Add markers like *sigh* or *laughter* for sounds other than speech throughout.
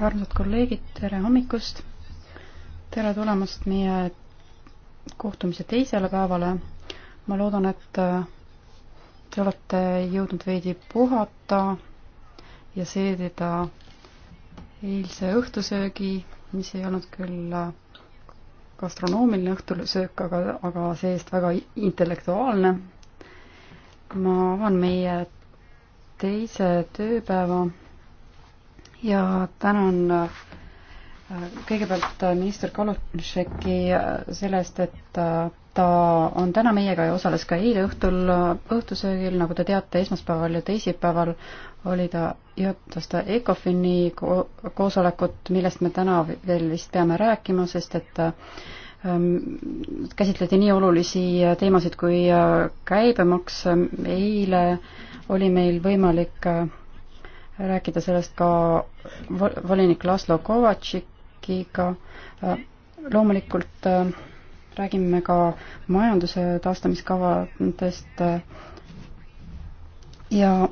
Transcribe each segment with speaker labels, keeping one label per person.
Speaker 1: armud kolleegid, tere hommikust! tere tulemast meie kohtumise teisele päevale. ma loodan, et äh, te olete jõudnud veidi puhata ja seedida eilse õhtusöögi, mis ei olnud küll äh, gastronoomiline õhtusöök, aga, aga see-eest väga intellektuaalne. ma avan meie teise tööpäeva ja tänan äh, kõigepealt äh, minister Kalutšeki äh, selle eest, et ta on täna meiega ja osales ka eile õhtul õhtusöögil, nagu te teate, esmaspäeval ja teisipäeval oli ta, juhatas ta ECOFIN-i koosolekut, millest me täna veel vist peame rääkima, sest et ähm, käsitleti nii olulisi teemasid kui käibemaks. eile oli meil võimalik rääkida sellest ka volinik Laslo Kovatšikiga. loomulikult äh, räägime ka majanduse taastamiskavadest äh, ja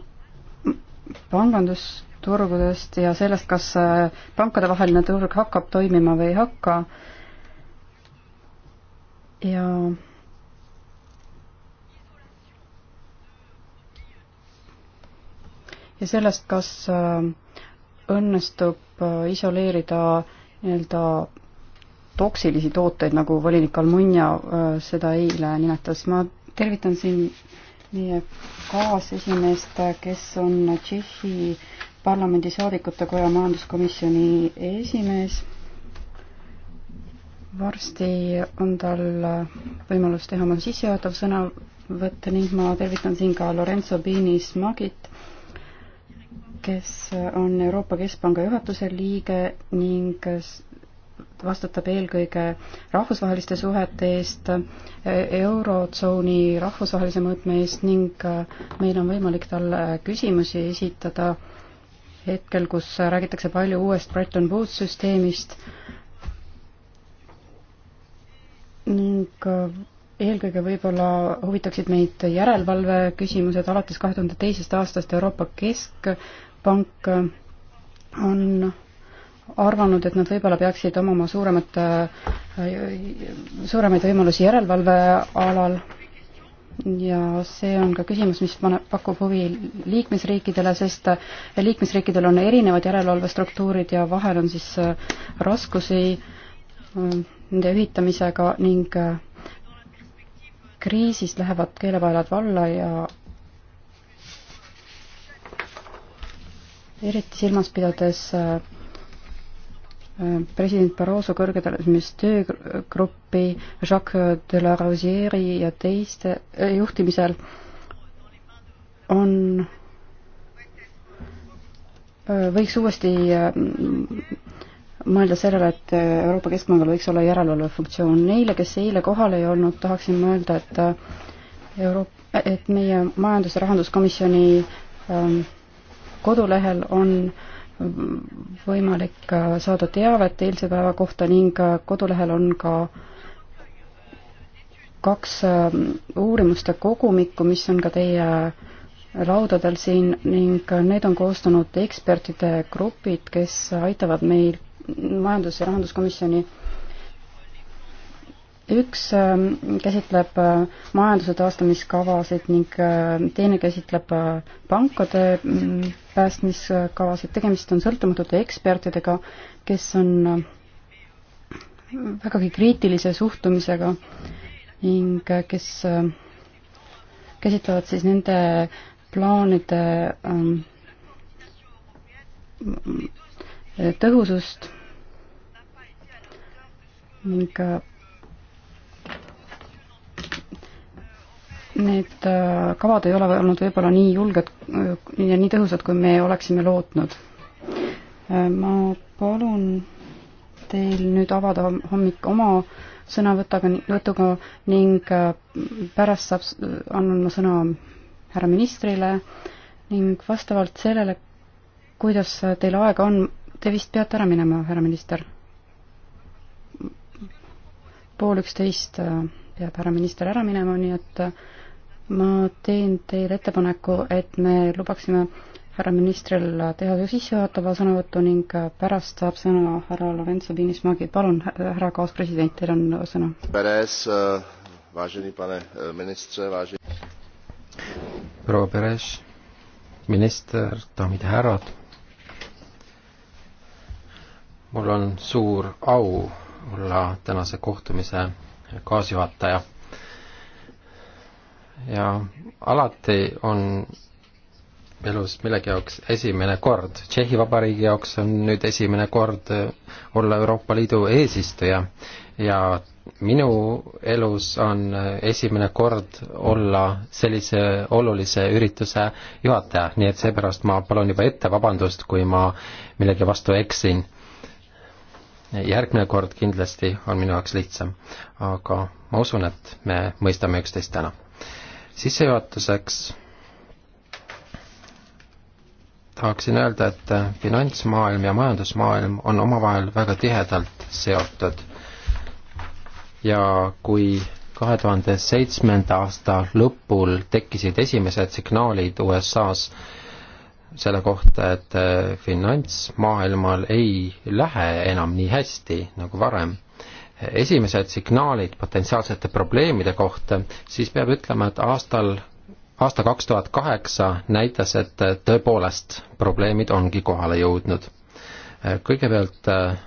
Speaker 1: pangandusturgudest ja sellest, kas äh, pankadevaheline turg hakkab toimima või ei hakka. ja ja sellest, kas äh, õnnestub äh, isoleerida nii-öelda toksilisi tooteid, nagu volinik Almunia äh, seda eile nimetas. ma tervitan siin meie kaasesimeest, kes on Tšehhi parlamendi saadikute koja majanduskomisjoni esimees. varsti on tal võimalus teha oma sissejuhatav sõnavõtt ning ma tervitan siin ka Lorenzo Binis Magit, kes on Euroopa Keskpanga juhatuse liige ning vastutab eelkõige rahvusvaheliste suhete eest, e-, Eurotsooni rahvusvahelise mõõtme eest ning äh, meil on võimalik talle küsimusi esitada hetkel, kus räägitakse palju uuest Bretton Woods süsteemist ning äh, eelkõige võib-olla huvitaksid meid järelevalve küsimused alates kahe tuhande teisest aastast Euroopa Kesk Pank äh, on arvanud, et nad võib-olla peaksid omama suuremat, äh, suuremaid võimalusi järelevalve alal ja see on ka küsimus, mis paneb, pakub huvi liikmesriikidele, sest äh, liikmesriikidel on erinevad järelevalvestruktuurid ja vahel on siis raskusi nende ühitamisega ning kriisist lähevad keelepaelad valla ja eriti silmas pidades äh, äh, president Barroso kõrgetasemelistöögruppi Jacques de la Rosieri ja teiste äh, juhtimisel on, võiks uuesti mõelda sellele, et Euroopa Keskpangal võiks olla järelevalvefunktsioon. Neile, kes eile kohal ei olnud, tahaksin mõelda, et Euroop-, et meie majandus- ja rahanduskomisjoni ähm, kodulehel on võimalik äh, saada teavet eilse päeva kohta ning äh, kodulehel on ka kaks äh, uurimuste kogumikku, mis on ka teie laudadel siin ning need on koostanud ekspertide grupid, kes aitavad meil majandus- ja rahanduskomisjoni üks käsitleb majanduse taastamiskavasid ning teine käsitleb pankade mm, päästmiskavasid, tegemist on sõltumatute ekspertidega, kes on äh, vägagi kriitilise suhtumisega ning äh, kes äh, käsitlevad siis nende plaanide ähm, tõhusust ning need äh, kavad ei ole olnud võib-olla nii julged äh, ja nii tõhusad, kui me oleksime lootnud. Äh, ma palun teil nüüd avada hommik oma sõnavõtaga, võtuga ning pärast saab, annan ma sõna härra ministrile ning vastavalt sellele, kuidas teil aega on, te vist peate ära minema, härra minister? pool üksteist peab härra minister ära minema, nii et ma teen teile ettepaneku, et me lubaksime härra ministril teha sissejuhatava sõnavõtu ning pärast saab sõna härra Lorenzo Pinismagi. palun, härra kaaspresident, teil on sõna.
Speaker 2: Äh, äh, proua Peres, minister, daamid ja härrad. mul on suur au olla tänase kohtumise kaasjuhataja ja alati on elus millegi jaoks esimene kord. Tšehhi Vabariigi jaoks on nüüd esimene kord olla Euroopa Liidu eesistuja ja minu elus on esimene kord olla sellise olulise ürituse juhataja, nii et seepärast ma palun juba ette vabandust, kui ma millegi vastu eksin. järgmine kord kindlasti on minu jaoks lihtsam, aga ma usun, et me mõistame üksteist täna sissejuhatuseks tahaksin öelda, et finantsmaailm ja majandusmaailm on omavahel väga tihedalt seotud. ja kui kahe tuhande seitsmenda aasta lõpul tekkisid esimesed signaalid USA-s selle kohta, et finantsmaailmal ei lähe enam nii hästi nagu varem, esimesed signaalid potentsiaalsete probleemide kohta, siis peab ütlema, et aastal, aasta kaks tuhat kaheksa näitas, et tõepoolest probleemid ongi kohale jõudnud. kõigepealt äh,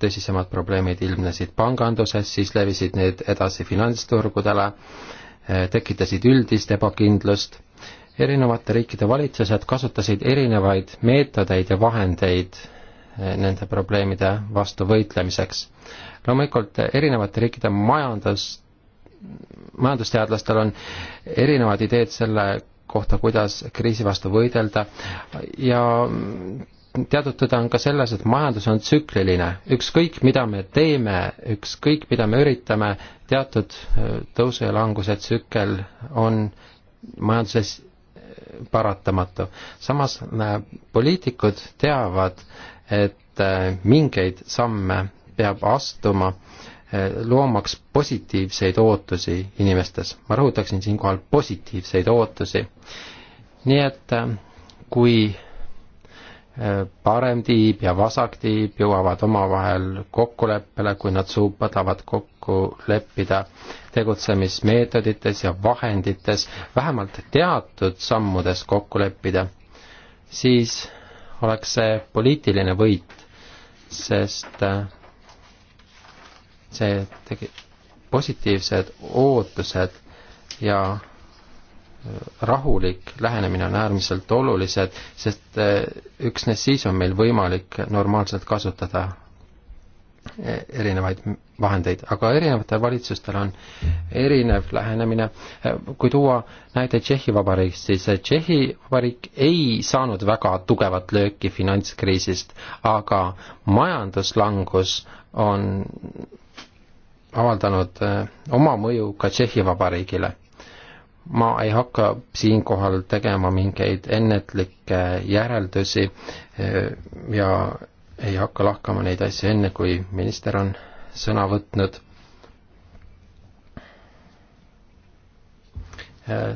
Speaker 2: tõsisemad probleemid ilmnesid panganduses, siis levisid need edasi finantsturgudele, äh, tekitasid üldist ebakindlust, erinevate riikide valitsused kasutasid erinevaid meetodeid ja vahendeid nende probleemide vastu võitlemiseks. loomulikult erinevate riikide majandus, majandusteadlastel on erinevad ideed selle kohta, kuidas kriisi vastu võidelda ja teatud tõde on ka selles, et majandus on tsükliline, ükskõik mida me teeme, ükskõik mida me üritame, teatud äh, tõusu ja languse tsükkel on majanduses äh, paratamatu. samas äh, poliitikud teavad, et äh, mingeid samme peab astuma, äh, loomaks positiivseid ootusi inimestes. ma rõhutaksin siinkohal positiivseid ootusi. nii et äh, kui parem tiib ja vasak tiib jõuavad omavahel kokkuleppele, kui nad suudavad kokku leppida tegutsemismeetodites ja vahendites, vähemalt teatud sammudes kokku leppida, siis oleks see poliitiline võit, sest äh, see tegi positiivsed ootused ja äh, rahulik lähenemine on äärmiselt olulised, sest äh, üksnes siis on meil võimalik normaalselt kasutada E, erinevaid vahendeid, aga erinevatel valitsustel on erinev lähenemine. E, kui tuua näide Tšehhi Vabariigist, siis e, Tšehhi Vabariik ei saanud väga tugevat lööki finantskriisist, aga majanduslangus on avaldanud oma mõju ka Tšehhi Vabariigile. ma ei hakka siinkohal tegema mingeid ennetlikke järeldusi ja ei hakka lahkama neid asju enne, kui minister on sõna võtnud.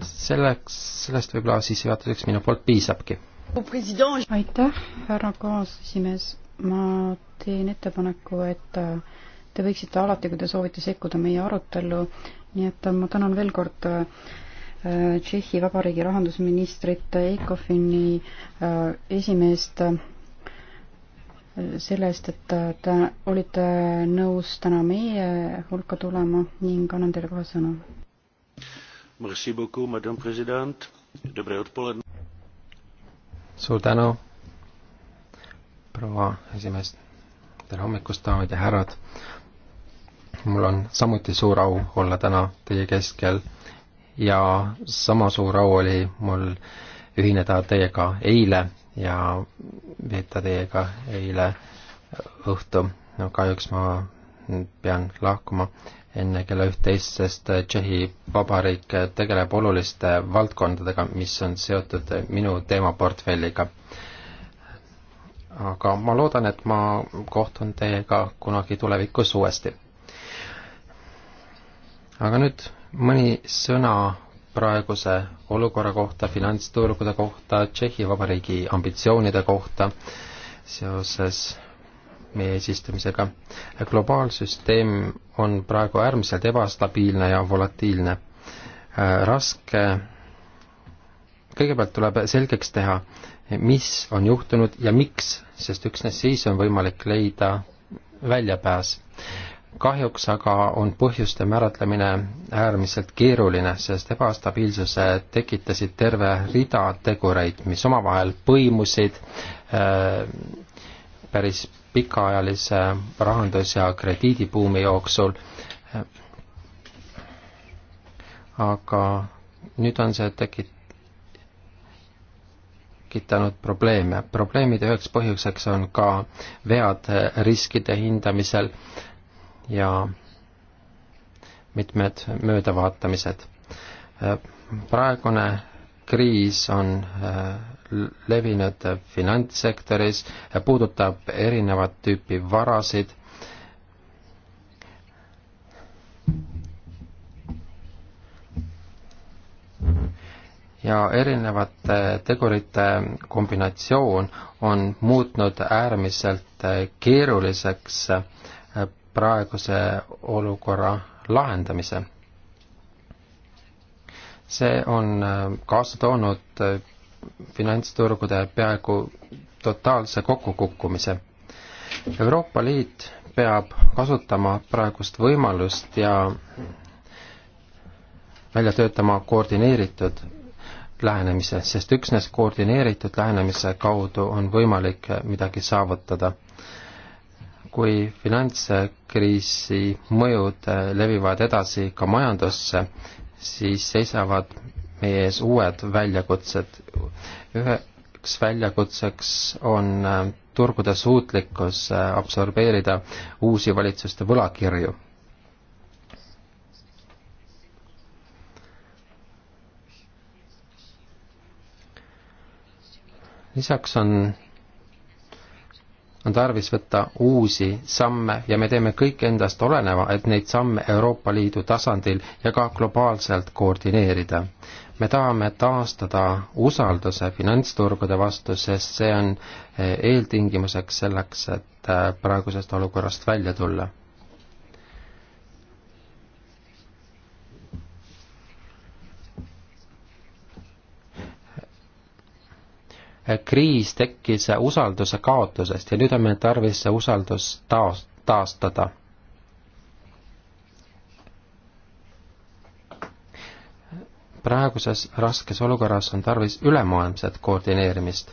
Speaker 2: selleks, sellest võib-olla sissejuhatuseks minu poolt piisabki.
Speaker 1: aitäh, härra kaasesimees, ma teen ettepaneku, et te võiksite alati, kui te soovite sekkuda meie arutellu, nii et ma tänan veel kord äh, Tšehhi Vabariigi rahandusministrit, ECOFIN-i äh, esimeest selle eest, et te olite nõus täna meie hulka tulema ning annan teile kohe sõna.
Speaker 2: suur tänu, proua esimees. tere hommikust, daamid ja härrad. mul on samuti suur au olla täna teie keskel ja sama suur au oli mul ühineda teiega eile ja veeta teiega eile õhtu. no kahjuks ma pean lahkuma enne kella üht-teist, sest Tšehhi Vabariik tegeleb oluliste valdkondadega, mis on seotud minu teemaportfelliga. aga ma loodan, et ma kohtun teiega kunagi tulevikus uuesti. aga nüüd mõni sõna praeguse olukorra kohta, finantsturgude kohta, Tšehhi Vabariigi ambitsioonide kohta seoses meie eesistumisega. globaalsüsteem on praegu äärmiselt ebastabiilne ja volatiilne. Äh, raske, kõigepealt tuleb selgeks teha, mis on juhtunud ja miks, sest üksnes siis on võimalik leida väljapääs kahjuks aga on põhjuste määratlemine äärmiselt keeruline, sest ebastabiilsuse tekitasid terve rida tegureid, mis omavahel põimusid äh, päris pikaajalise rahandus- ja krediidibuumi jooksul. aga nüüd on see tekit-, tekitanud probleeme. probleemide üheks põhjuseks on ka vead riskide hindamisel äh,, ja mitmed möödavaatamised. praegune kriis on äh, levinud finantssektoris, äh, puudutab erinevat tüüpi varasid. ja erinevate tegurite kombinatsioon on muutnud äärmiselt äh, keeruliseks äh, praeguse olukorra lahendamise. see on äh, kaasa toonud äh, finantsturgude peaaegu totaalse kokkukukkumise. Euroopa Liit peab kasutama praegust võimalust ja välja töötama koordineeritud lähenemise, sest üksnes koordineeritud lähenemise kaudu on võimalik äh, midagi saavutada kui finantskriisi mõjud äh, levivad edasi ka majandusse, siis seisavad meie ees uued väljakutsed. üheks väljakutseks on äh, turgude suutlikkus äh, absorbeerida uusi valitsuste võlakirju. lisaks on on tarvis võtta uusi samme ja me teeme kõik endast oleneva, et neid samme Euroopa Liidu tasandil ja ka globaalselt koordineerida. me tahame taastada usalduse finantsturgude vastu, sest see on eh, eeltingimuseks selleks, et eh, praegusest olukorrast välja tulla kriis tekkis usalduse kaotusest ja nüüd on meil tarvis see usaldus taas, taastada. praeguses raskes olukorras on tarvis ülemaailmset koordineerimist,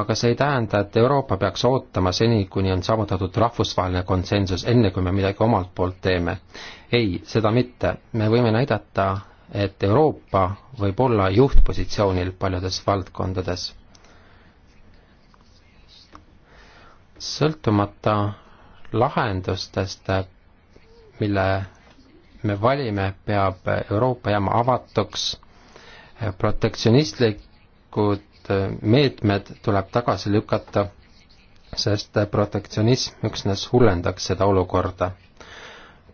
Speaker 2: aga see ei tähenda, et Euroopa peaks ootama seni, kuni on saavutatud rahvusvaheline konsensus, enne kui me midagi omalt poolt teeme. ei, seda mitte, me võime näidata, et Euroopa võib olla juhtpositsioonil paljudes valdkondades sõltumata lahendustest, mille me valime, peab Euroopa jääma avatuks, protektsionistlikud meetmed tuleb tagasi lükata, sest protektsionism üksnes hullendaks seda olukorda.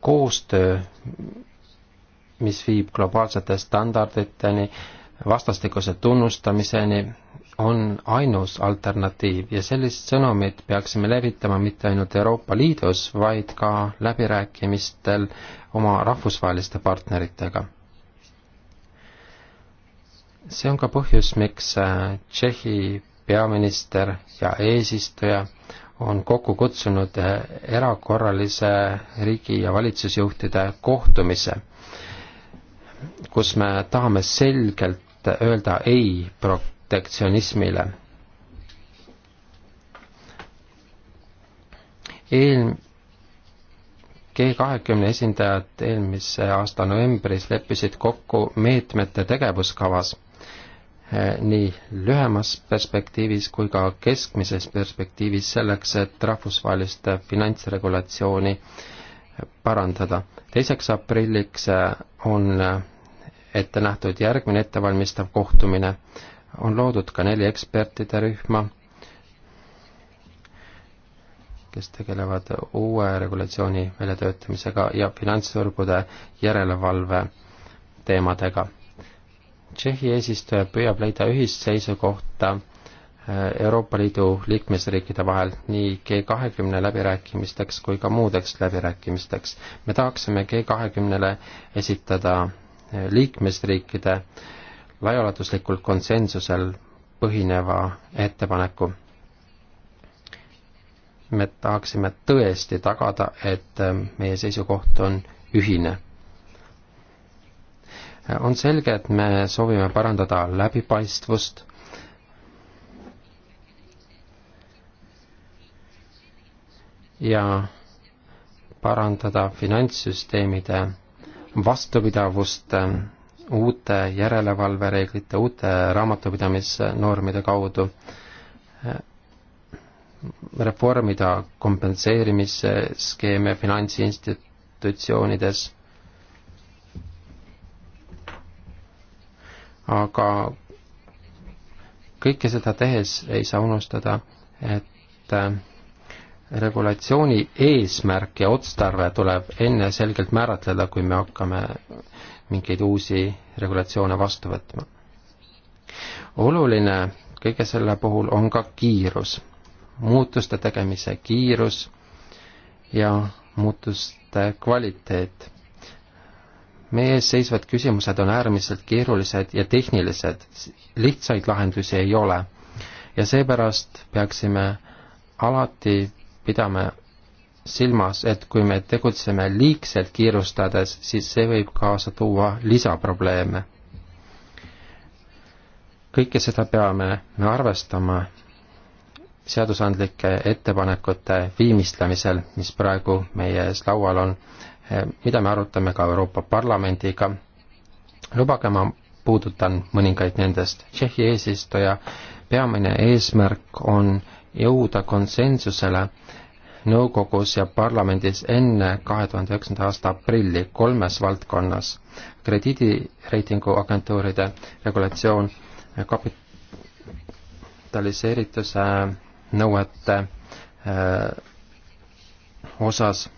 Speaker 2: koostöö, mis viib globaalsete standarditeni, vastastikuse tunnustamiseni, on ainus alternatiiv ja sellist sõnumit peaksime levitama mitte ainult Euroopa Liidus, vaid ka läbirääkimistel oma rahvusvaheliste partneritega. see on ka põhjus, miks äh, Tšehhi peaminister ja eesistuja on kokku kutsunud äh, erakorralise riigi- ja valitsusjuhtide kohtumise, kus me tahame selgelt öelda ei pro-, protektsionismile. eel-, G kahekümne esindajad eelmise aasta novembris leppisid kokku meetmete tegevuskavas eh, nii lühemas perspektiivis kui ka keskmises perspektiivis selleks, et rahvusvahelist finantsregulatsiooni parandada. teiseks aprilliks eh, on ette nähtud järgmine ettevalmistav kohtumine on loodud ka neli ekspertide rühma, kes tegelevad uue regulatsiooni väljatöötamisega ja finantsturgude järelevalve teemadega. Tšehhi eesistuja püüab leida ühist seisukohta äh, Euroopa Liidu liikmesriikide vahel nii G20 läbirääkimisteks kui ka muudeks läbirääkimisteks. me tahaksime G20-le esitada äh, liikmesriikide äh, laiaulatuslikult konsensusel põhineva ettepaneku. me tahaksime tõesti tagada, et ähm, meie seisukoht on ühine. on selge, et me soovime parandada läbipaistvust, ja parandada finantssüsteemide vastupidavust ähm, uute järelevalvereeglite, uute raamatupidamisnormide kaudu eh, reformida kompenseerimisskeeme finantsinstitutsioonides. aga kõike seda tehes ei saa unustada, et eh, regulatsiooni eesmärk ja otstarve tuleb enne selgelt määratleda, kui me hakkame mingeid uusi regulatsioone vastu võtma. oluline kõige selle puhul on ka kiirus, muutuste tegemise kiirus ja muutuste kvaliteet. meie ees seisvad küsimused on äärmiselt keerulised ja tehnilised, lihtsaid lahendusi ei ole ja seepärast peaksime alati pidama silmas, et kui me tegutseme liigselt kiirustades, siis see võib kaasa tuua lisaprobleeme. kõike seda peame me arvestama seadusandlike ettepanekute viimistlemisel, mis praegu meie ees laual on, eh, mida me arutame ka Euroopa Parlamendiga. lubage, ma puudutan mõningaid nendest. Tšehhi eesistuja peamine eesmärk on jõuda konsensusele nõukogus ja parlamendis enne kahe tuhande üheksanda aasta aprilli kolmes valdkonnas. krediidireitingu agentuuride regulatsioon, kapitaliseerituse nõuete öö, äh, osas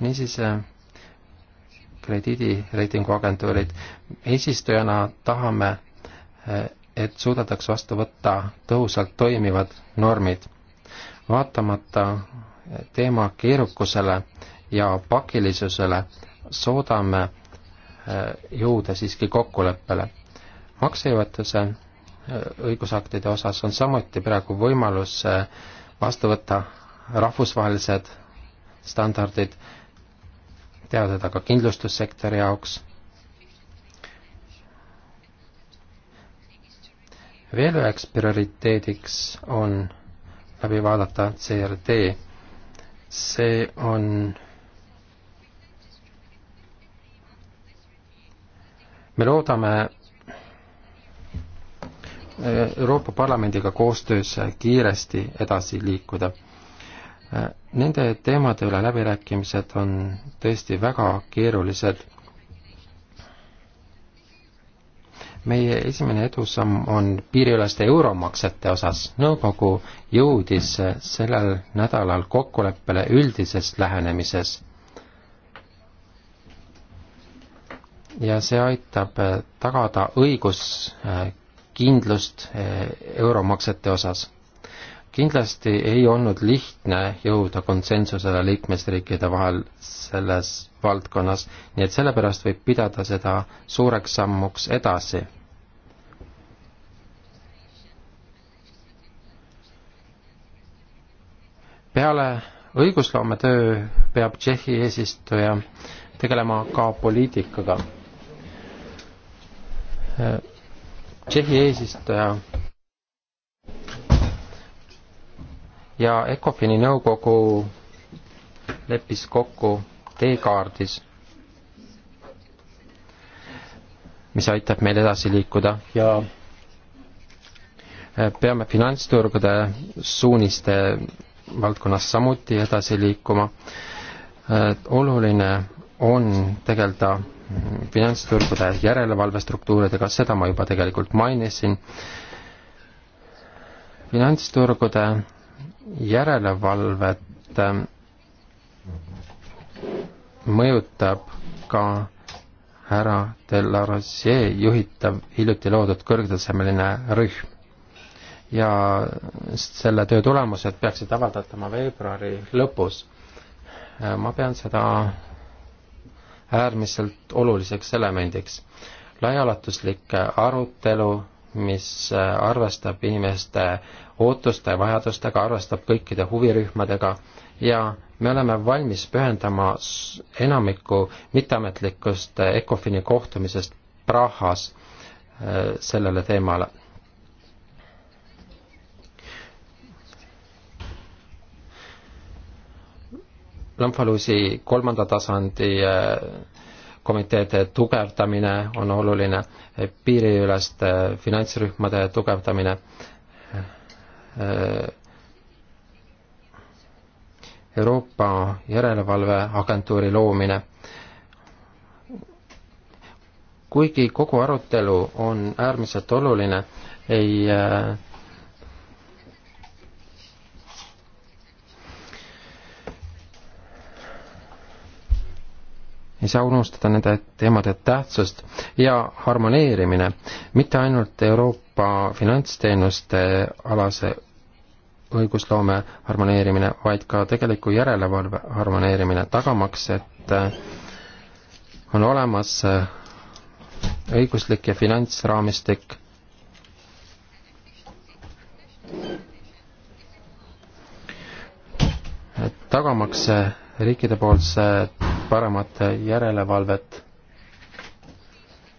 Speaker 2: niisiis äh, krediidireitinguagentuurid. eesistujana tahame äh, et suudetaks vastu võtta tõhusalt toimivad normid. vaatamata teema keerukusele ja pakilisusele soodame äh, jõuda siiski kokkuleppele. maksejõuetuse äh, õigusaktide osas on samuti praegu võimalus äh, vastu võtta rahvusvahelised standardid, teadada ka kindlustussektori jaoks veel üheks prioriteediks on läbi vaadata CRD. see on me loodame äh, Euroopa Parlamendiga koostöös kiiresti edasi liikuda. Äh, nende teemade üle läbirääkimised on tõesti väga keerulised meie esimene edusamm on piiriüleste euromaksete osas. nõukogu jõudis sellel nädalal kokkuleppele üldises lähenemises. ja see aitab tagada õiguskindlust eh, euromaksete osas kindlasti ei olnud lihtne jõuda konsensusele liikmesriikide vahel selles valdkonnas, nii et sellepärast võib pidada seda suureks sammuks edasi. peale õigusloometöö peab Tšehhi eesistuja tegelema ka poliitikaga. Tšehhi eesistuja ja ECOFIN-i nõukogu leppis kokku teekaardis, mis aitab meil edasi liikuda ja äh, peame finantsturgude suuniste valdkonnas samuti edasi liikuma. Äh, oluline on tegeleda finantsturgude järelevalvestruktuuridega, seda ma juba tegelikult mainisin. finantsturgude järelevalvet äh, mõjutab ka härra Delarosier juhitav hiljuti loodud kõrgtasemeline rühm. ja selle töö tulemused peaksid avaldatama veebruari lõpus. Äh, ma pean seda äärmiselt oluliseks elemendiks. laialatuslik arutelu, mis äh, arvestab inimeste ootuste ja vajadustega, arvestab kõikide huvirühmadega ja me oleme valmis pühendama enamiku mitteametlikust ECOFIN-i kohtumisest Prahas äh, sellele teemale. Lamfalusi kolmanda tasandi äh, komiteede tugevdamine on oluline, piiriüleste äh, finantsrühmade tugevdamine Äh, Euroopa Järelevalveagentuuri loomine. kuigi kogu arutelu on äärmiselt oluline, ei äh, ei saa unustada nende teemade tähtsust ja harmoneerimine, mitte ainult Euroopa finantsteenuste alase õigusloome harmoneerimine, vaid ka tegeliku järelevalve harmoneerimine, tagamaks, et äh, on olemas äh, õiguslik ja finantsraamistik, tagamaks äh, riikide poolse paremat järelevalvet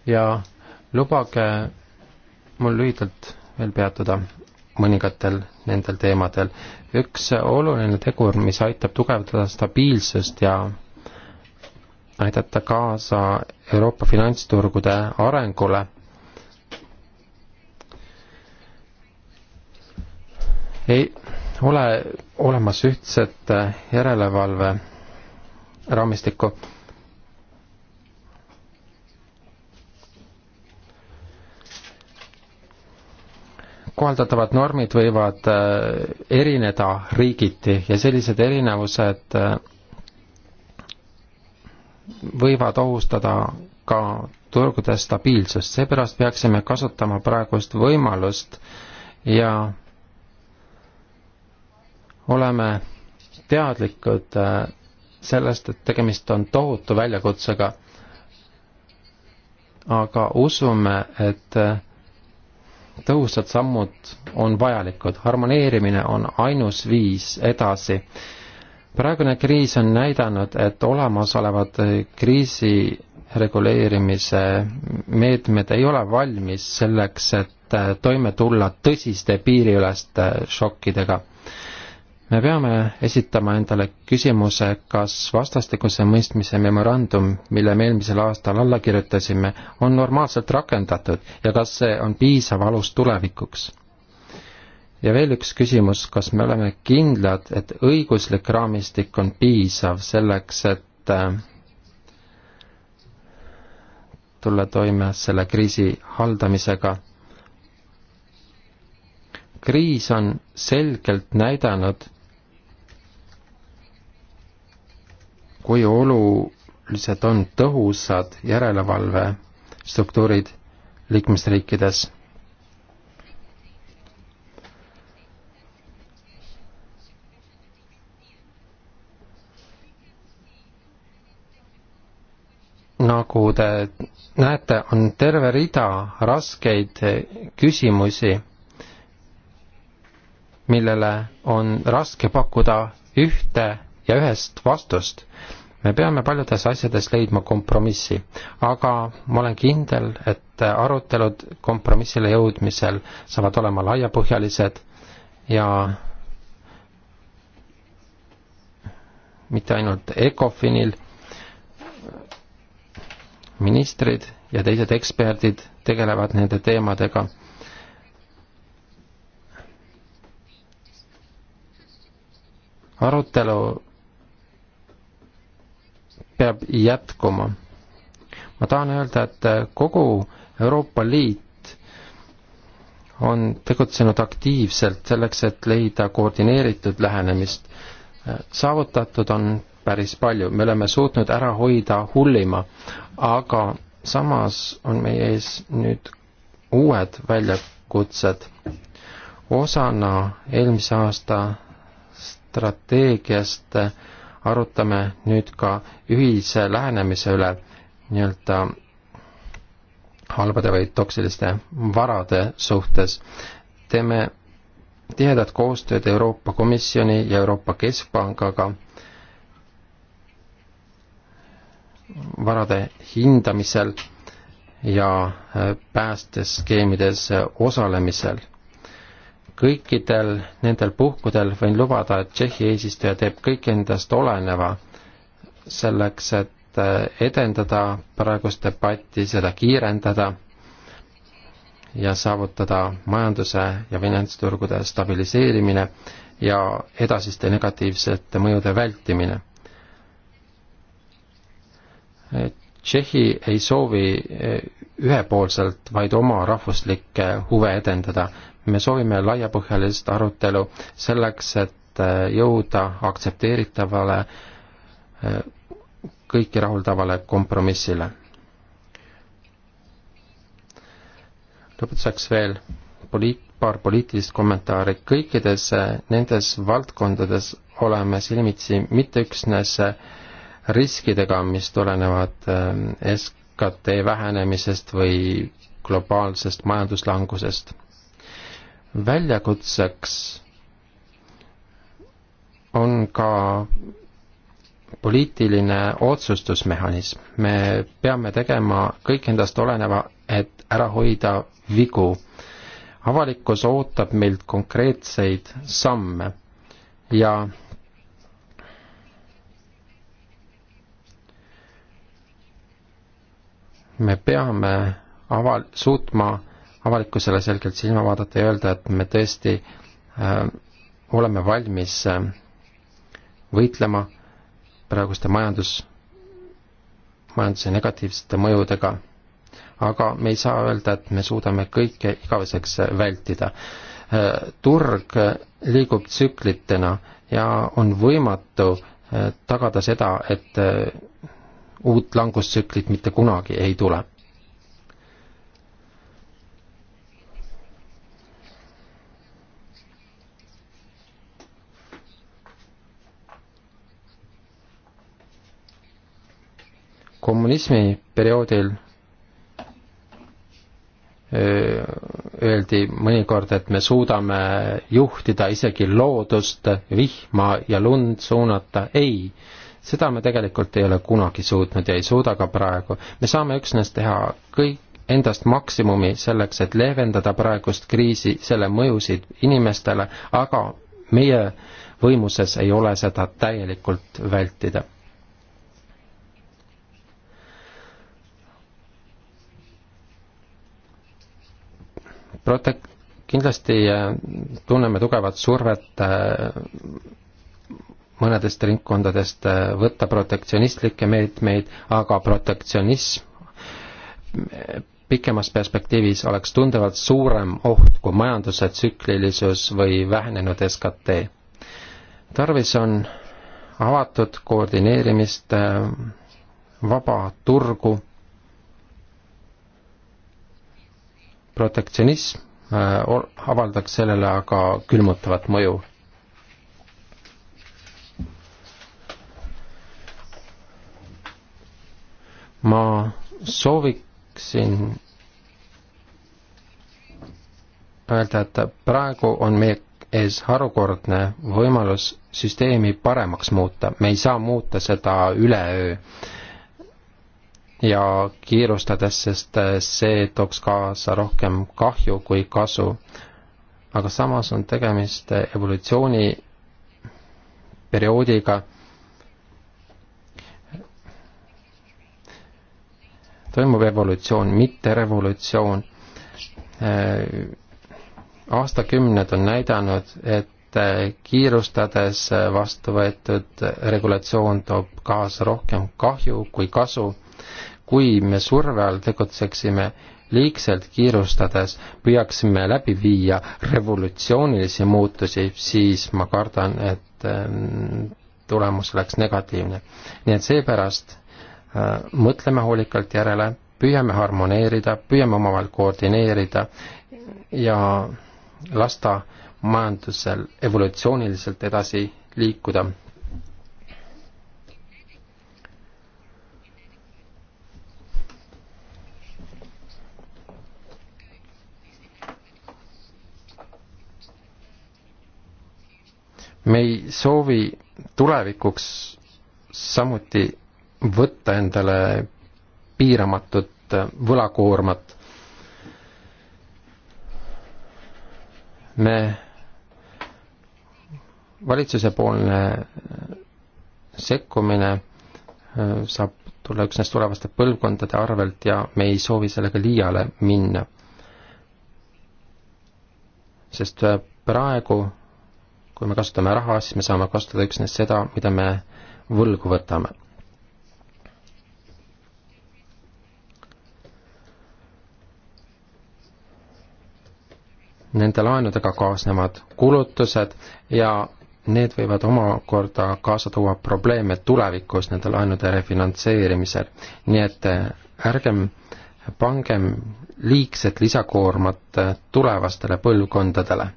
Speaker 2: ja lubage mul lühidalt veel peatuda mõningatel nendel teemadel. üks oluline tegur, mis aitab tugevdada stabiilsust ja aidata kaasa Euroopa finantsturgude arengule, ei, ole olemas ühtset äh, järelevalve raamistikku. kohaldatavad normid võivad äh, erineda riigiti ja sellised erinevused äh, võivad ohustada ka turgude stabiilsust, seepärast peaksime kasutama praegust võimalust ja oleme teadlikud äh, sellest, et tegemist on tohutu väljakutsega, aga usume, et äh, tõhusad sammud on vajalikud, harmoneerimine on ainus viis edasi. praegune kriis on näidanud, et olemasolevad kriisi reguleerimise meetmed ei ole valmis selleks, et äh, toime tulla tõsiste piiriüleste šokkidega me peame esitama endale küsimuse, kas vastastikuse mõistmise memorandum, mille me eelmisel aastal alla kirjutasime, on normaalselt rakendatud ja kas see on piisav alus tulevikuks. ja veel üks küsimus, kas me oleme kindlad, et õiguslik raamistik on piisav selleks, et äh, tulla toime selle kriisi haldamisega kriis on selgelt näidanud, kui olulised on tõhusad järelevalvestruktuurid liikmesriikides. nagu te näete, on terve rida raskeid küsimusi, millele on raske pakkuda ühte ja ühest vastust. me peame paljudes asjades leidma kompromissi, aga ma olen kindel, et arutelud kompromissile jõudmisel saavad olema laiapõhjalised ja mitte ainult ECOFINil, ministrid ja teised eksperdid tegelevad nende teemadega arutelu peab jätkuma. ma tahan öelda, et kogu Euroopa Liit on tegutsenud aktiivselt selleks, et leida koordineeritud lähenemist. saavutatud on päris palju, me oleme suutnud ära hoida hullima, aga samas on meie ees nüüd uued väljakutsed. osana eelmise aasta strateegiast äh, arutame nüüd ka ühise lähenemise üle nii-öelda halbade või toksiliste varade suhtes. teeme tihedat koostööd Euroopa Komisjoni ja Euroopa Keskpangaga varade hindamisel ja päästeskeemides osalemisel kõikidel nendel puhkudel võin lubada, et Tšehhi eesistuja teeb kõik endast oleneva selleks, et äh, edendada praegust debatti, seda kiirendada ja saavutada majanduse ja finantsturgude stabiliseerimine ja edasiste negatiivsete mõjude vältimine. Tšehhi ei soovi äh, ühepoolselt vaid oma rahvuslikke huve edendada me soovime laiapõhjalist arutelu selleks, et äh, jõuda aktsepteeritavale, äh, kõiki rahuldavale kompromissile. lõpetuseks veel poliit-, paar poliitilist kommentaari, kõikides äh, nendes valdkondades oleme silmitsi mitte üksnes riskidega, mis tulenevad SKT vähenemisest või globaalsest majanduslangusest väljakutseks on ka poliitiline otsustusmehhanism. me peame tegema kõik endast oleneva, et ära hoida vigu. avalikkus ootab meilt konkreetseid samme ja me peame aval-, suutma avalikkusele selgelt silma vaadata ja öelda, et me tõesti äh, oleme valmis äh, võitlema praeguste majandus, majanduse negatiivsete mõjudega. aga me ei saa öelda, et me suudame kõike igaveseks äh, vältida äh,. turg äh, liigub tsüklitena ja on võimatu äh, tagada seda, et äh, uut langustsüklit mitte kunagi ei tule kommunismi perioodil öeldi mõnikord, et me suudame juhtida isegi loodust, vihma ja lund suunata, ei. seda me tegelikult ei ole kunagi suutnud ja ei suuda ka praegu. me saame üksnes teha kõik, endast maksimumi selleks, et leevendada praegust kriisi, selle mõjusid inimestele, aga meie võimuses ei ole seda täielikult vältida prote-, kindlasti äh, tunneme tugevat survet äh, mõnedest ringkondadest äh, võtta protektsionistlikke meetmeid, aga protektsionism pikemas perspektiivis oleks tunduvalt suurem oht kui majanduse tsüklilisus või vähenenud SKT. tarvis on avatud koordineerimist, vaba turgu protektsionism äh, avaldaks sellele aga külmutavat mõju. ma sooviksin öelda, et praegu on meie ees harukordne võimalus süsteemi paremaks muuta, me ei saa muuta seda üleöö äh, ja kiirustades, sest äh, see tooks kaasa rohkem kahju kui kasu. aga samas on tegemist äh, evolutsiooniperioodiga toimub evolutsioon, mitte revolutsioon. Äh, aastakümned on näidanud, et kiirustades vastu võetud regulatsioon toob kaasa rohkem kahju kui kasu kui me surve all tegutseksime liigselt kiirustades, püüaksime läbi viia revolutsioonilisi muutusi, siis ma kardan, et ähm, tulemus oleks negatiivne. nii et seepärast äh, mõtleme hoolikalt järele, püüame harmoneerida, püüame omavahel koordineerida ja lasta majandusel evolutsiooniliselt edasi liikuda me ei soovi tulevikuks samuti võtta endale piiramatut võlakoormat. me, valitsusepoolne sekkumine äh, saab tulla üksnes tulevaste põlvkondade arvelt ja me ei soovi sellega liiale minna. sest äh, praegu kui me kasutame raha, siis me saame kasutada üksnes seda, mida me võlgu võtame. Nende laenudega kaasnevad kulutused ja need võivad omakorda kaasa tuua probleeme tulevikus nende laenude refinantseerimisel. nii et eh, ärgem pangem liigset lisakoormat eh, tulevastele põlvkondadele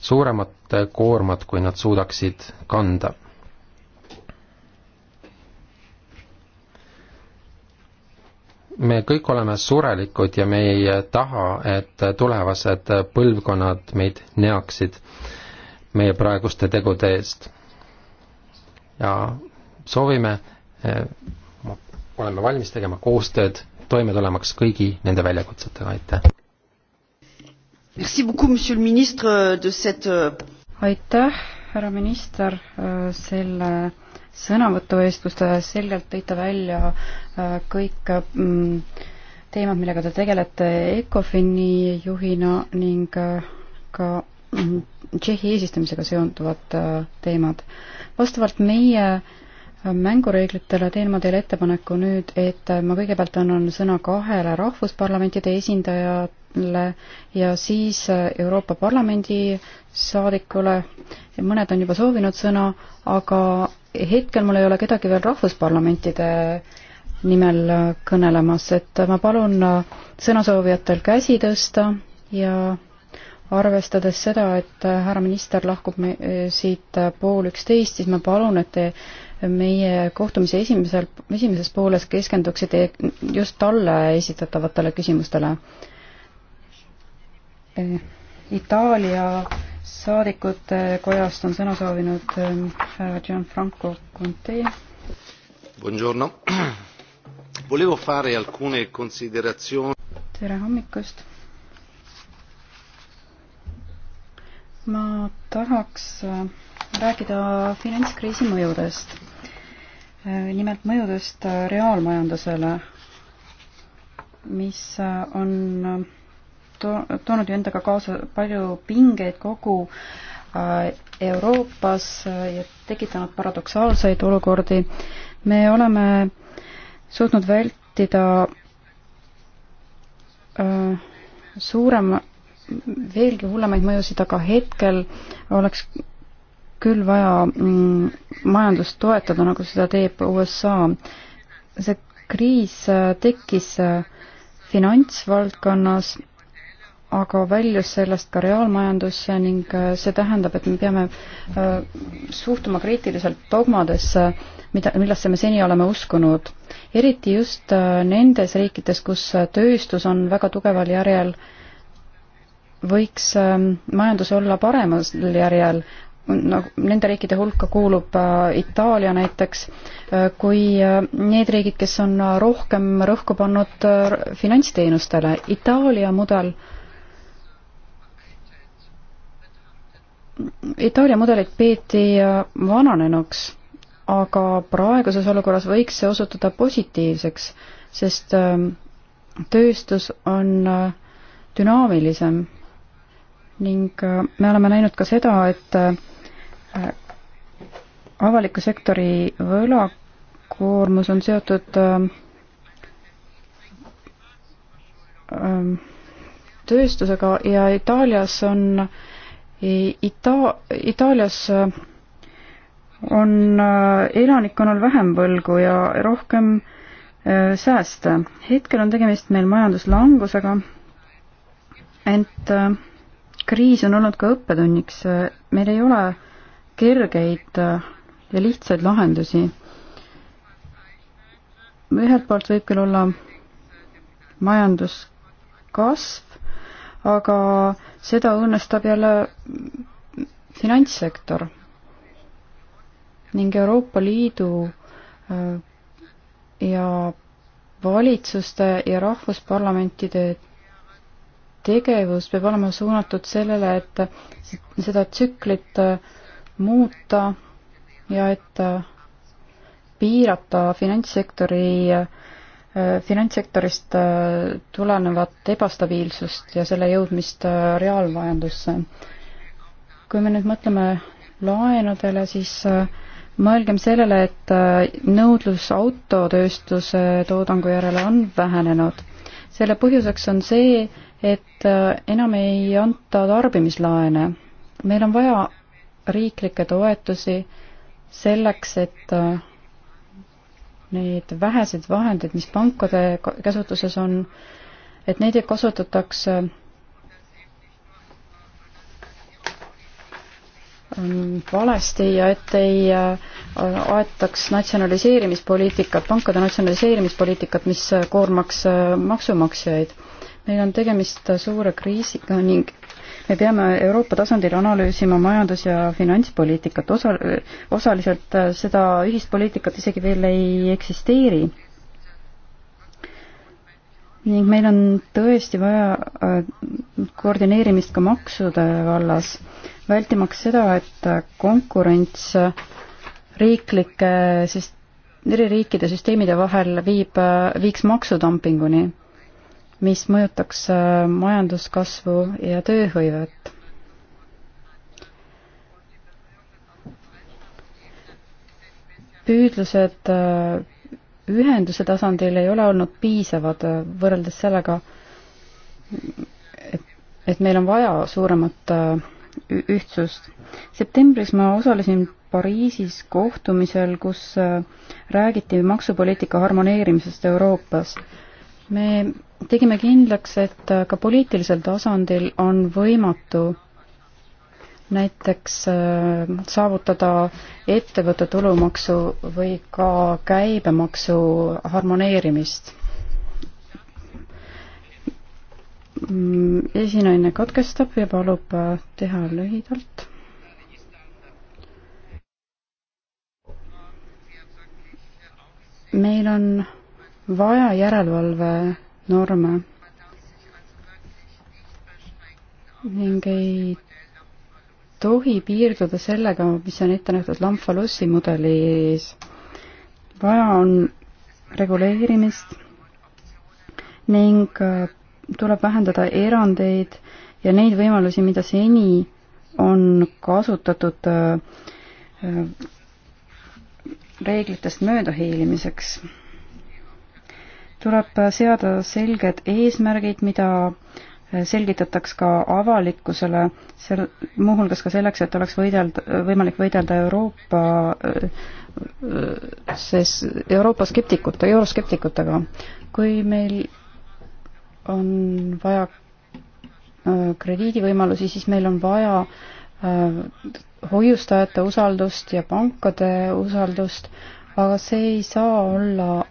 Speaker 2: suuremat koormat, kui nad suudaksid kanda. me kõik oleme surelikud ja me ei taha, et tulevased põlvkonnad meid neaksid meie praeguste tegude eest. ja soovime, oleme valmis tegema koostööd, toime tulemaks kõigi nende väljakutsetega, aitäh!
Speaker 1: monsieur le ministre euh, de cette euh, aitäh, härra minister, euh, selle sõnavõtu eest, kus te selgelt tõite välja äh, kõik mm, teemad, millega te tegelete ECOFIN-i juhina ning äh, ka mm, Tšehhi eesistumisega seonduvad äh, teemad. vastavalt meie mängureeglitele teen ma teile ettepaneku nüüd, et ma kõigepealt annan sõna kahele rahvusparlamentide esindajat, ja siis eh, Euroopa Parlamendi saadikule. mõned on juba soovinud sõna, aga hetkel mul ei ole kedagi veel rahvusparlamentide nimel eh, kõnelemas, et ma palun eh, sõnasoovijatel käsi tõsta ja arvestades seda, et härra minister lahkub me, siit pool üksteist, siis ma palun, et te meie kohtumise esimesel, esimeses pooles keskenduksite just talle esitatavatele küsimustele Eh, Itaalia saadikute eh, kojast on sõna soovinud eh, härra Gianfranco Conte.
Speaker 2: Buongiorno. *clears throat* Volevo fare alcune considerazioni.
Speaker 1: tere hommikust. ma tahaks rääkida finantskriisi mõjudest. nimelt mõjudest reaalmajandusele, mis on to-, toonud ju endaga kaasa palju pingeid kogu äh, Euroopas äh, ja tekitanud paradoksaalseid olukordi. me oleme suutnud vältida äh, suurem, veelgi hullemaid mõjusid, aga hetkel oleks küll vaja mm, majandust toetada, nagu seda teeb USA. see kriis tekkis finantsvaldkonnas aga väljus sellest ka reaalmajandusse ning äh, see tähendab, et me peame äh, suhtuma kriitiliselt dogmadesse, mida, millesse me seni oleme uskunud. eriti just äh, nendes riikides, kus tööstus on väga tugeval järjel, võiks ähm, majandus olla paremal järjel, no nagu, nende riikide hulka kuulub Itaalia näiteks, kui need riigid, kes on rohkem rõhku pannud finantsteenustele, Itaalia mudel äh, Itaalia mudelit peeti äh, vananenuks, aga praeguses olukorras võiks see osutuda positiivseks, sest ähm, tööstus on äh, dünaamilisem ning äh, me oleme näinud ka seda, et avaliku sektori võlakoormus on seotud ähm, ähm, tööstusega ja Itaalias on äh, Ita-, Itaalias äh, on äh, elanikkonnal vähem võlgu ja rohkem äh, sääste. hetkel on tegemist meil majanduslangusega, ent kriis on olnud ka õppetunniks. meil ei ole kergeid ja lihtsaid lahendusi. ühelt poolt võib küll olla majanduskasv, aga seda õõnestab jälle finantssektor ning Euroopa Liidu äh, ja valitsuste ja rahvusparlamentide tegevus peab olema suunatud sellele, et seda tsüklit äh, muuta ja et äh, piirata finantssektori äh, finantssektorist äh, tulenevat ebastabiilsust ja selle jõudmist äh, reaalmajandusse. kui me nüüd mõtleme laenudele, siis äh, mõelgem sellele, et nõudlus autotööstuse toodangu järele on vähenenud. selle põhjuseks on see, et enam ei anta tarbimislaene. meil on vaja riiklikke toetusi selleks, et need vähesed vahendid, mis pankade käsutuses on, et neid kasutatakse ähm, valesti ja et ei äh, aetaks natsionaliseerimispoliitikat, pankade natsionaliseerimispoliitikat, mis koormaks äh, maksumaksjaid. meil on tegemist suure kriisiga ning me peame Euroopa tasandil analüüsima majandus- ja finantspoliitikat, osa, osaliselt äh, seda ühist poliitikat isegi veel ei eksisteeri. ning meil on tõesti vaja äh, koordineerimist ka maksude vallas, vältimaks seda, et äh, konkurents riiklike, siis eri riikide süsteemide vahel viib, viiks maksudumpinguni mis mõjutaks äh, majanduskasvu ja tööhõivet. püüdlused äh, ühenduse tasandil ei ole olnud piisavad äh, võrreldes sellega, et, et meil on vaja suuremat ühtsust. septembris ma osalesin Pariisis kohtumisel, kus räägiti maksupoliitika harmoneerimisest Euroopas. me tegime kindlaks, et ka poliitilisel tasandil on võimatu näiteks äh, saavutada ettevõtte tulumaksu või ka käibemaksu harmoneerimist. Mm, esinaine katkestab ja palub äh, teha lühidalt meil on vaja järelevalve norme ning ei tohi piirduda sellega, mis on ette nähtud Lamfalussi mudelis. vaja on reguleerimist ning äh, tuleb vähendada erandeid ja neid võimalusi, mida seni on kasutatud äh, äh, reeglitest möödahiilimiseks tuleb seada selged eesmärgid, mida selgitataks ka avalikkusele, seal, muuhulgas ka selleks, et oleks võidelda, võimalik võidelda Euroopa, siis Euroopa skeptikute, euroskeptikutega. kui meil on vaja äh, krediidivõimalusi, siis meil on vaja äh, hoiustajate usaldust ja pankade usaldust, aga see ei saa olla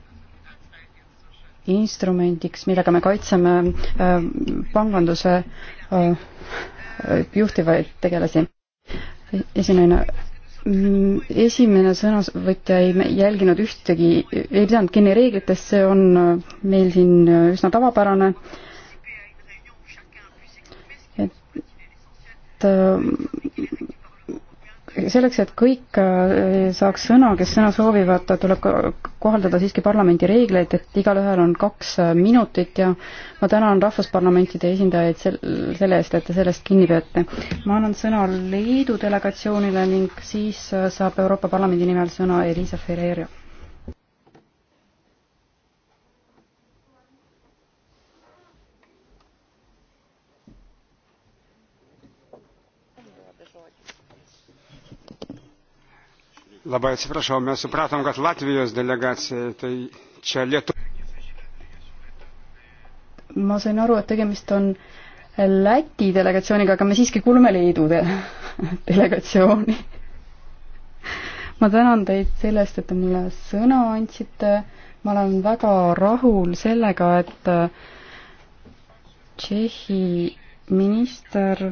Speaker 1: instrumendiks, millega me kaitseme äh, panganduse äh, juhtivaid tegelasi. esinaine, mm, esimene sõnavõtja ei jälginud ühtegi, ei pidanud kinni reeglitest, see on äh, meil siin üsna tavapärane. et selleks, et kõik äh, saaks sõna, kes sõna soovivad, tuleb kohaldada siiski parlamendi reegleid, et igalühel on kaks äh, minutit ja ma tänan rahvusparlamentide esindajaid sel-, selle eest, et te sellest kinni peate. ma annan sõna Leedu delegatsioonile ning siis äh, saab Euroopa Parlamendi nimel sõna Elisa Ferreira
Speaker 2: Labai atsiprašau, mes supratom, kad Latvijos delegacija, tai čia Lietuva.
Speaker 1: ma sain aru, et tegemist on Läti delegatsiooniga, aga me siiski kuulume Leedu de *laughs* delegatsiooni. ma tänan teid selle eest, et te mulle sõna andsite. ma olen väga rahul sellega, et Tšehhi minister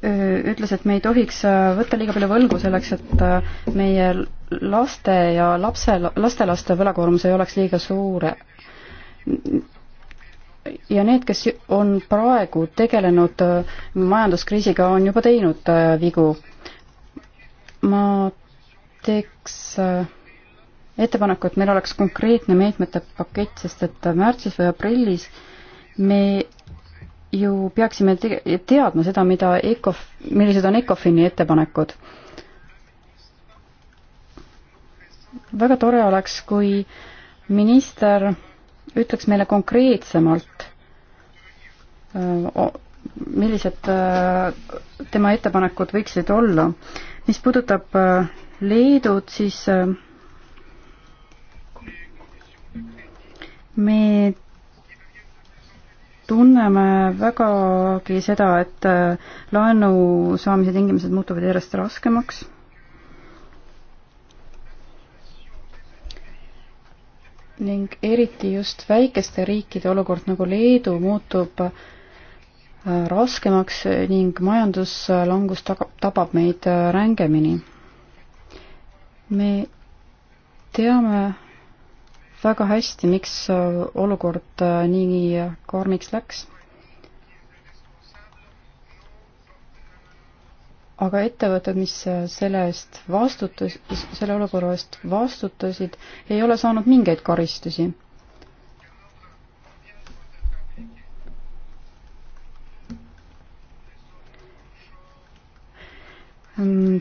Speaker 1: ütles, et me ei tohiks äh, võtta liiga palju võlgu selleks, et äh, meie laste ja lapse, lastelaste võlakoormus ei oleks liiga suur. ja need, kes on praegu tegelenud äh, majanduskriisiga, on juba teinud vigu. ma teeks ettepaneku, et meil oleks konkreetne meetmete pakett, sest et märtsis või aprillis me ju peaksime te teadma seda, mida ECOF, millised on ECOFIN-i ettepanekud. väga tore oleks, kui minister ütleks meile konkreetsemalt, millised tema ettepanekud võiksid olla. mis puudutab Leedut, siis me tunneme vägagi seda, et äh, laenu saamise tingimused muutuvad järjest raskemaks. ning eriti just väikeste riikide olukord nagu Leedu muutub äh, raskemaks ning majanduslangus tabab meid äh, rängemini. me teame väga hästi, miks äh, olukord äh, nii äh, karmiks läks. aga ettevõtted, mis selle eest vastutas, selle olukorra eest vastutasid, ei ole saanud mingeid karistusi. Mm,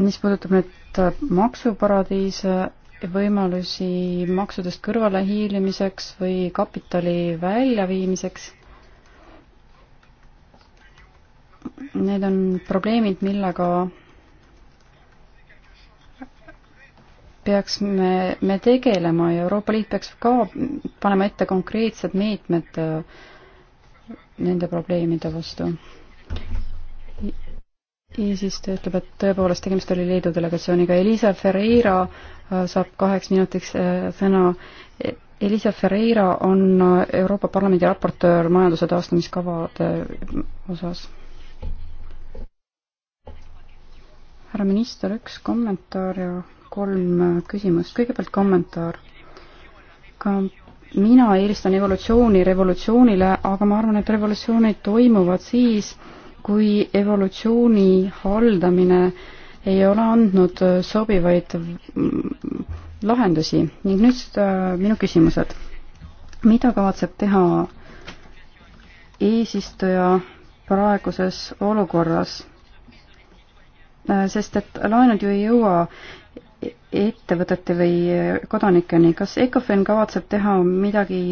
Speaker 1: mis puudutab nüüd maksuparadiise võimalusi maksudest kõrvalehiilimiseks või kapitali väljaviimiseks. Need on probleemid, millega peaks me, me tegelema ja Euroopa Liit peaks ka panema ette konkreetsed meetmed äh, nende probleemide vastu eesistuja ütleb, et tõepoolest tegemist oli Leedu delegatsiooniga. Elisa Ferreira äh, saab kaheks minutiks äh, sõna. E-, Elisa Ferreira on äh, Euroopa Parlamendi raportöör majanduse taastamiskavade osas. härra minister, üks kommentaar ja kolm küsimust. kõigepealt kommentaar. ka mina eelistan evolutsiooni revolutsioonile, aga ma arvan, et revolutsioonid toimuvad siis, kui evolutsiooni haldamine ei ole andnud sobivaid lahendusi ning nüüd äh, minu küsimused. mida kavatseb teha eesistuja praeguses olukorras? Äh, sest et laenud ju ei jõua ettevõtete või kodanikeni, kas ECOFIN kavatseb teha midagi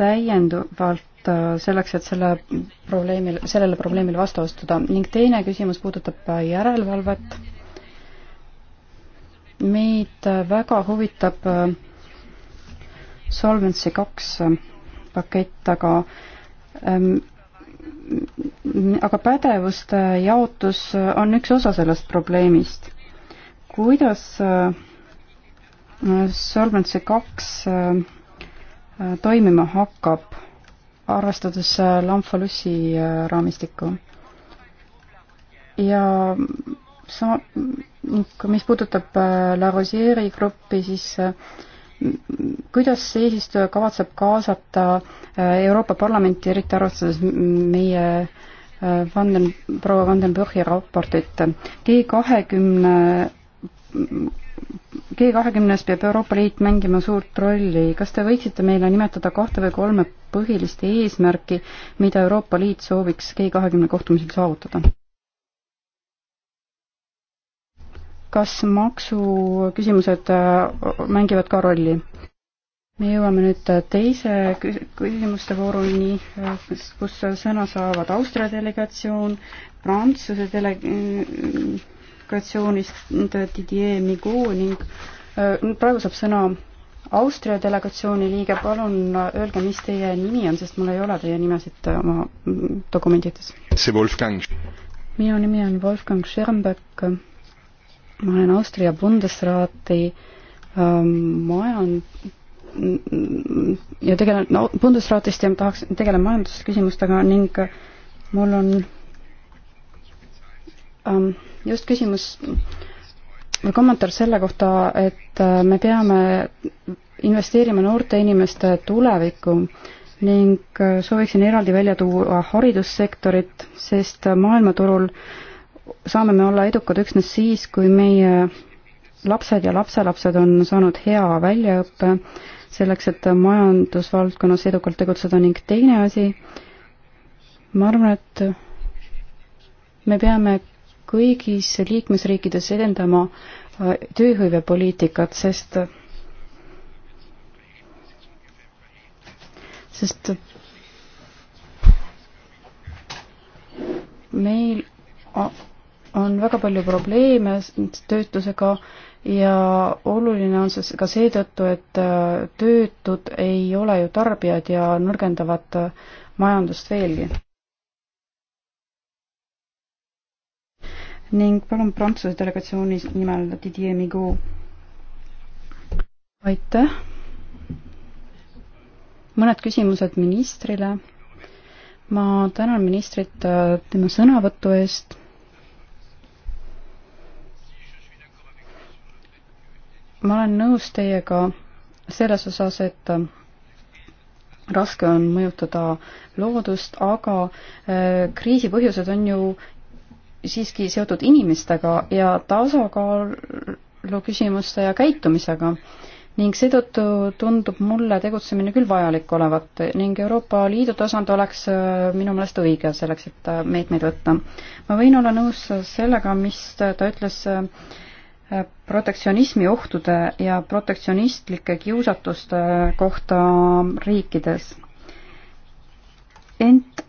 Speaker 1: täiendavalt Äh, selleks, et selle probleemil, sellele probleemile vastu astuda ning teine küsimus puudutab äh, järelevalvet. meid äh, väga huvitab Solvency kaks pakett, aga ähm, aga pädevuste jaotus on üks osa sellest probleemist. kuidas Solvency kaks toimima hakkab? arvestades äh, Lamfalussi äh, raamistikku. ja sama, mis puudutab äh, La Rosieri gruppi, siis kuidas eesistuja kavatseb kaasata Euroopa Parlamenti, eriti arvestades meie Vanden, proua Vandenbergi raportit G kahekümne G kahekümnes peab Euroopa Liit mängima suurt rolli. kas te võiksite meile nimetada kahte või kolme põhilist eesmärki, mida Euroopa Liit sooviks G kahekümne kohtumisel saavutada? kas maksuküsimused äh, mängivad ka rolli? me jõuame nüüd äh, teise küsimuste vooruni, äh, kus sõna saavad Austria delegatsioon, Prantsuse dele-, delegatsioonist Didier Migaud ning äh, praegu saab sõna Austria delegatsiooni liige, palun äh, öelge, mis teie nimi on, sest mul ei ole teie nimesid äh, oma mm, dokumentides.
Speaker 2: see Wolfgang.
Speaker 1: minu nimi on Wolfgang Schirmbeck. ma olen Austria Bundesrati ähm, majan- mm, ja tegelen no, Bundesratist ja ma tahaks, tegelen majandusküsimustega ning mul on Ähm, just küsimus või kommentaar selle kohta, et äh, me peame investeerima noorte inimeste tulevikku ning äh, sooviksin eraldi välja tuua haridussektorit, sest maailmaturul saame me olla edukad üksnes siis, kui meie lapsed ja lapselapsed on saanud hea väljaõppe selleks, et majandusvaldkonnas edukalt tegutseda ning teine asi, ma arvan, et me peame kõigis liikmesriikides edendama äh, tööhõivepoliitikat, sest sest meil on väga palju probleeme töötusega ja oluline on see ka seetõttu, et äh, töötud ei ole ju tarbijad ja nõrgendavad äh, majandust veelgi. ning palun Prantsuse delegatsiooni nimel Didier Migu. aitäh. mõned küsimused ministrile. ma tänan ministrit äh, tema sõnavõtu eest. ma olen nõus teiega selles osas, et äh, raske on mõjutada loodust, aga äh, kriisi põhjused on ju siiski seotud inimestega ja tasakaalu küsimuste ja käitumisega ning seetõttu tundub mulle tegutsemine küll vajalik olevat ning Euroopa Liidu tasand oleks äh, minu meelest õige selleks, et äh, meetmeid võtta. ma võin olla nõus sellega, mis ta ütles äh, protektsionismi ohtude ja protektsionistlike kiusatuste kohta riikides. ent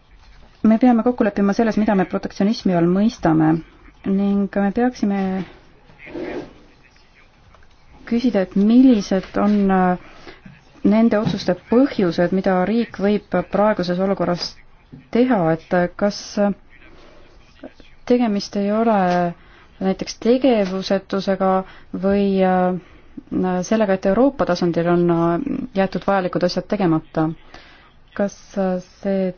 Speaker 1: me peame kokku leppima selles, mida me protektsionismi all mõistame ning me peaksime küsida, et millised on äh, nende otsuste põhjused, mida riik võib praeguses olukorras teha, et äh, kas äh, tegemist ei ole näiteks tegevusetusega või sellega, et Euroopa tasandil on jäetud vajalikud asjad tegemata. kas see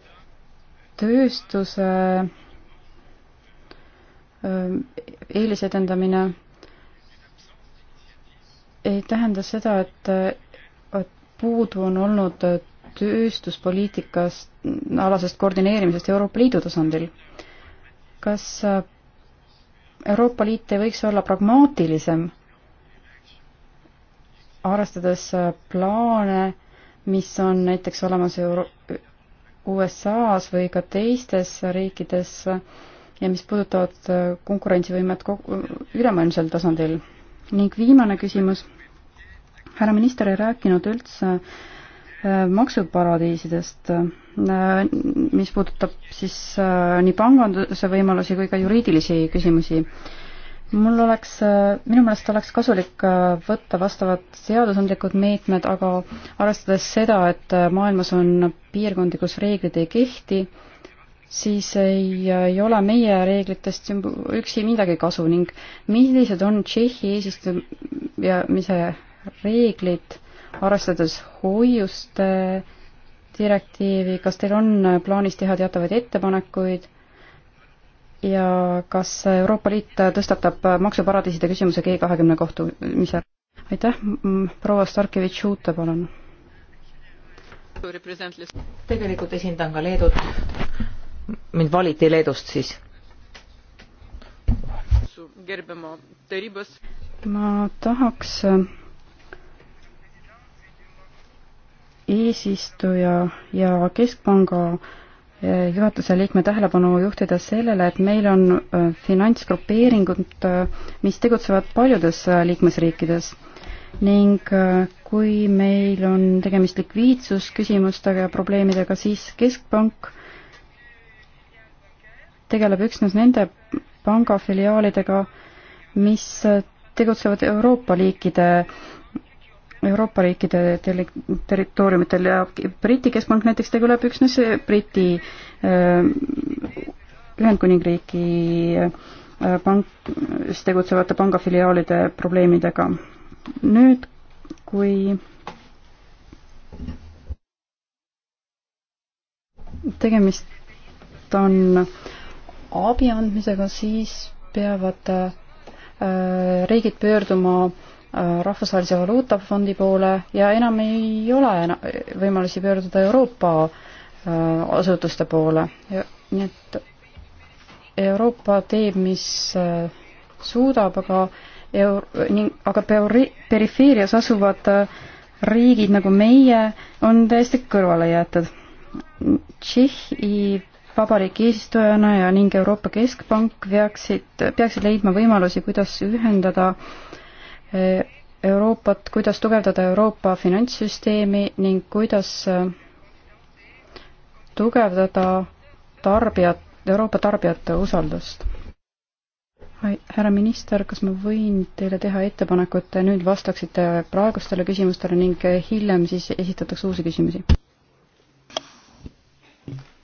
Speaker 1: tööstuse ähm, eelisedendamine ei tähenda seda, et, et puudu on olnud tööstuspoliitikast, alasest koordineerimisest Euroopa Liidu tasandil. kas äh, Euroopa Liit ei võiks olla pragmaatilisem, arvestades äh, plaane, mis on näiteks olemas Euro-, USA-s või ka teistes riikides ja mis puudutavad äh, konkurentsivõimet ülemaailmsel tasandil. ning viimane küsimus. härra minister ei rääkinud üldse äh, maksuparadiisidest, äh, mis puudutab siis nii panganduse võimalusi kui ka juriidilisi küsimusi mul oleks, äh, minu meelest oleks kasulik äh, võtta vastavad seadusandlikud meetmed, aga arvestades seda, et äh, maailmas on piirkondi, kus reeglid ei kehti, siis ei, ei ole meie reeglitest üksi midagi kasu ning millised on Tšehhi eesistumise reeglid, arvestades hoiuste direktiivi, kas teil on plaanis teha teatavaid ettepanekuid ja kas Euroopa Liit tõstatab maksuparadiiside küsimuse G kahekümne kohtumisel? aitäh, proua Starkevitš Uute, palun.
Speaker 3: tegelikult esindan ka Leedut.
Speaker 1: mind valiti Leedust siis. ma tahaks eesistuja ja keskpanga juhatuse liikme tähelepanu juhtida sellele, et meil on äh, finantsgrupeeringud, äh, mis tegutsevad paljudes äh, liikmesriikides ning kui meil on tegemist likviidsusküsimustega ja probleemidega, siis Keskpank tegeleb üksnes nende pangafiliaalidega, mis tegutsevad Euroopa liikide Euroopa riikide tele-, territooriumitel ja Briti keskpank näiteks tegeleb üksnes Briti äh, Ühendkuningriigi äh, pank-, tegutsevate pangafiliaalide probleemidega. nüüd, kui tegemist on abi andmisega, siis peavad äh, riigid pöörduma äh, Rahvusvahelise Valuutafondi poole ja enam ei ole võimalusi pöörduda Euroopa äh, asutuste poole. nii et Euroopa teeb, mis äh, suudab, aga eur-, ning, aga peori-, perifeerias asuvad äh, riigid nagu meie on täiesti kõrvale jäetud. Tšehhi Vabariigi eesistujana ja ning Euroopa Keskpank peaksid, peaksid leidma võimalusi, kuidas ühendada äh, Euroopat, kuidas tugevdada Euroopa finantssüsteemi ning kuidas äh, tugevdada tarbijat, Euroopa tarbijate usaldust. härra minister, kas ma võin teile teha ettepaneku, et te nüüd vastaksite praegustele küsimustele ning hiljem siis esitatakse uusi küsimusi?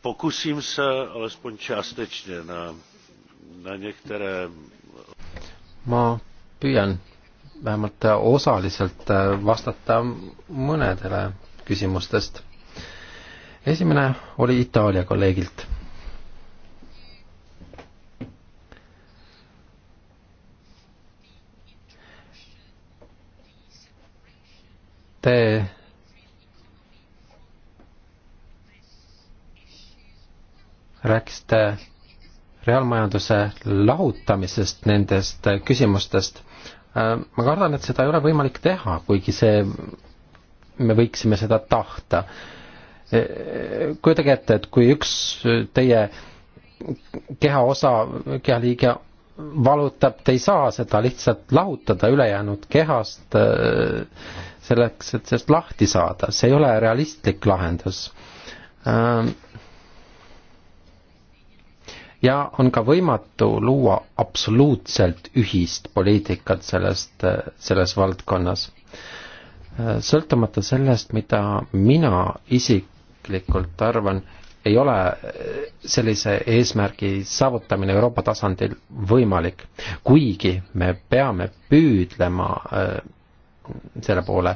Speaker 2: Pokusím se alespoň částečně na, na některé... Ma püüan vähemalt osaliselt äh, vastata mõnedele küsimustest. esimene oli Itaalia kolleegilt. Te rääkisite reaalmajanduse lahutamisest nendest küsimustest Äh, ma kardan, et seda ei ole võimalik teha, kuigi see, me võiksime seda tahta. Äh, kujutage ette, et kui üks teie kehaosa, kehaliige valutab, te ei saa seda lihtsalt lahutada ülejäänud kehast äh, selleks, et sellest lahti saada, see ei ole realistlik lahendus ja on ka võimatu luua absoluutselt ühist poliitikat sellest, selles valdkonnas. sõltumata sellest, mida mina isiklikult arvan, ei ole sellise eesmärgi saavutamine Euroopa tasandil võimalik, kuigi me peame püüdlema äh, selle poole.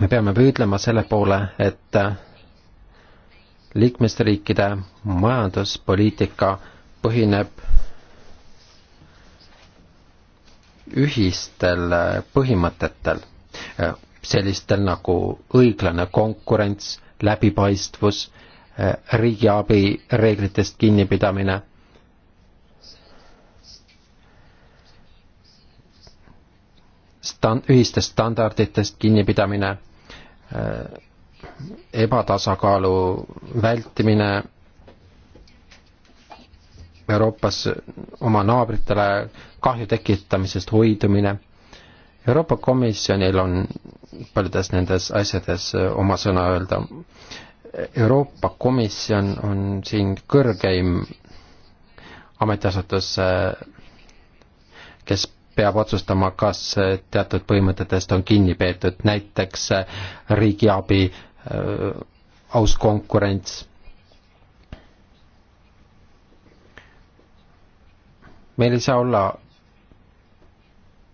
Speaker 2: me peame püüdlema selle poole, et äh, liikmesriikide majanduspoliitika põhineb ühistel põhimõtetel, sellistel nagu õiglane konkurents, läbipaistvus, riigiabi reeglitest kinnipidamine. Stand-, ühistest standarditest kinnipidamine ebatasakaalu vältimine Euroopas oma naabritele kahju tekitamisest hoidumine. Euroopa Komisjonil on paljudes nendes asjades oma sõna öelda. Euroopa Komisjon on siin kõrgeim ametiasutus, kes peab otsustama, kas teatud põhimõtetest on kinni peetud, näiteks riigiabi äh, aus konkurents. meil ei saa olla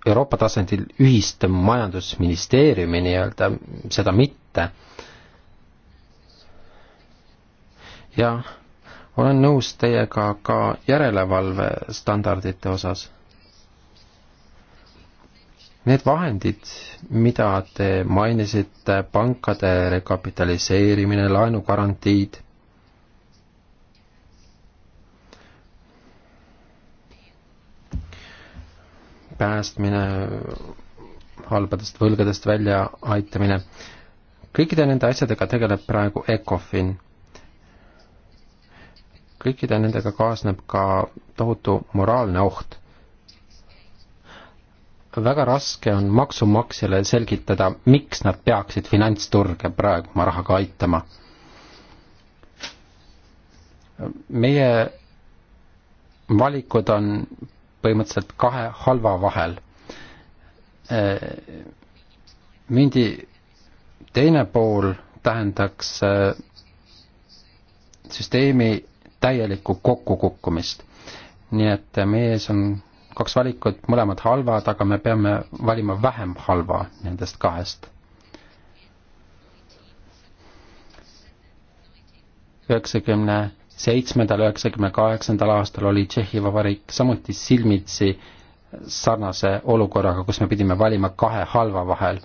Speaker 2: Euroopa tasandil ühist majandusministeeriumi nii-öelda, seda mitte. ja olen nõus teiega ka järelevalve standardite osas Need vahendid, mida te mainisite, pankade rekapitaliseerimine, laenugarantiid, päästmine, halbadest võlgadest välja aitamine, kõikide nende asjadega tegeleb praegu ECOFIN. kõikide nendega kaasneb ka tohutu moraalne oht väga raske on maksumaksjale selgitada, miks nad peaksid finantsturge praegu oma rahaga aitama. meie valikud on põhimõtteliselt kahe halva vahel. mündi teine pool tähendaks äh, süsteemi täielikku kokkukukkumist. nii et meie ees on kaks valikut, mõlemad halvad, aga me peame valima vähem halva nendest kahest. üheksakümne seitsmendal, üheksakümne kaheksandal aastal oli Tšehhi Vabariik samuti silmitsi sarnase olukorraga, kus me pidime valima kahe halva vahel.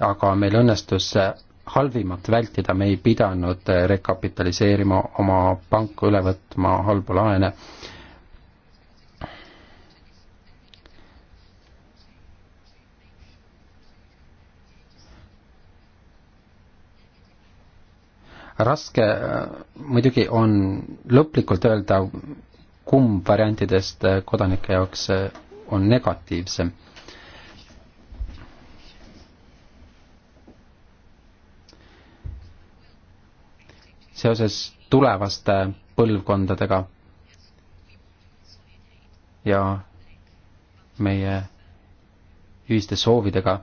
Speaker 2: aga meil õnnestus halvimat vältida, me ei pidanud rekapitaliseerima oma panku, üle võtma halbu laene äh, raske äh, muidugi on lõplikult öelda, kumb variantidest äh, kodanike jaoks äh, on negatiivsem. seoses tulevaste põlvkondadega ja meie ühiste soovidega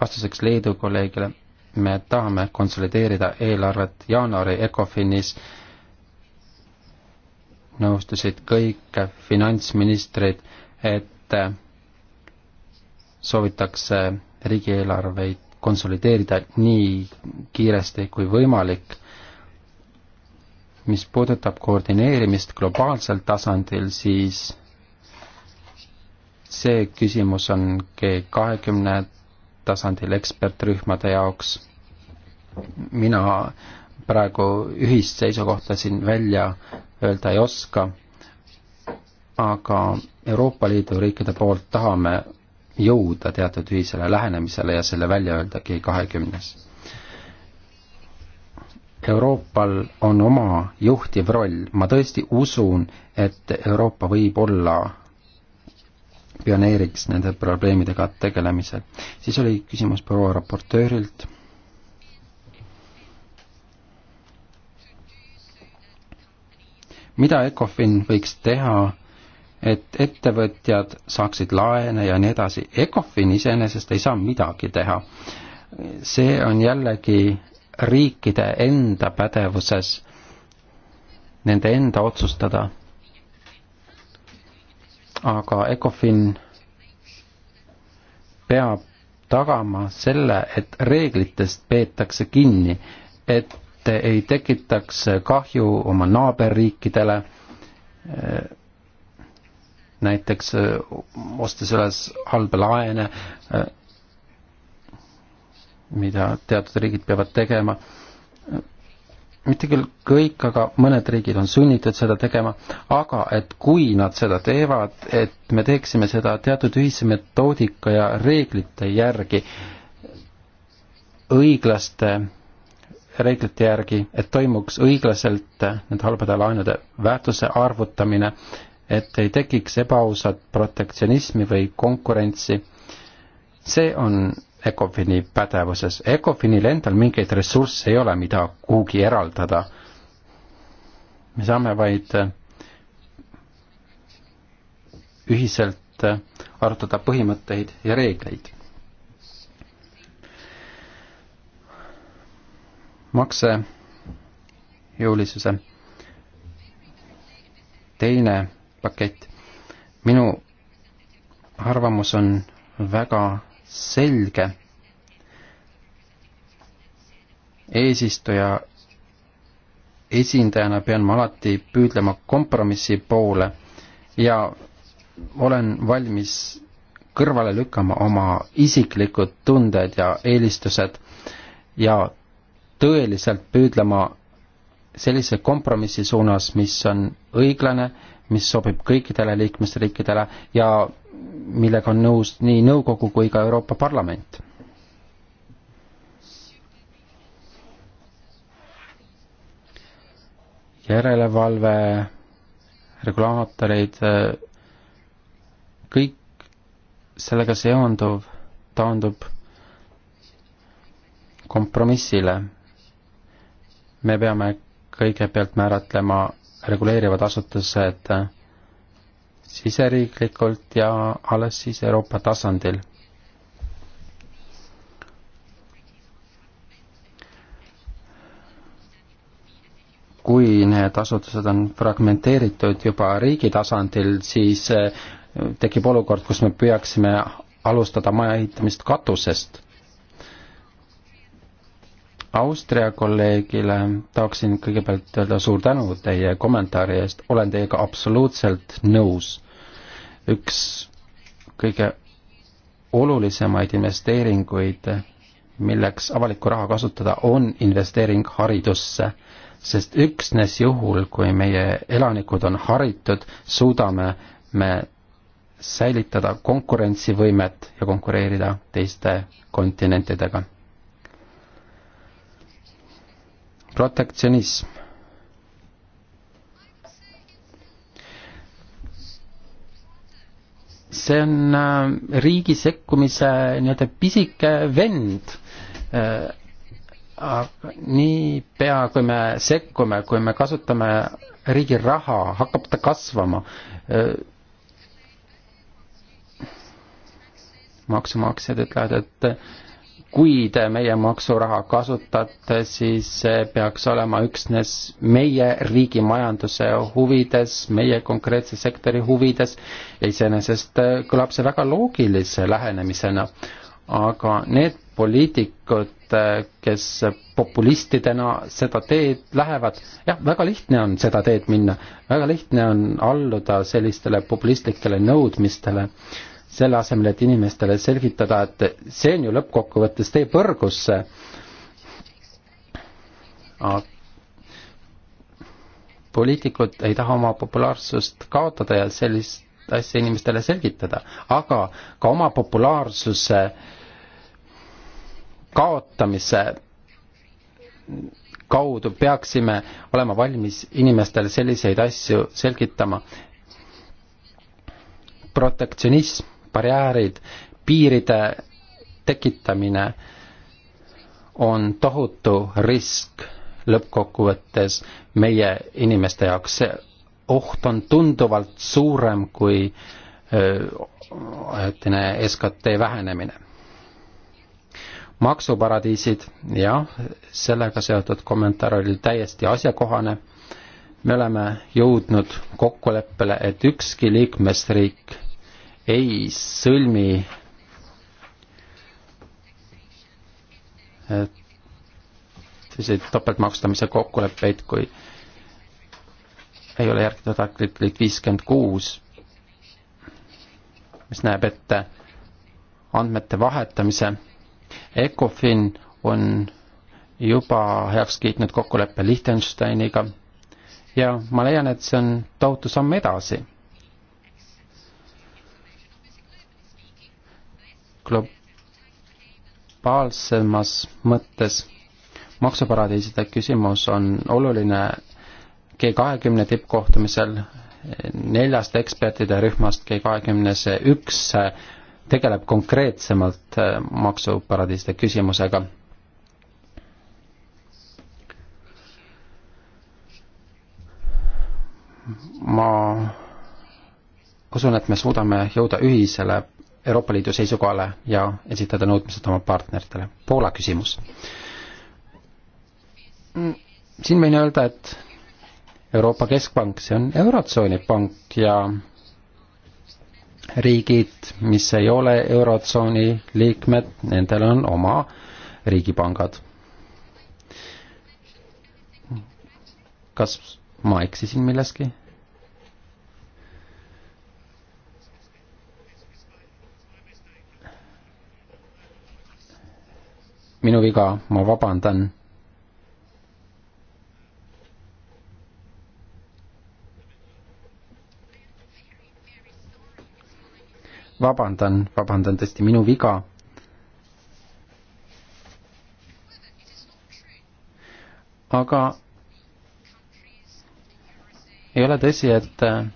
Speaker 2: vastuseks Leedu kolleegile me tahame konsolideerida eelarvet jaanuari ECOFINis, nõustusid kõik finantsministrid, et soovitakse riigieelarveid konsolideerida nii kiiresti kui võimalik. mis puudutab koordineerimist globaalsel tasandil, siis see küsimus on G kahekümne tasandil ekspertrühmade jaoks. mina praegu ühist seisukohta siin välja öelda ei oska, aga Euroopa Liidu riikide poolt tahame jõuda teatud ühisele lähenemisele ja selle välja öelda G20-s. Euroopal on oma juhtiv roll, ma tõesti usun, et Euroopa võib olla pioneeriks nende probleemidega tegelemisel. siis oli küsimus proua raportöörilt. mida Ecofin võiks teha, et ettevõtjad saaksid laene ja nii edasi, Ecofin iseenesest ei saa midagi teha. see on jällegi riikide enda pädevuses, nende enda otsustada aga Ecofin peab tagama selle, et reeglitest peetakse kinni, et ei tekitaks kahju oma naaberriikidele, näiteks äh, ostes üles halbe laene, äh, mida teatud riigid peavad tegema mitte küll kõik, aga mõned riigid on sunnitud seda tegema, aga et kui nad seda teevad, et me teeksime seda teatud ühise metoodika ja reeglite järgi, õiglaste reeglite järgi, et toimuks õiglaselt nende halbade laenude väärtuse arvutamine, et ei tekiks ebaausat protektsionismi või konkurentsi. see on ECOFIN-i pädevuses. ECOFIN-il endal mingeid ressursse ei ole, mida kuhugi eraldada. me saame vaid äh, ühiselt äh, arutada põhimõtteid ja reegleid. makse jõulisuse teine pakett. minu arvamus on väga selge. eesistuja esindajana pean ma alati püüdlema kompromissi poole ja olen valmis kõrvale lükkama oma isiklikud tunded ja eelistused ja tõeliselt püüdlema sellise kompromissi suunas, mis on õiglane mis sobib kõikidele liikmesriikidele ja millega on nõus nii nõukogu kui ka Euroopa Parlament. järelevalve, regulaatoreid, kõik sellega seonduv taandub kompromissile. me peame kõigepealt määratlema reguleerivad asutused siseriiklikult ja alles siis Euroopa tasandil. kui need asutused on fragmenteeritud juba riigi tasandil, siis tekib olukord, kus me peaksime alustada maja ehitamist katusest Austria kolleegile tahaksin kõigepealt öelda suur tänu teie kommentaari eest, olen teiega absoluutselt nõus. üks kõige olulisemaid investeeringuid, milleks avalikku raha kasutada, on investeering haridusse. sest üksnes juhul, kui meie elanikud on haritud, suudame me säilitada konkurentsivõimet ja konkureerida teiste kontinentidega protektsionism. see on äh, riigi sekkumise nii-öelda pisike vend. Äh, niipea, kui me sekkume, kui me kasutame riigi raha, hakkab ta kasvama äh, maksumaksjad ütlevad, et kui te meie maksuraha kasutate, siis see peaks olema üksnes meie riigi majanduse huvides, meie konkreetse sektori huvides ja iseenesest äh, kõlab see väga loogilise lähenemisena. aga need poliitikud, äh, kes populistidena seda teed lähevad, jah, väga lihtne on seda teed minna, väga lihtne on alluda sellistele populistlikele nõudmistele selle asemel, et inimestele selgitada, et see on ju lõppkokkuvõttes teie põrgusse. poliitikud ei taha oma populaarsust kaotada ja sellist asja inimestele selgitada, aga ka oma populaarsuse kaotamise kaudu peaksime olema valmis inimestele selliseid asju selgitama. protektsionism barjäärid, piiride tekitamine on tohutu risk lõppkokkuvõttes meie inimeste jaoks. see oht on tunduvalt suurem kui ajutine SKT vähenemine. maksuparadiisid, jah, sellega seotud kommentaar oli täiesti asjakohane. me oleme jõudnud kokkuleppele, et ükski liikmesriik ei sõlmi selliseid topeltmaksustamise kokkuleppeid, kui ei ole järgitud artiklit viiskümmend kuus, mis näeb ette andmete vahetamise. Ecofin on juba heaks kiitnud kokkuleppe Liechtensteiniga ja ma leian, et see on tohutu samm edasi globaalsemas mõttes maksuparadiiside küsimus on oluline G kahekümne tippkohtumisel neljast ekspertide rühmast G kahekümnes üks äh, tegeleb konkreetsemalt äh, maksuparadiiside küsimusega. ma usun, et me suudame jõuda ühisele Euroopa Liidu seisukohale ja esitada nõudmised oma partneritele. Poola küsimus. Mm, siin võin öelda, et Euroopa Keskpank, see on Eurotsooni pank ja riigid, mis ei ole Eurotsooni liikmed, nendel on oma riigipangad. kas ma eksisin milleski? minu viga, ma vabandan. vabandan, vabandan tõesti, minu viga. aga ei ole tõsi, et äh,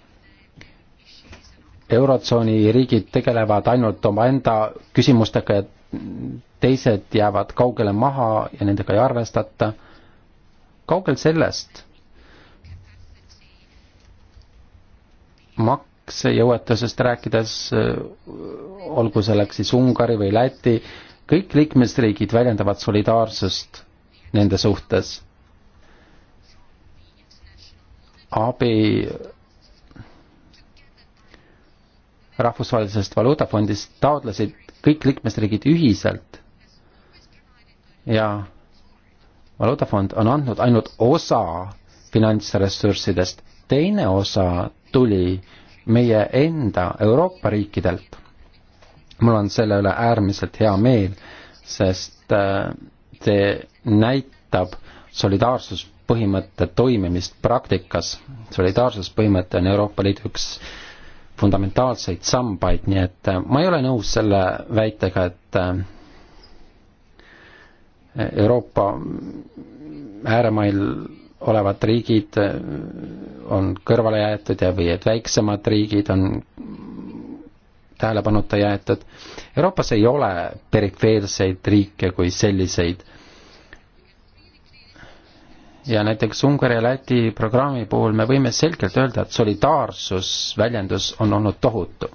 Speaker 2: eurotsooni riigid tegelevad ainult omaenda küsimustega ja teised jäävad kaugele maha ja nendega ei arvestata. kaugel sellest maksejõuetusest rääkides, olgu selleks siis Ungari või Läti, kõik liikmesriigid väljendavad solidaarsust nende suhtes. abi rahvusvahelisest valuutafondist taotlesid kõik liikmesriigid ühiselt ja valuutafond on andnud ainult osa finantsressurssidest, teine osa tuli meie enda Euroopa riikidelt. mul on selle üle äärmiselt hea meel, sest äh, see näitab solidaarsuspõhimõtte toimimist praktikas. solidaarsuspõhimõte on Euroopa Liidu üks fundamentaalseid sambaid, nii et äh, ma ei ole nõus selle väitega, et äh, Euroopa ääremail olevad riigid äh, on kõrvale jäetud ja, või et väiksemad riigid on tähelepanuta jäetud. Euroopas ei ole perifeerseid riike kui selliseid. ja näiteks Ungari ja Läti programmi puhul me võime selgelt öelda, et solidaarsus väljendus on olnud tohutu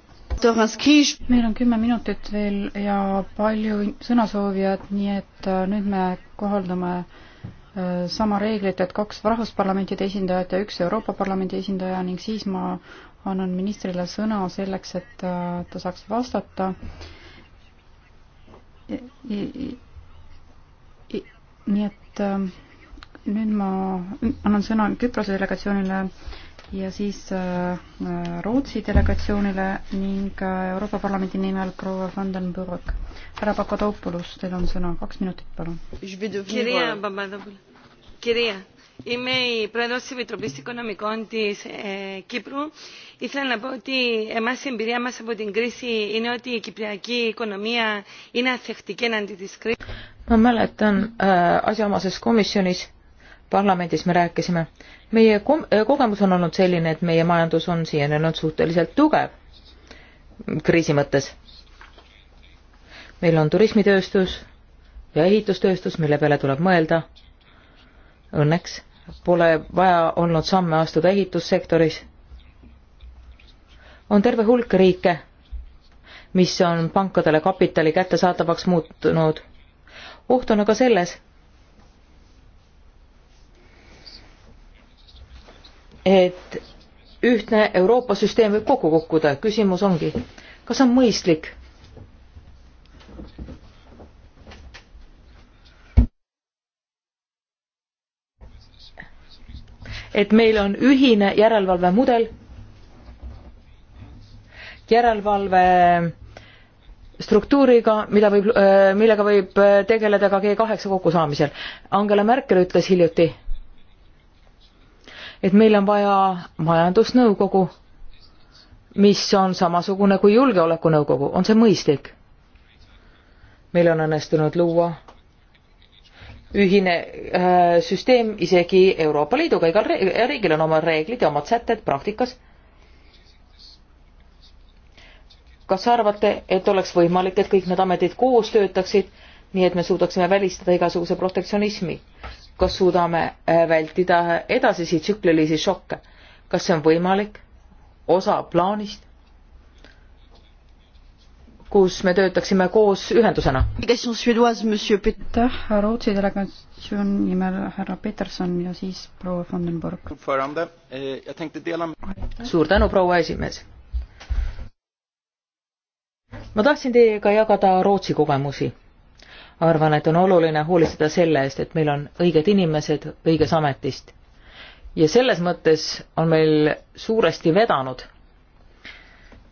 Speaker 1: meil on kümme minutit veel ja palju sõnasoovijad, nii et äh, nüüd me kohaldame äh, sama reeglit, et kaks rahvusparlamentide esindajat ja üks Euroopa Parlamendi esindaja ning siis ma annan ministrile sõna selleks, et äh, ta saaks vastata. nii et nüüd ma annan sõna Küprose delegatsioonile ja siis äh, äh, Rootsi delegatsioonile ning äh, Euroopa Parlamendi nimel proua van den Burg. härra Papadopoulos, teil on sõna, kaks minutit, palun.
Speaker 2: kirja,
Speaker 3: vabandust, kirja. Είμαι η πρόεδρος της Επιτροπής Οικονομικών της ε, Κύπρου. Ήθελα να πω ότι εμάς η εμπειρία μας από την κρίση είναι ότι η κυπριακή οικονομία είναι αθεκτική εναντί της κρίσης. Ma mäletan äh, asjaomases komisjonis parlamendis me rääkisime. meie kom-, äh, kogemus on olnud selline, et meie majandus on siiani olnud suhteliselt tugev kriisi mõttes. meil on turismitööstus ja ehitustööstus, mille peale tuleb mõelda. Õnneks pole vaja olnud samme astuda ehitussektoris. on terve hulk riike, mis on pankadele kapitali kättesaadavaks muutunud. oht on aga selles, et ühtne Euroopa süsteem võib kokku kukkuda. küsimus ongi, kas on mõistlik et meil on ühine järelevalvemudel, järelevalve struktuuriga, mida võib, millega võib tegeleda ka G8 kokkusaamisel. Angela Merkel ütles hiljuti et meil on vaja majandusnõukogu, mis on samasugune kui julgeolekunõukogu, on see mõistlik? meil on õnnestunud luua ühine äh, süsteem isegi Euroopa Liiduga, igal riigil on omad reeglid ja omad sätted praktikas. kas arvate, et oleks võimalik, et kõik need ametid koos töötaksid, nii et me suudaksime välistada igasuguse protektsionismi? kas suudame äh, vältida äh, edasisi tsüklilisi šokke. kas see on võimalik? osa plaanist? kus me töötaksime koos ühendusena.
Speaker 1: aitäh, Rootsi delegatsiooni nimel härra Peterson ja siis proua Vandenburg.
Speaker 2: Eh, suur tänu,
Speaker 3: proua esimees. ma tahtsin teiega jagada Rootsi kogemusi arvan, et on oluline hoolitseda selle eest, et meil on õiged inimesed õiges ametist. ja selles mõttes on meil suuresti vedanud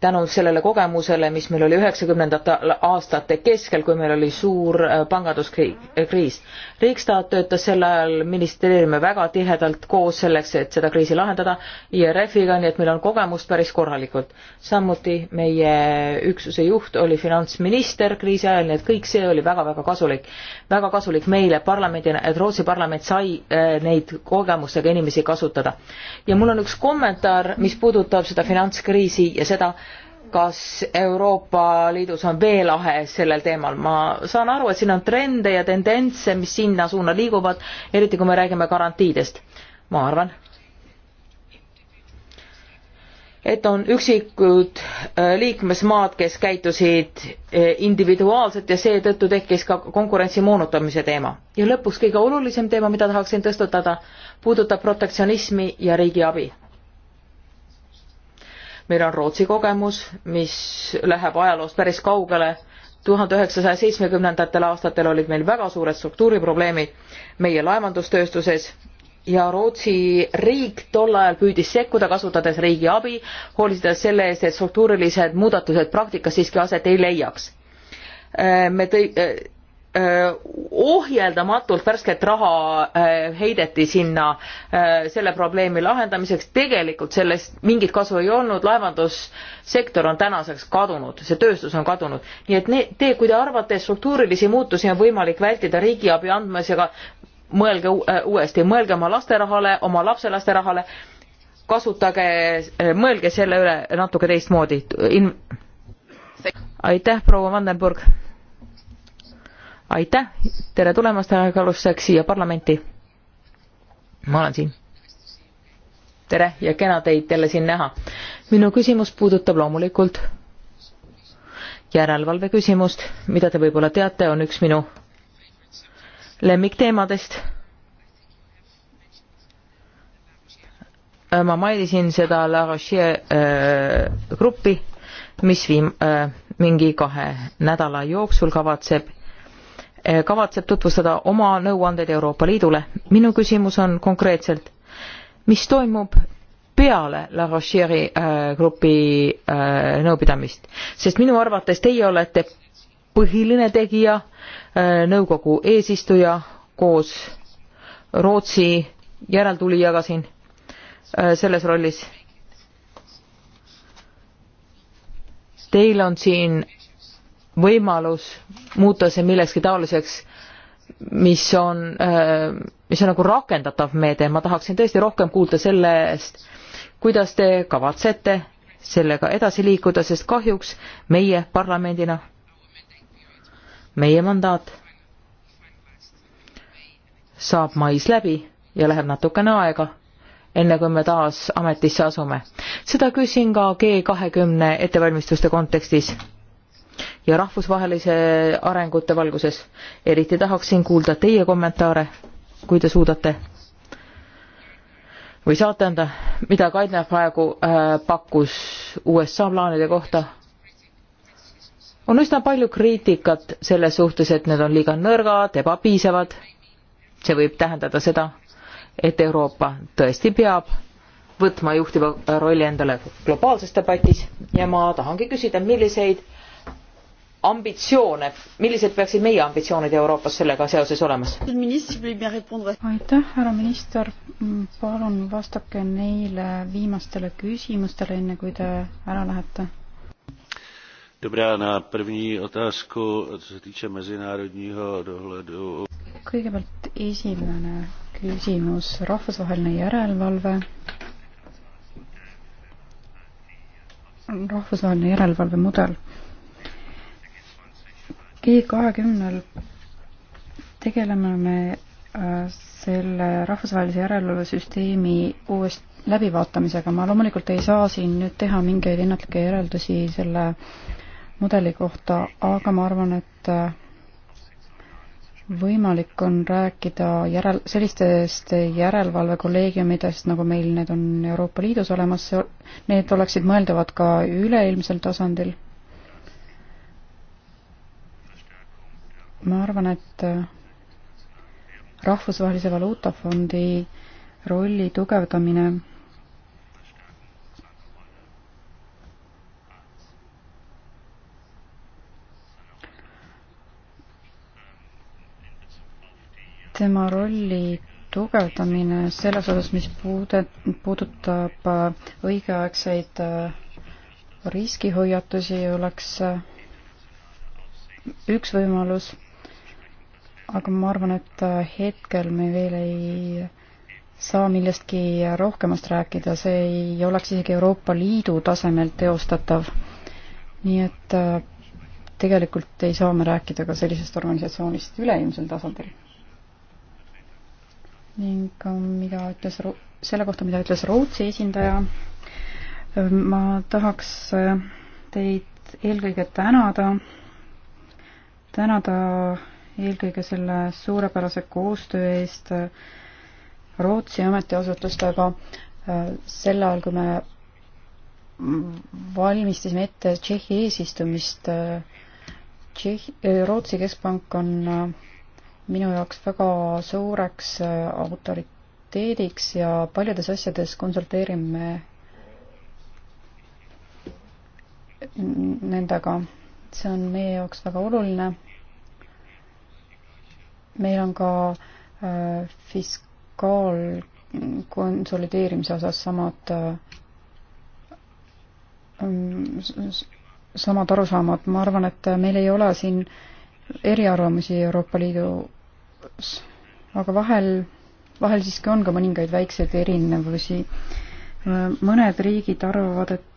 Speaker 3: tänu sellele kogemusele, mis meil oli üheksakümnendate aastate keskel, kui meil oli suur äh, panganduskriis. Riikstaat töötas sel ajal ministeeriume väga tihedalt koos selleks, et seda kriisi lahendada IRF-iga, nii et meil on kogemust päris korralikult. samuti meie üksuse juht oli finantsminister kriisi ajal, nii et kõik see oli väga-väga kasulik. väga kasulik meile parlamendina, et Rootsi parlament sai äh, neid kogemustega inimesi kasutada. ja mul on üks kommentaar, mis puudutab seda finantskriisi ja seda, kas Euroopa Liidus on veelahe sellel teemal, ma saan aru, et siin on trende ja tendentse, mis sinna suuna liiguvad, eriti kui me räägime garantiidest, ma arvan. et on üksikud äh, liikmesmaad, kes käitusid äh, individuaalselt ja seetõttu tekkis ka konkurentsi moonutamise teema. ja lõpuks kõige olulisem teema, mida tahaksin tõstatada, puudutab protektsionismi ja riigiabi meil on Rootsi kogemus, mis läheb ajaloost päris kaugele. tuhande üheksasaja seitsmekümnendatel aastatel olid meil väga suured struktuuriprobleemid meie laevandustööstuses ja Rootsi riik tol ajal püüdis sekkuda, kasutades riigi abi, hoolitsedes selle eest, et struktuurilised muudatused praktikas siiski aset ei leiaks. Äh, me tõi-, äh, ohjeldamatult värsket raha heideti sinna selle probleemi lahendamiseks, tegelikult sellest mingit kasu ei olnud, laevandussektor on tänaseks kadunud, see tööstus on kadunud. nii et need, te, kui te arvate, et struktuurilisi muutusi on võimalik vältida riigiabi andmisega, mõelge uuesti, mõelge oma laste rahale, oma lapselaste rahale, kasutage, mõelge selle üle natuke teistmoodi In.... aitäh, proua Vandenburg aitäh, tere tulemast, härra Kalusek, siia parlamenti. ma olen siin. tere ja kena teid jälle siin näha. minu küsimus puudutab loomulikult järelevalve küsimust, mida te võib-olla teate, on üks minu lemmikteemadest. ma mainisin seda La Rochelle äh, gruppi, mis viim- äh,, mingi kahe nädala jooksul kavatseb Eh, kavatseb tutvustada oma nõuandeid Euroopa Liidule. minu küsimus on konkreetselt, mis toimub peale La Rocheri äh, grupi äh, nõupidamist, sest minu arvates teie olete põhiline tegija äh,, nõukogu eesistuja koos Rootsi järeltulijaga siin äh, selles rollis. Teil on siin võimalus muuta see millekski taoliseks, mis on, äh, mis on nagu rakendatav meede, ma tahaksin tõesti rohkem kuulda selle eest, kuidas te kavatsete sellega edasi liikuda, sest kahjuks meie parlamendina, meie mandaat saab mais läbi ja läheb natukene aega, enne kui me taas ametisse asume. seda küsin ka G kahekümne ettevalmistuste kontekstis ja rahvusvahelise arengute valguses. eriti tahaksin kuulda teie kommentaare, kui te suudate või saate anda, mida Kaidna praegu äh, pakkus USA plaanide kohta. on üsna palju kriitikat selles suhtes, et need on liiga nõrgad, ebapiisavad. see võib tähendada seda, et Euroopa tõesti peab võtma juhtiva rolli endale globaalses debatis ja ma tahangi küsida, milliseid äh, ambitsioone, millised peaksid meie ambitsioonid Euroopas sellega seoses olemas?
Speaker 1: aitäh, härra minister, palun vastake neile viimastele küsimustele, enne kui te ära lähete.
Speaker 2: Dobrá, na první otázku, co se týče mezinárodního dohledu.
Speaker 1: Kõigepealt esimene küsimus, rahvusvaheline järelevalve. rahvusvaheline järelevalve mudel G kahekümnel tegeleme me äh, selle rahvusvahelise järelevalvesüsteemi uuesti läbivaatamisega. ma loomulikult ei saa siin nüüd teha mingeid ennatlikke järeldusi selle mudeli kohta, aga ma arvan, et äh, võimalik on rääkida järel, sellistest järelevalvekolleegiumidest, nagu meil need on Euroopa Liidus olemas, need oleksid mõeldavad ka üleilmsel tasandil ma arvan, et äh, rahvusvahelise valuutafondi rolli tugevdamine tema rolli tugevdamine selles osas, mis puude, puudutab äh, õigeaegseid äh, riskihoiatusi, oleks üks võimalus aga ma arvan, et äh, hetkel me veel ei saa millestki rohkemast rääkida, see ei oleks isegi Euroopa Liidu tasemel teostatav. nii et äh, tegelikult ei saa me rääkida ka sellisest organisatsioonist üleilmsel tasandil. ning äh, mida ütles, selle kohta, mida ütles Rootsi esindaja, ma tahaks teid eelkõige tänada, tänada eelkõige selle suurepärase koostöö eest Rootsi ametiasutustega sel ajal, kui me valmistasime ette Tšehhi eesistumist. Tšehhi, Rootsi keskpank on minu jaoks väga suureks autoriteediks ja paljudes asjades konsulteerime nendega. see on meie jaoks väga oluline meil on ka äh, fiskaalkonsolideerimise osas samad, äh, mm, samad arusaamad, ma arvan, et meil ei ole siin eriarvamusi Euroopa Liidus, aga vahel, vahel siiski on ka mõningaid väikseid erinevusi. Äh, mõned riigid arvavad, et,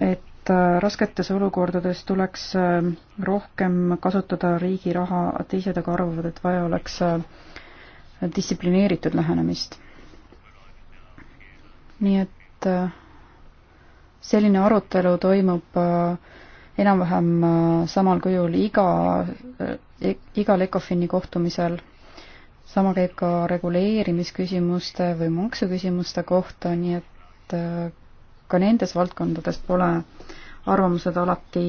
Speaker 1: et Äh, rasketes olukordades tuleks äh, rohkem kasutada riigi raha, teised aga arvavad, et vaja oleks äh, distsiplineeritud lähenemist. nii et selline arutelu toimub enam-vähem samal kujul iga, e-, igal ECOFIN-i kohtumisel. sama käib ka reguleerimisküsimuste või maksuküsimuste kohta, nii et ka nendes valdkondades pole arvamused alati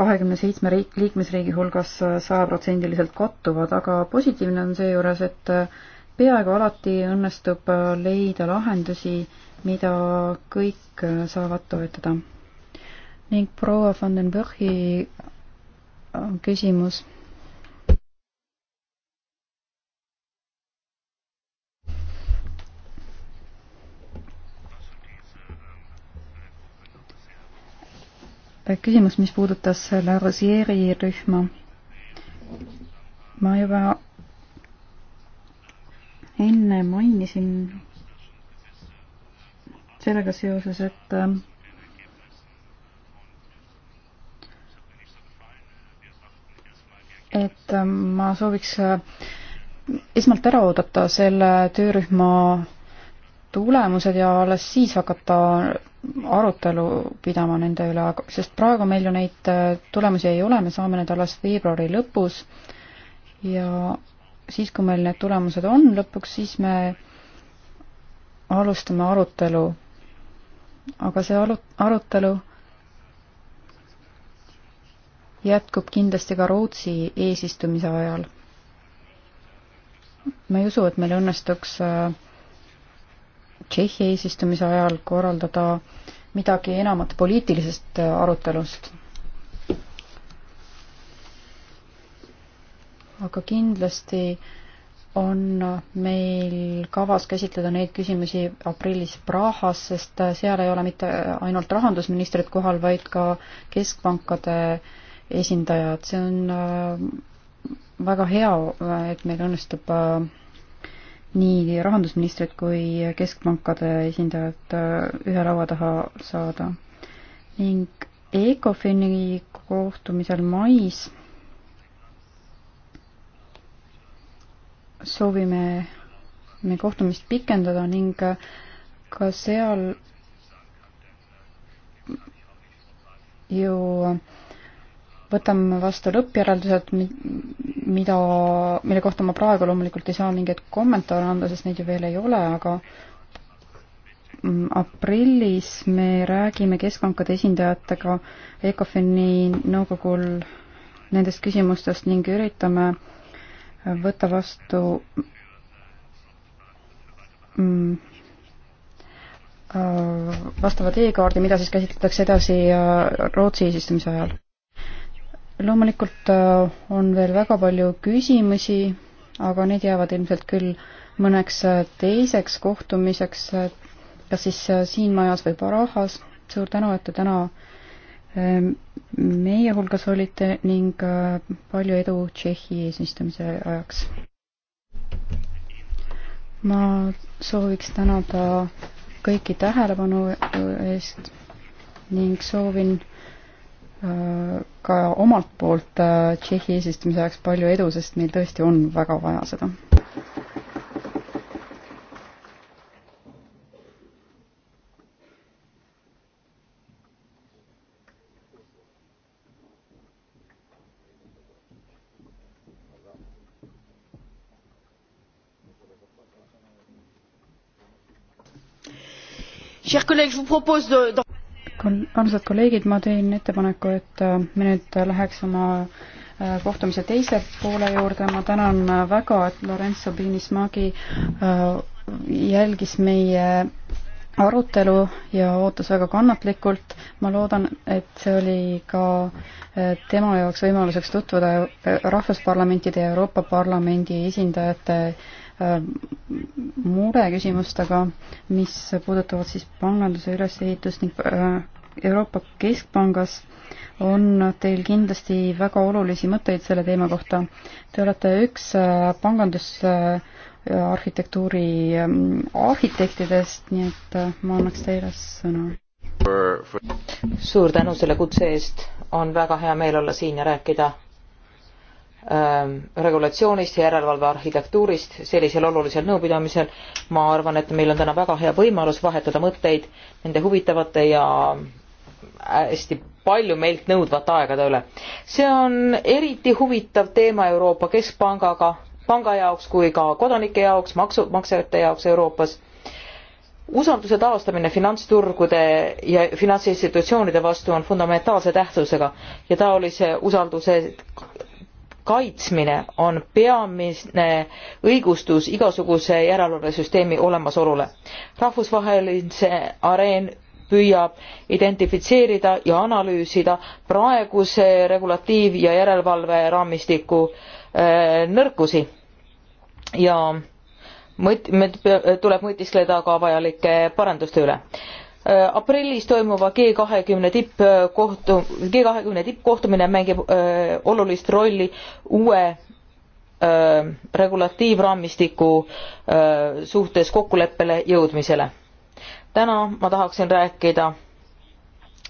Speaker 1: kahekümne seitsme riik, liikmesriigi hulgas sajaprotsendiliselt kattuvad, aga positiivne on seejuures, et peaaegu alati õnnestub leida lahendusi, mida kõik saavad toetada. ning proua van den Burgi äh, küsimus Äh, küsimus, mis puudutas La Rosieri rühma. ma juba enne mainisin sellega seoses, et äh, et äh, ma sooviks esmalt ära oodata selle töörühma tulemused ja alles siis hakata arutelu pidama nende üle, sest praegu meil ju neid äh, tulemusi ei ole, me saame need alles veebruari lõpus ja siis, kui meil need tulemused on lõpuks, siis me alustame arutelu. aga see aru-, arutelu jätkub kindlasti ka Rootsi eesistumise ajal. ma ei usu, et meil õnnestuks äh, Tšehhi eesistumise ajal korraldada midagi enamat poliitilisest arutelust. aga kindlasti on meil kavas käsitleda neid küsimusi aprillis Prahas, sest seal ei ole mitte ainult rahandusministrid kohal, vaid ka keskpankade esindajad. see on äh, väga hea, et meil õnnestub äh, nii rahandusministrid kui keskpankade esindajad äh, ühe laua taha saada. ning ECOFIN-i kohtumisel mais soovime me kohtumist pikendada ning ka seal ju võtame vastu lõppjäreldused, mida, mille kohta ma praegu loomulikult ei saa mingeid kommentaare anda, sest neid ju veel ei ole, aga mm, aprillis me räägime keskpankade esindajatega ECOFIN-i nõukogul nendest küsimustest ning üritame võtta vastu mm, äh, vastava teekaardi, mida siis käsitletakse edasi äh, Rootsi eesistumise ajal loomulikult äh, on veel väga palju küsimusi, aga need jäävad ilmselt küll mõneks äh, teiseks kohtumiseks, äh, kas siis siin majas või Barahas. suur tänu, et te täna ähm, meie hulgas olite ning palju edu Tšehhi eesistumise ajaks. ma sooviks tänada kõiki tähelepanu eest ning soovin ka omalt poolt äh, Tšehhi eesistumise ajaks palju edu, sest meil tõesti on väga vaja seda. Chers collègues, je vous propose de armsad kolleegid, ma teen ettepaneku, et äh, me nüüd läheks oma äh, kohtumise teise poole juurde, ma tänan väga, et Lorenzo Pinismagi äh, jälgis meie arutelu ja ootas väga kannatlikult. ma loodan, et see oli ka tema jaoks võimaluseks tutvuda Rahvusparlamentide ja Euroopa Parlamendi esindajate mureküsimustega, mis puudutavad siis panganduse ülesehitust ning äh, Euroopa Keskpangas on teil kindlasti väga olulisi mõtteid selle teema kohta. Te olete üks äh, pangandusarhitektuuri äh, ähm, arhitektidest, nii et ma
Speaker 3: annaks teile sõna. suur tänu selle kutse eest, on väga hea meel olla siin ja rääkida Ähm, regulatsioonist ja järelevalve arhitektuurist sellisel olulisel nõupidamisel. ma arvan, et meil on täna väga hea võimalus vahetada mõtteid nende huvitavate ja äh, hästi palju meilt nõudvate aegade üle. see on eriti huvitav teema Euroopa Keskpangaga, panga jaoks kui ka kodanike jaoks, maksumaksjate jaoks Euroopas. usalduse taastamine finantsturgude ja finantsinstitutsioonide vastu on fundamentaalse tähtsusega ja taolise usalduse kaitsmine on peamine õigustus igasuguse järelevalvesüsteemi olemasolule. rahvusvahelise areen püüab identifitseerida ja analüüsida praeguse regulatiiv ja järelevalveraamistiku äh, nõrkusi ja mõt- tuleb mõtiskleda ka vajalike paranduste üle Äh, aprillis toimuva G kahekümne tippkohtu, äh, G kahekümne tippkohtumine mängib öö, äh, olulist rolli uue öö, regulatiivraamistiku öö, suhtes kokkuleppele jõudmisele. täna ma tahaksin rääkida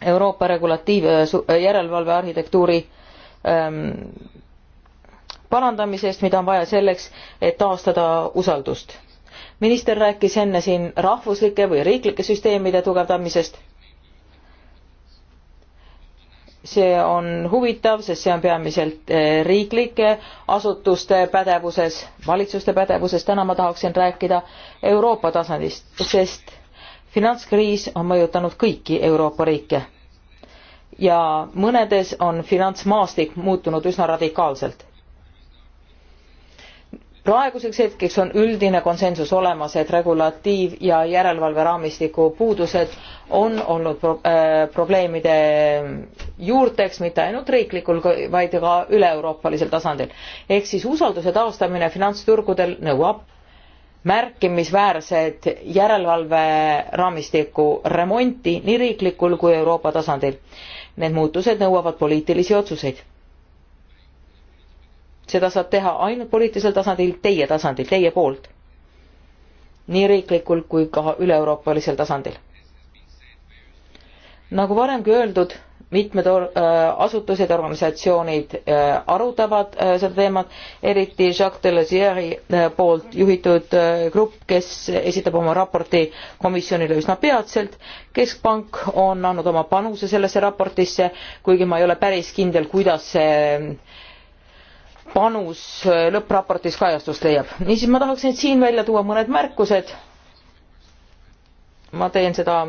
Speaker 3: Euroopa regulatiiv- järelevalve arhitektuuri ähm, parandamisest, mida on vaja selleks, et taastada usaldust minister rääkis enne siin rahvuslike või riiklike süsteemide tugevdamisest. see on huvitav, sest see on peamiselt eh, riiklike asutuste pädevuses, valitsuste pädevuses, täna ma tahaksin rääkida Euroopa tasandist, sest finantskriis on mõjutanud kõiki Euroopa riike ja mõnedes on finantsmaastik muutunud üsna radikaalselt praeguseks hetkeks on üldine konsensus olemas et regulatiiv ja järelevalveraamistiku puudused on olnud pro äh, probleemide juurteks mitte ainult riiklikul vaid ka üleeuroopalisel tasandil ehk siis usalduse taastamine finantsturgudel nõuab märkimisväärset järelevalveraamistiku remonti nii riiklikul kui euroopa tasandil need muutused nõuavad poliitilisi otsuseid seda saab teha ainult poliitilisel tasandil, teie tasandil, teie poolt. nii riiklikul kui ka üle-euroopalisel tasandil. nagu varemgi öeldud, mitmed äh, asutused ja organisatsioonid äh, arutavad äh, seda teemat, eriti Jacques Delosieri poolt juhitud grupp, kes esitab oma raporti komisjonile üsna peatselt. keskpank on andnud oma panuse sellesse raportisse, kuigi ma ei ole päris kindel, kuidas see panus äh, lõppraportis kajastust leiab. niisiis ma tahaksin siin välja tuua mõned märkused. ma teen seda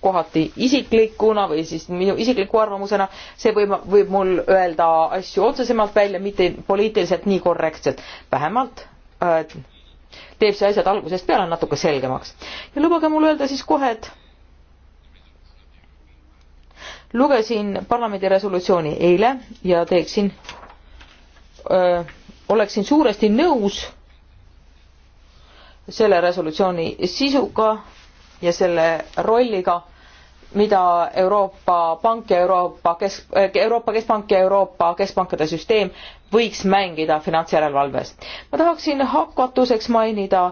Speaker 3: kohati isiklikuna või siis minu isikliku arvamusena, see võib, võib mul öelda asju otsesemalt välja, mitte poliitiliselt nii korrektselt. vähemalt äh, teeb see asjad algusest peale natuke selgemaks. ja lubage mul öelda siis kohe, et lugesin parlamendi resolutsiooni eile ja teeksin Äh, oleksin suuresti nõus selle resolutsiooni sisuga ja selle rolliga, mida Euroopa Pank ja Euroopa Kesk, äh, Euroopa Keskpank ja Euroopa Keskpankade süsteem võiks mängida finantsjärelevalves. ma tahaksin hakatuseks mainida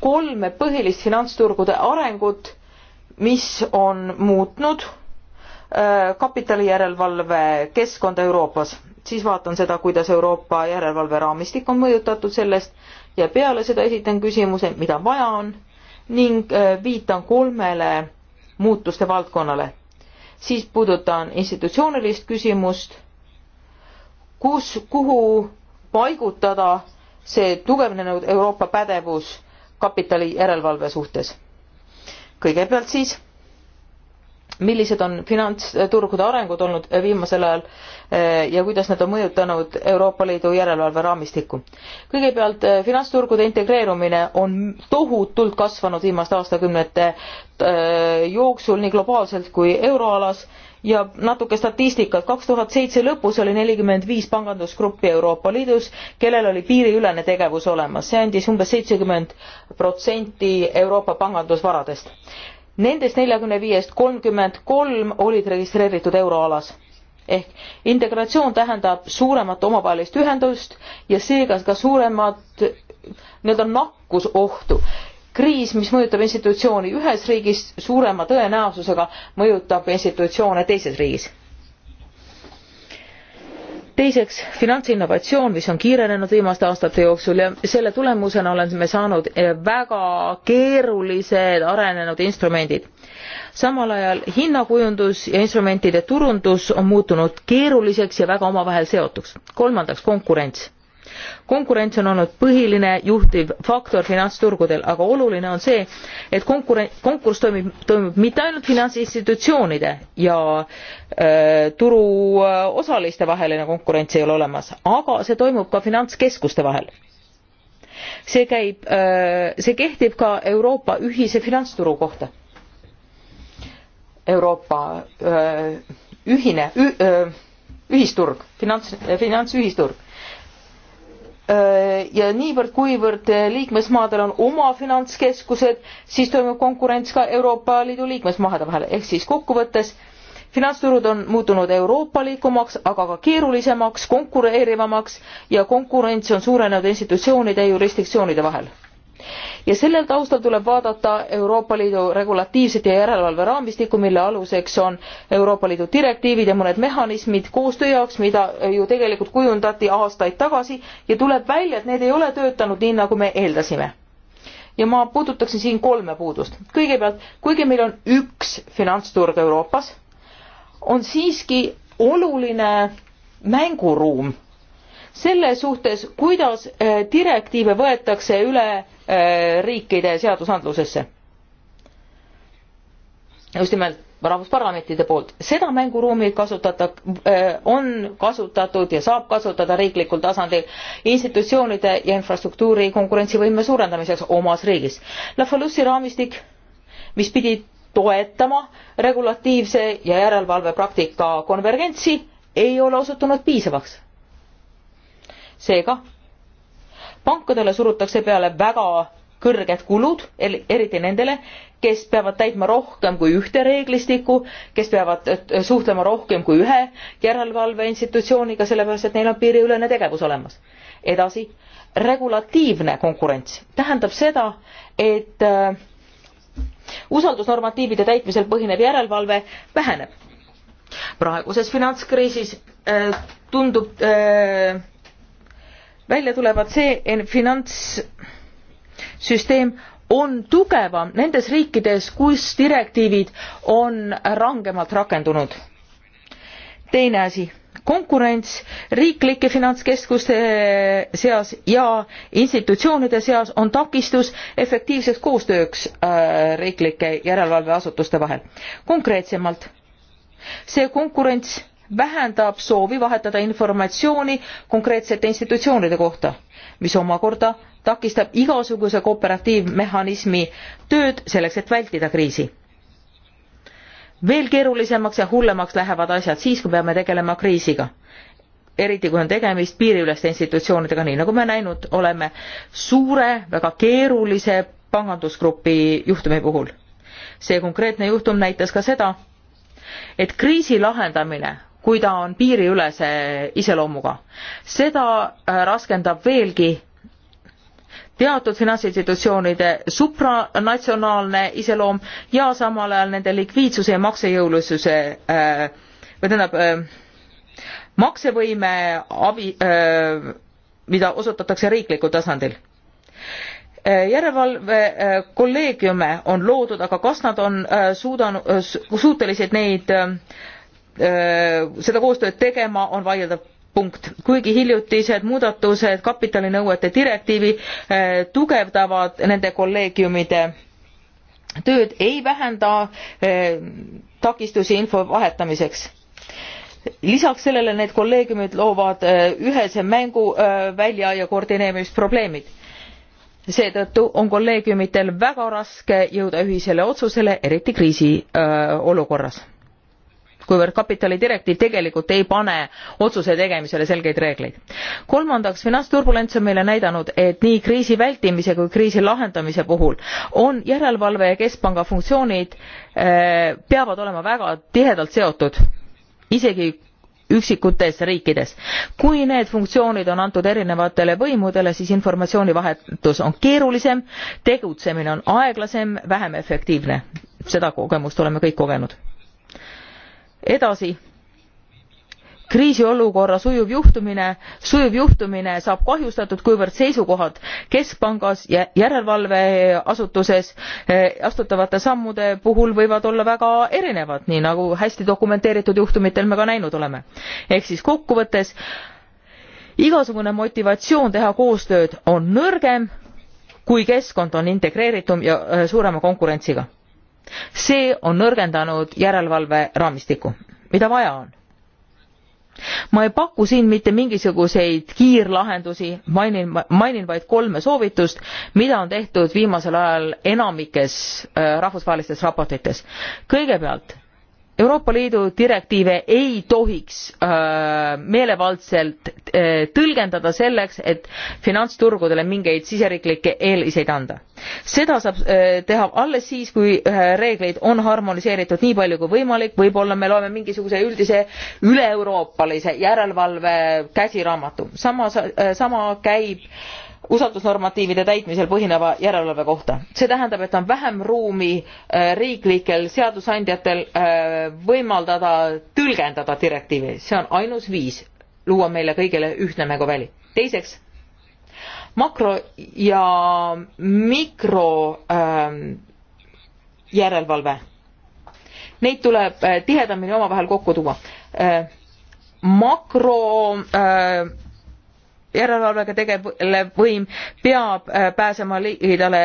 Speaker 3: kolme põhilist finantsturgude arengut, mis on muutnud äh, kapitalijärelevalve keskkonda Euroopas siis vaatan seda, kuidas Euroopa järelevalveraamistik on mõjutatud sellest ja peale seda esitan küsimuse, mida vaja on ning äh, viitan kolmele muutuste valdkonnale. siis puudutan institutsioonilist küsimust, kus, kuhu paigutada see tugevnenud Euroopa pädevus kapitali järelevalve suhtes. kõigepealt siis millised on finantsturgude arengud olnud viimasel ajal eh, ja kuidas nad on mõjutanud Euroopa Liidu järelevalveraamistikku. kõigepealt eh, finantsturgude integreerumine on tohutult kasvanud viimaste aastakümnete eh, jooksul nii globaalselt kui euroalas ja natuke statistikat 2007 lõpus oli 45 pangandusgruppi euroopa liidus kellel oli piiriülene tegevus olemas see andis umbes 70 protsenti euroopa pangandusvaradest nendest neljakümne viiest kolmkümmend kolm olid registreeritud euroalas ehk integratsioon tähendab suuremat omavahelist ühendust ja seega ka suuremat nii-öelda nakkusohtu kriis mis mõjutab institutsiooni ühes riigis suurema tõenäosusega mõjutab institutsioone teises riigis teiseks finantsinnovatsioon mis on kiirenenud viimaste aastate jooksul ja selle tulemusena oleme saanud eh, väga keerulised arenenud instrumendid samal ajal hinnakujundus ja instrumentide turundus on muutunud keeruliseks ja väga omavahel seotuks kolmandaks konkurents konkurents on olnud põhiline juhtiv faktor finantsturgudel aga oluline on see et konkuren- konkurss toimib toimub mitte ainult finantsinstitutsioonide ja äh, turuosaliste äh, vaheline konkurents ei ole olemas aga see toimub ka finantskeskuste vahel see käib äh, see kehtib ka euroopa ühise finantsturu kohta euroopa äh, ühine äh, ühisturg finants äh, finantsühisturg Äh, ja niivõrd, kuivõrd äh, liikmesmaadel on oma finantskeskused, siis toimub konkurents ka Euroopa Liidu liikmesmaade vahel, ehk siis kokkuvõttes finantsturud on muutunud euroopalikumaks, aga ka keerulisemaks, konkureerivamaks ja konkurents on suurenenud institutsioonide ja jurisdiktsioonide vahel ja sellel taustal tuleb vaadata euroopa liidu regulatiivset ja järelevalveraamistikku mille aluseks on euroopa liidu direktiivid ja mõned mehhanismid koostöö jaoks mida ju tegelikult kujundati aastaid tagasi ja tuleb välja et need ei ole töötanud nii nagu me eeldasime ja ma puudutaksin siin kolme puudust kõigepealt kuigi meil on üks finantsturg euroopas on siiski oluline mänguruum selle suhtes, kuidas äh, direktiive võetakse üle äh, riikide seadusandlusesse. just nimelt rahvusparlamentide poolt. seda mänguruumi kasutata, äh, on kasutatud ja saab kasutada riiklikul tasandil institutsioonide ja infrastruktuuri konkurentsivõime suurendamiseks omas riigis. La Falussi raamistik, mis pidi toetama regulatiivse ja järelevalvepraktika konvergentsi, ei ole osutunud piisavaks seega pankadele surutakse peale väga kõrged kulud eriti nendele kes peavad täitma rohkem kui ühte reeglistikku kes peavad suhtlema rohkem kui ühe järelevalveinstitutsiooniga sellepärast et neil on piiriülene tegevus olemas edasi regulatiivne konkurents tähendab seda et äh, usaldusnormatiivide täitmisel põhinev järelevalve väheneb praeguses finantskriisis äh, tundub äh, välja tulevad, see finantssüsteem on tugevam nendes riikides, kus direktiivid on rangemalt rakendunud. teine asi, konkurents riiklike finantskeskuste seas ja institutsioonide seas on takistus efektiivseks koostööks äh, riiklike järelevalveasutuste vahel. konkreetsemalt, see konkurents vähendab soovi vahetada informatsiooni konkreetsete institutsioonide kohta mis omakorda takistab igasuguse kooperatiivmehhanismi tööd selleks et vältida kriisi veel keerulisemaks ja hullemaks lähevad asjad siis kui peame tegelema kriisiga eriti kui on tegemist piiriüleste institutsioonidega nii nagu me näinud oleme suure väga keerulise pangandusgrupi juhtumi puhul see konkreetne juhtum näitas ka seda et kriisi lahendamine kui ta on piiriülese iseloomuga. seda äh, raskendab veelgi teatud finantsinstitutsioonide supranatsionaalne iseloom ja samal ajal nende likviidsuse ja maksejõulisuse äh, või tähendab äh, maksevõime abi, mida osutatakse riiklikul tasandil. järelevalve kolleegiume on loodud, aga kas nad on suudanud, suutelised neid Äh, seda koostööd tegema, on vaieldav punkt. kuigi hiljutised muudatused kapitalinõuete direktiivi äh, tugevdavad nende kolleegiumide tööd, ei vähenda äh, takistusi info vahetamiseks lisaks sellele need kolleegiumid loovad ühese mänguvälja ja koordineerimisprobleemid seetõttu on kolleegiumitel väga raske jõuda ühisele otsusele eriti kriisiolukorras kuivõrd kapitalidirektiiv tegelikult ei pane otsuse tegemisele selgeid reegleid. kolmandaks finantsturbulents on meile näidanud et nii kriisi vältimise kui kriisi lahendamise puhul on järelevalve ja keskpanga funktsioonid äh, peavad olema väga tihedalt seotud isegi üksikutes riikides. kui need funktsioonid on antud erinevatele võimudele siis informatsioonivahetus on keerulisem tegutsemine on aeglasem vähem efektiivne seda kogemust oleme kõik kogenud edasi kriisiolukorra sujuv juhtumine sujuv juhtumine saab kahjustatud kuivõrd seisukohad keskpangas ja järelevalveasutuses eh, astutavate sammude puhul võivad olla väga erinevad nii nagu hästi dokumenteeritud juhtumitel me ka näinud oleme ehk siis kokkuvõttes igasugune motivatsioon teha koostööd on nõrgem kui keskkond on integreeritum ja eh, suurema konkurentsiga see on nõrgendanud järelevalve raamistikku, mida vaja on. ma ei paku siin mitte mingisuguseid kiirlahendusi, mainin, mainin vaid kolme soovitust, mida on tehtud viimasel ajal enamikes äh, rahvusvahelistes raportites. kõigepealt Euroopa Liidu direktiive ei tohiks öö, äh, meelevaldselt öö, äh, tõlgendada selleks, et finantsturgudele mingeid siseriiklikke eeliseid anda. seda saab öö, äh, teha alles siis, kui reegleid on harmoniseeritud nii palju kui võimalik, võib-olla me loeme mingisuguse üldise üle-euroopalise järelevalve käsiraamatu. sama, sama käib öö, usaldusnormatiivide täitmisel põhineva järelevalve kohta. see tähendab et on vähem ruumi äh, riiklikel seadusandjatel äh, võimaldada tõlgendada direktiivi see on ainus viis luua meile kõigile ühtne mänguväli. teiseks makro ja mikro ähm, järelevalve neid tuleb äh, tihedamini omavahel kokku tuua makro äh, järelevalvega tegelev võim peab äh, pääsema ligidale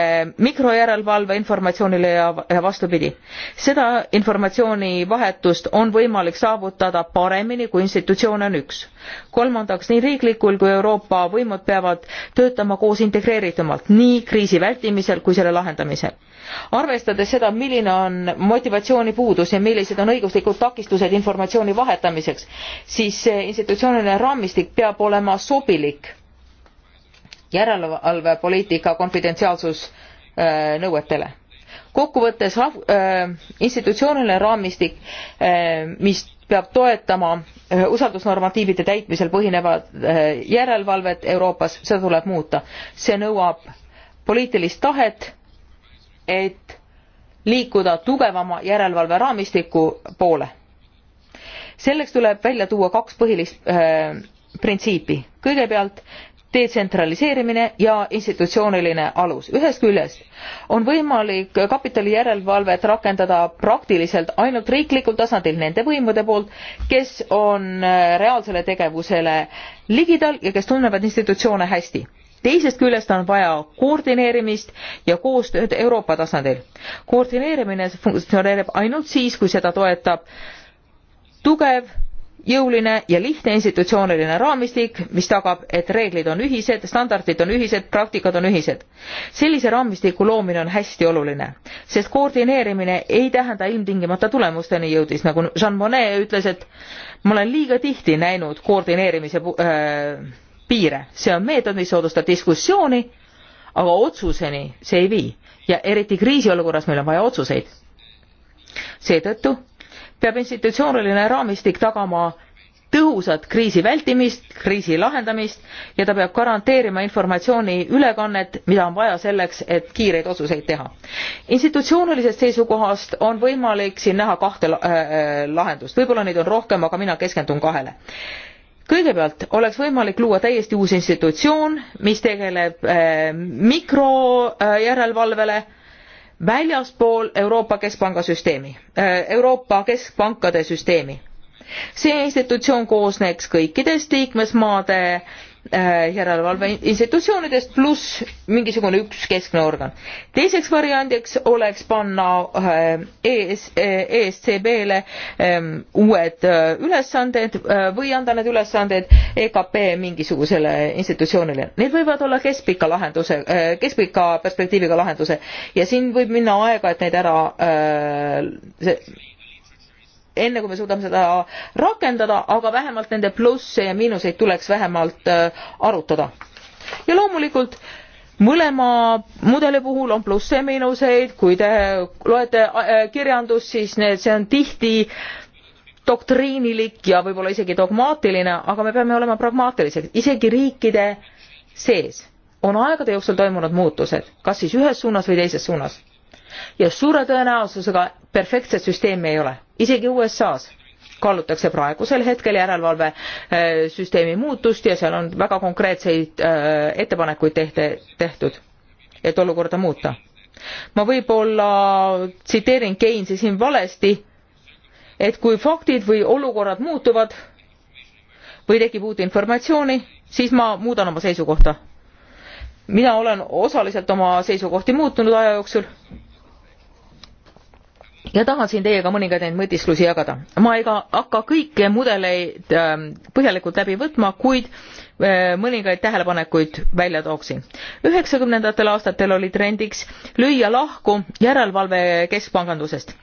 Speaker 3: mikrojärelevalve informatsioonile ja vastupidi. seda informatsioonivahetust on võimalik saavutada paremini kui institutsioone on üks. kolmandaks nii riiklikul kui euroopa võimud peavad töötama koos integreeritumalt nii kriisi vältimisel kui selle lahendamisel arvestades seda milline on motivatsioonipuudus ja millised on õiguslikud takistused informatsiooni vahetamiseks siis see institutsiooniline raamistik peab olema sobilik järelevalvepoliitika konfidentsiaalsusnõuetele äh, kokkuvõttes äh, institutsiooniline raamistik äh, mis peab toetama usaldusnormatiivide täitmisel põhinevat järelevalvet euroopas seda tuleb muuta see nõuab poliitilist tahet et liikuda tugevama järelevalve raamistiku poole. selleks tuleb välja tuua kaks põhilist äh, printsiipi. kõigepealt detsentraliseerimine ja institutsiooniline alus. ühest küljest on võimalik kapitali järelevalvet rakendada praktiliselt ainult riiklikul tasandil nende võimude poolt kes on äh, reaalsele tegevusele ligidal ja kes tunnevad institutsioone hästi teisest küljest on vaja koordineerimist ja koostööd Euroopa tasandil. koordineerimine funktsioneerib ainult siis, kui seda toetab tugev jõuline ja lihtne institutsiooniline raamistik mis tagab et reeglid on ühised standardid on ühised praktikad on ühised sellise raamistiku loomine on hästi oluline sest koordineerimine ei tähenda ilmtingimata tulemusteni jõudis nagu jean monnet ütles et ma olen liiga tihti näinud koordineerimise äh, piire, see on meetod, mis soodustab diskussiooni, aga otsuseni see ei vii ja eriti kriisiolukorras meil on vaja otsuseid. seetõttu peab institutsiooniline raamistik tagama tõhusat kriisi vältimist, kriisi lahendamist ja ta peab garanteerima informatsiooni ülekannet, mida on vaja selleks, et kiireid otsuseid teha. institutsioonilisest seisukohast on võimalik siin näha kahte äh, lahendust, võib-olla neid on rohkem, aga mina keskendun kahele kõigepealt oleks võimalik luua täiesti uus institutsioon mis tegeleb äh, mikrojärelevalvele äh, väljaspool euroopa keskpanga süsteemi äh, euroopa keskpankade süsteemi see institutsioon koosneks kõikidest liikmesmaade Äh, järelevalve institutsioonidest pluss mingisugune üks keskne organ. teiseks variandiks oleks panna äh, ES, äh, ESCB-le ähm, uued ülesanded või anda need ülesanded EKP mingisugusele institutsioonile. Need võivad olla keskpika lahenduse, keskpika perspektiiviga lahenduse ja siin võib minna aega, et neid ära see, enne kui me suudame seda rakendada, aga vähemalt nende plusse ja miinuseid tuleks vähemalt äh, arutada. ja loomulikult mõlema mudeli puhul on plusse ja miinuseid, kui te loete äh, kirjandust, siis need, see on tihti doktriinilik ja võib-olla isegi dogmaatiline, aga me peame olema pragmaatilised, isegi riikide sees on aegade jooksul toimunud muutused, kas siis ühes suunas või teises suunas. ja suure tõenäosusega perfektset süsteemi ei ole isegi USA-s kaalutakse praegusel hetkel järelevalvesüsteemi äh, muutust ja seal on väga konkreetseid äh, ettepanekuid tehte, tehtud, et olukorda muuta. ma võib-olla tsiteerin Keinsi siin valesti, et kui faktid või olukorrad muutuvad või tekib uut informatsiooni, siis ma muudan oma seisukohta. mina olen osaliselt oma seisukohti muutunud aja jooksul ja tahan siin teiega mõningaid neid mõtisklusi jagada. ma ei hakka kõiki mudeleid ähm, põhjalikult läbi võtma, kuid äh, mõningaid tähelepanekuid välja tooksin. üheksakümnendatel aastatel oli trendiks lüüa lahku järelevalve keskpangandusest,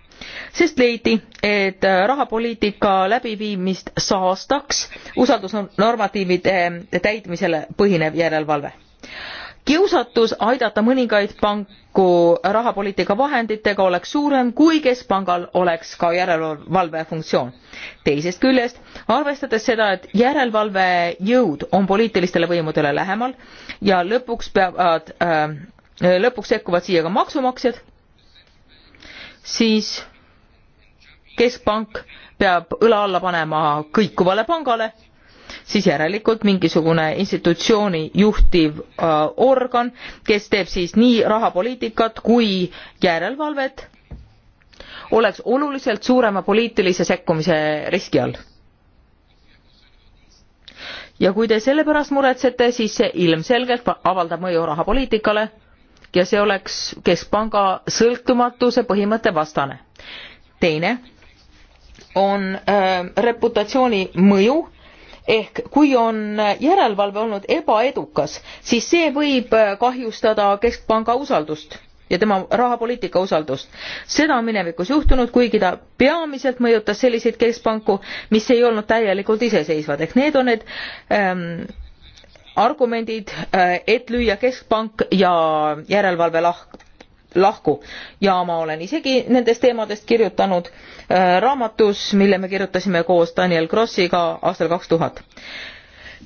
Speaker 3: sest leiti, et äh, rahapoliitika läbiviimist saastaks usaldusnormatiivide täitmisele põhinev järelevalve kiusatus aidata mõningaid panku rahapoliitika vahenditega oleks suurem kui keskpangal oleks ka järelevalve funktsioon. teisest küljest arvestades seda et järelevalve jõud on poliitilistele võimudele lähemal ja lõpuks peavad äh, lõpuks sekkuvad siia ka maksumaksjad siis keskpank peab õla alla panema kõikuvale pangale siis järelikult mingisugune institutsiooni juhtiv äh, organ, kes teeb siis nii rahapoliitikat kui järelevalvet, oleks oluliselt suurema poliitilise sekkumise riski all. ja kui te selle pärast muretsete, siis see ilmselgelt avaldab mõju rahapoliitikale ja see oleks keskpanga sõltumatuse põhimõtte vastane. teine on äh, reputatsiooni mõju ehk kui on järelevalve olnud ebaedukas, siis see võib kahjustada keskpanga usaldust ja tema rahapoliitika usaldust. seda on minevikus juhtunud, kuigi ta peamiselt mõjutas selliseid keskpanku, mis ei olnud täielikult iseseisvad, ehk need on need ähm, argumendid, äh, et lüüa keskpank ja järelevalve lahk, lahku ja ma olen isegi nendest teemadest kirjutanud äh, Äh, raamatus, mille me kirjutasime koos Daniel Krossiga aastal kaks tuhat.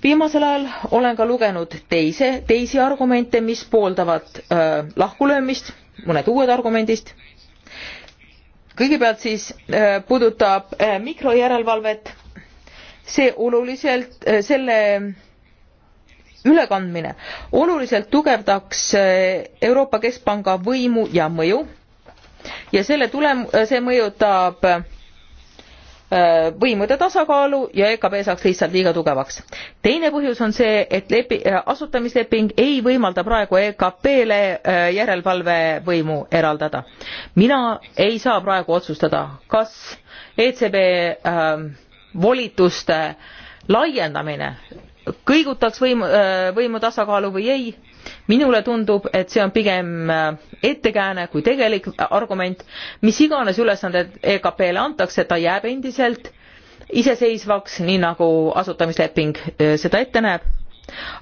Speaker 3: viimasel ajal olen ka lugenud teise, teisi argumente, mis pooldavad äh, lahkulöömist, mõned uued argumendist. kõigepealt siis äh, puudutab äh, mikrojärelevalvet, see oluliselt äh,, selle ülekandmine oluliselt tugevdaks äh, Euroopa Keskpanga võimu ja mõju ja selle tulem-, see mõjutab äh, võimude tasakaalu ja EKP saaks lihtsalt liiga tugevaks. teine põhjus on see, et lepi-, äh, asutamisleping ei võimalda praegu EKP-le äh, järelevalvevõimu eraldada. mina ei saa praegu otsustada, kas ECB äh, volituste laiendamine kõigutaks võimu, võimu tasakaalu või ei minule tundub, et see on pigem äh, ettekääne kui tegelik argument. mis iganes ülesanded EKP-le antakse, ta jääb endiselt iseseisvaks, nii nagu asutamisleping äh, seda ette näeb.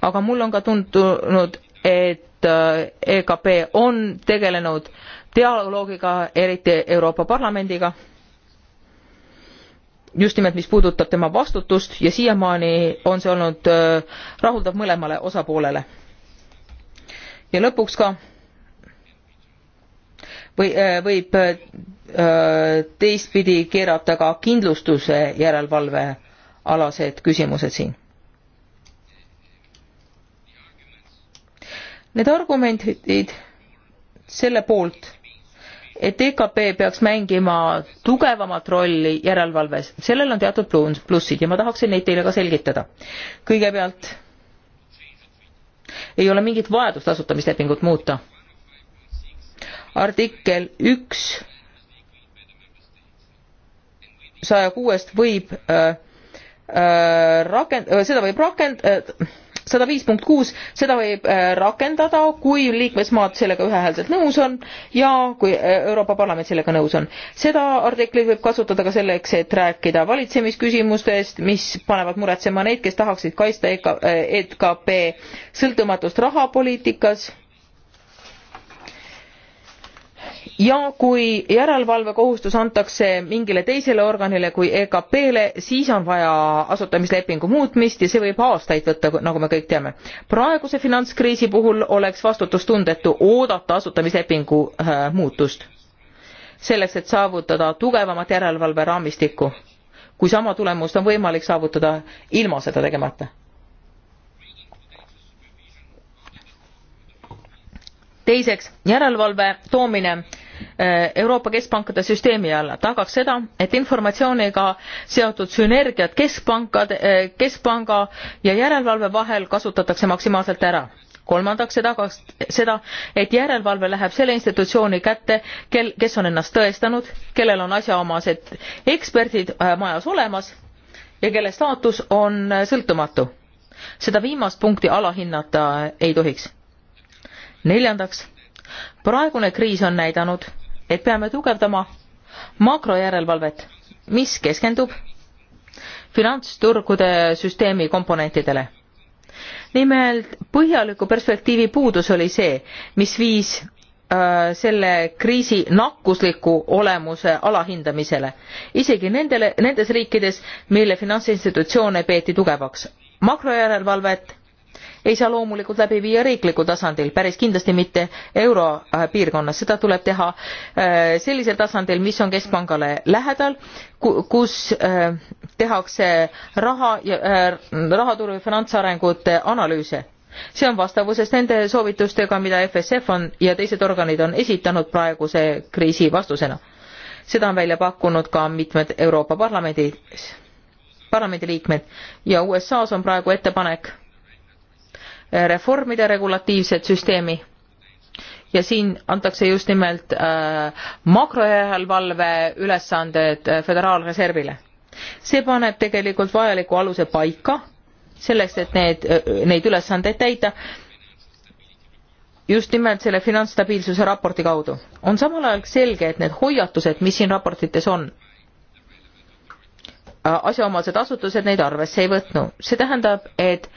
Speaker 3: aga mul on ka tundunud, et äh, EKP on tegelenud dialoogiga, eriti Euroopa Parlamendiga just nimelt mis puudutab tema vastutust ja siiamaani on see olnud rahuldav mõlemale osapoolele ja lõpuks ka või äh, võib äh, teistpidi keerata ka kindlustuse järelevalve alased küsimused siin. Need argumendid selle poolt, et EKP peaks mängima tugevamat rolli järelevalves, sellel on teatud plussid ja ma tahaksin neid teile ka selgitada. kõigepealt ei ole mingit vajadust asutamislepingut muuta. artikkel üks saja kuuest võib äh, äh, rakend- äh,, seda võib rakend- äh,, sada viis punkt kuus, seda võib äh, rakendada, kui liikmesmaad sellega ühehäälselt nõus on ja kui äh, Euroopa Parlament sellega nõus on. seda artiklit võib kasutada ka selleks, et rääkida valitsemisküsimustest, mis panevad muretsema neid, kes tahaksid kaitsta EKP äh, e sõltumatust rahapoliitikas ja kui järelevalvekohustus antakse mingile teisele organile kui ekp-le siis on vaja asutamislepingu muutmist ja see võib aastaid võtta nagu me kõik teame. praeguse finantskriisi puhul oleks vastutustundetu oodata asutamislepingu äh, muutust selleks et saavutada tugevamat järelevalveraamistikku kui sama tulemust on võimalik saavutada ilma seda tegemata. teiseks järelevalve toomine Eh, Euroopa Keskpankade süsteemi alla, tagaks seda, et informatsiooniga seotud sünergiat keskpankade, eh, keskpanga ja järelevalve vahel kasutatakse maksimaalselt ära kolmandaks see tagaks seda, et järelevalve läheb selle institutsiooni kätte, kel, kes on ennast tõestanud, kellel on asjaomased eksperdid eh, majas olemas ja kelle staatus on sõltumatu. seda viimast punkti alahinnata ei tohiks. neljandaks praegune kriis on näidanud, et peame tugevdama makrojärelevalvet, mis keskendub finantsturgude süsteemi komponentidele. nimelt põhjaliku perspektiivi puudus oli see, mis viis äh, selle kriisi nakkusliku olemuse alahindamisele isegi nendele nendes riikides mille finantsinstitutsioone peeti tugevaks makrojärelevalvet ei saa loomulikult läbi viia riiklikul tasandil päris kindlasti mitte europiirkonnas seda tuleb teha äh, sellisel tasandil mis on keskpangale lähedal kus äh, tehakse raha ja äh, rahaturu ja finantsarengute analüüse see on vastavuses nende soovitustega mida fsf on ja teised organid on esitanud praeguse kriisi vastusena seda on välja pakkunud ka mitmed euroopa parlamendi parlamendi liikmed ja usas on praegu ettepanek reformida regulatiivset süsteemi ja siin antakse just nimelt äh, makrojärelevalve ülesanded äh, föderaalreservile. see paneb tegelikult vajaliku aluse paika selleks, et need, äh, neid ülesandeid täita just nimelt selle finantsstabiilsuse raporti kaudu. on samal ajal selge, et need hoiatused, mis siin raportites on, äh, asjaomased asutused neid arvesse ei võtnud. see tähendab, et äh,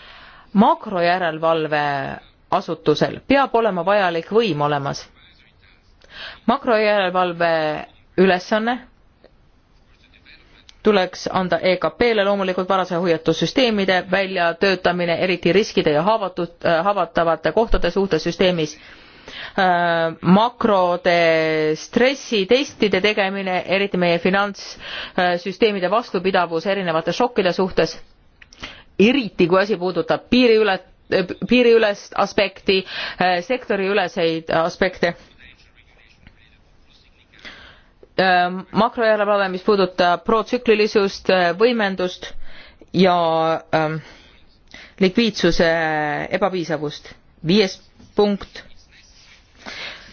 Speaker 3: makrojärelevalveasutusel peab olema vajalik võim olemas. makrojärelevalve ülesanne tuleks anda EKP-le loomulikult varase hoiatussüsteemide väljatöötamine, eriti riskide ja haavatud, äh, haavatavate kohtade suhtes süsteemis äh, makrode stressitestide tegemine eriti meie finantssüsteemide vastupidavus erinevate šokkide suhtes eriti kui asi puudutab piiriüle, piiriülest aspekti, eh, sektoriüleseid aspekte eh, makrojärelevalve, mis puudutab protsüklilisust, eh, võimendust ja ähm, likviidsuse ebapiisavust. viies punkt.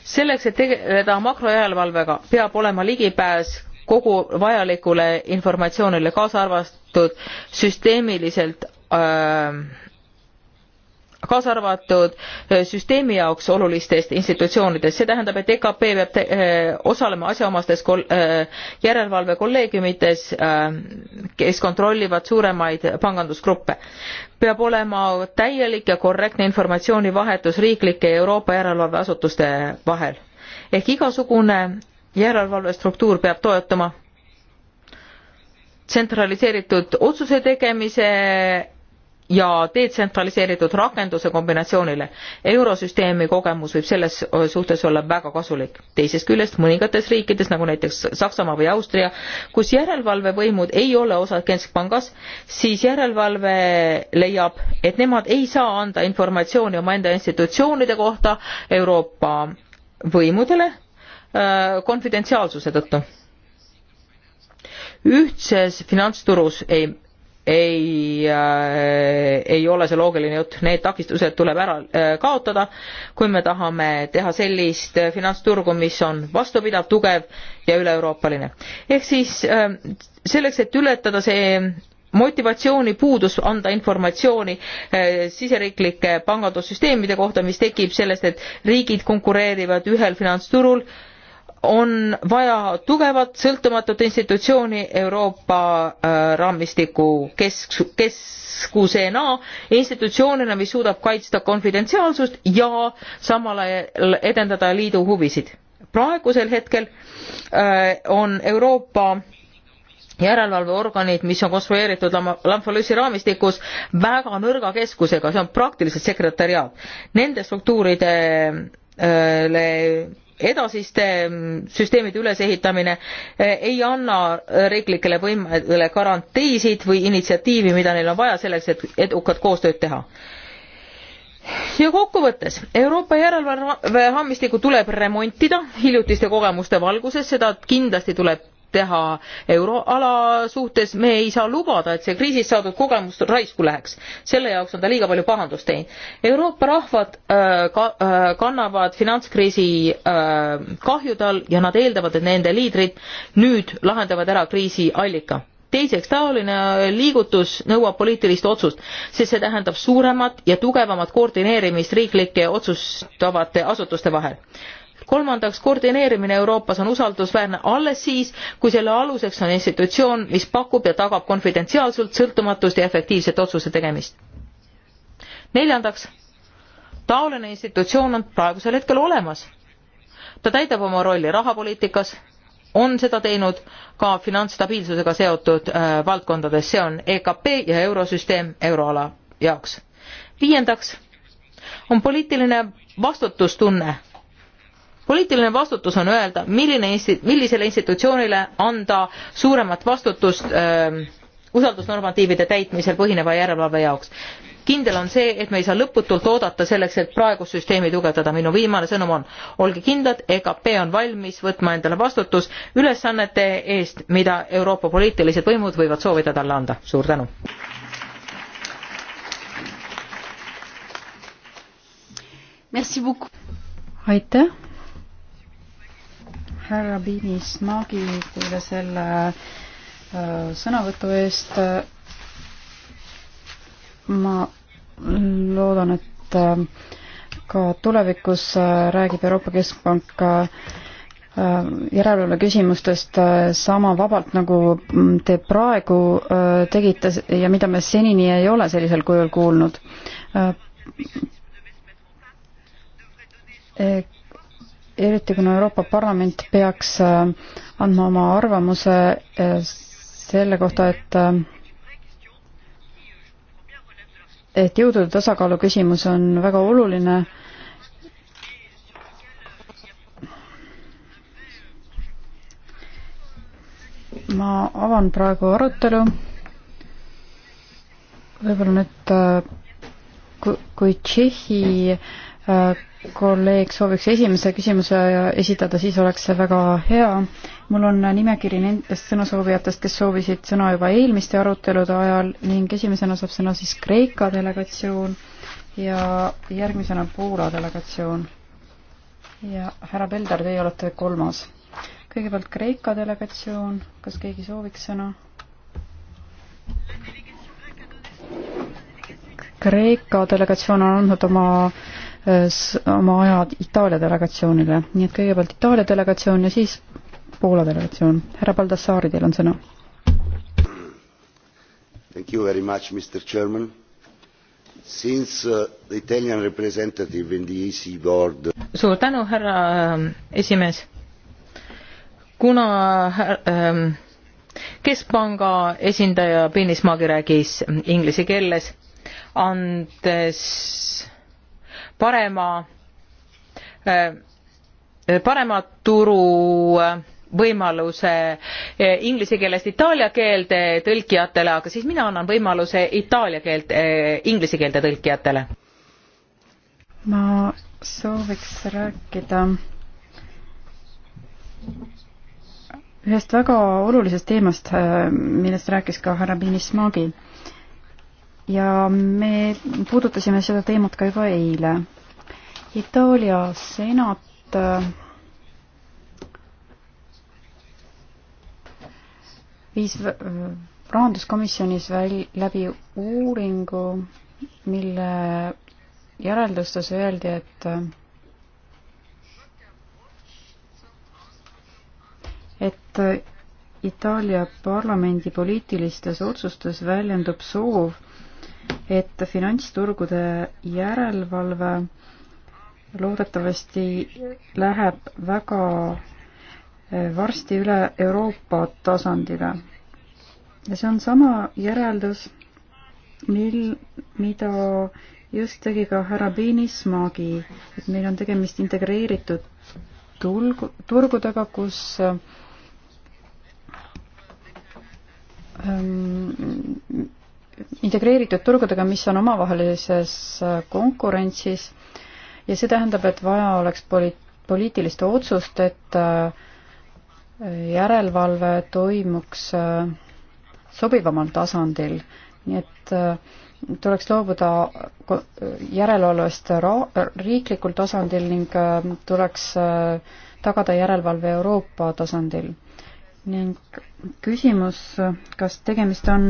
Speaker 3: selleks, et tegeleda makrojärelevalvega, peab olema ligipääs kogu vajalikule informatsioonile, kaasa arvatud süsteemiliselt Ähm, kaasa arvatud äh, süsteemi jaoks olulistest institutsioonidest see tähendab et ekp peab te, äh, osalema asjaomastes kol, äh, järelevalve kolleegiumites ähm, kes kontrollivad suuremaid pangandusgruppe peab olema täielik ja korrektne informatsioonivahetus riiklike ja euroopa järelevalveasutuste vahel ehk igasugune järelevalvestruktuur peab toetama tsentraliseeritud otsuse tegemise ja detsentraliseeritud rakenduse kombinatsioonile. eurosüsteemi kogemus võib selles suhtes olla väga kasulik. teisest küljest mõningates riikides, nagu näiteks Saksamaa või Austria, kus järelevalvevõimud ei ole osad keskpangas, siis järelevalve leiab, et nemad ei saa anda informatsiooni omaenda institutsioonide kohta Euroopa võimudele äh, konfidentsiaalsuse tõttu ühtses finantsturus ei ei äh,, ei ole see loogiline jutt, need takistused tuleb ära äh, kaotada, kui me tahame teha sellist äh, finantsturgu, mis on vastupidav, tugev ja üle-euroopaline. ehk siis äh, selleks, et ületada see motivatsiooni puudus anda informatsiooni äh, siseriiklike pangandussüsteemide kohta, mis tekib sellest, et riigid konkureerivad ühel finantsturul äh, on vaja tugevat sõltumatut institutsiooni Euroopa äh, raamistiku kesk, keskusena, institutsioonina, mis suudab kaitsta konfidentsiaalsust ja samal ajal edendada liidu huvisid. praegusel hetkel äh, on Euroopa järelevalveorganid, mis on konstrueeritud Lamfalussi raamistikus väga nõrga keskusega, see on praktiliselt sekretäriaat. Nende struktuuridele äh, edasiste mm, süsteemide ülesehitamine eh, ei anna riiklikele võimudele garantiisid või initsiatiivi, mida neil on vaja selleks, et edukat koostööd teha. ja kokkuvõttes, Euroopa järelevalve raamistikku tuleb remontida hiljutiste kogemuste valguses, seda kindlasti tuleb teha euroala suhtes, me ei saa lubada, et see kriisist saadud kogemus raisku läheks. selle jaoks on ta liiga palju pahandust teinud. Euroopa rahvad äh, ka, äh, kannavad finantskriisi äh, kahjude all ja nad eeldavad, et nende liidrid nüüd lahendavad ära kriisi allika teiseks taoline liigutus nõuab poliitilist otsust sest see tähendab suuremat ja tugevamat koordineerimist riiklike otsustavate asutuste vahel kolmandaks koordineerimine euroopas on usaldusväärne alles siis kui selle aluseks on institutsioon mis pakub ja tagab konfidentsiaalsust sõltumatust ja efektiivset otsuse tegemist neljandaks taoline institutsioon on praegusel hetkel olemas ta täidab oma rolli rahapoliitikas on seda teinud ka finantsstabiilsusega seotud äh, valdkondades see on ekp ja eurosüsteem euroala jaoks viiendaks on poliitiline vastutustunne poliitiline vastutus on öelda, milline insti-, millisele institutsioonile anda suuremat vastutust öö, ähm, usaldusnormatiivide täitmisel põhineva järelevalve jaoks. kindel on see, et me ei saa lõputult oodata selleks, et praegust süsteemi tugevdada. minu viimane sõnum on, olge kindlad, EKP on valmis võtma endale vastutus ülesannete eest, mida Euroopa poliitilised võimud võivad soovida talle anda. suur tänu!
Speaker 1: aitäh! härra Binismagi teile selle äh, sõnavõtu eest. ma loodan, et äh, ka tulevikus äh, räägib Euroopa Keskpank järelevalve küsimustest sama vabalt, nagu mm, te praegu tegite ja mida me senini ei ole sellisel kujul kuulnud eriti kuna Euroopa Parlament peaks äh, andma oma arvamuse äh, selle kohta, et äh, et jõudude tasakaalu küsimus on väga oluline ma avan praegu arutelu. võib-olla nüüd, kui Tšehhi kolleeg sooviks esimese küsimuse esitada, siis oleks see väga hea. mul on nimekiri nendest sõnasoovijatest, kes soovisid sõna juba eelmiste arutelude ajal ning esimesena saab sõna siis Kreeka delegatsioon ja järgmisena Poola delegatsioon. ja härra Pelder, teie olete kolmas. kõigepealt Kreeka delegatsioon, kas keegi sooviks sõna? Kreeka delegatsioon on andnud oma äh, oma aja Itaalia delegatsioonile, nii et kõigepealt Itaalia delegatsioon ja siis Poola delegatsioon. härra Baldassari, teil on sõna. Thank you very much, Mr Chairman. Since uh, the Italian representative in the EC board suur tänu,
Speaker 3: härra ähm, esimees. kuna ähm, keskpanga esindaja Piinismaagi räägis inglise keeles, andes parema, äh, parema turu äh, võimaluse äh, inglise keelest itaalia keelde tõlkijatele, aga siis mina annan võimaluse itaalia keelt inglise keelde tõlkijatele.
Speaker 1: ma sooviks rääkida ühest väga olulisest teemast, millest rääkis ka härra Binismagi ja me puudutasime seda teemat ka juba eile. Itaalia senat äh, viis äh, rahanduskomisjonis väl-, läbi uuringu, mille järeldustes öeldi, et et Itaalia parlamendi poliitilistes otsustes väljendub soov et finantsturgude järelevalve loodetavasti läheb väga eh, varsti üle Euroopa tasandile. ja see on sama järeldus, mil, mida just tegi ka härra Beenismagi, et meil on tegemist integreeritud tulgu, turgudega, kus ähm, integreeritud turgudega, mis on omavahelises äh, konkurentsis ja see tähendab, et vaja oleks poli-, poliitilist otsust, et äh, järelevalve toimuks äh, sobivamal tasandil, nii et tuleks loobuda järelevalvest riiklikul tasandil ning tuleks tagada järelevalve Euroopa tasandil ning küsimus, kas tegemist on,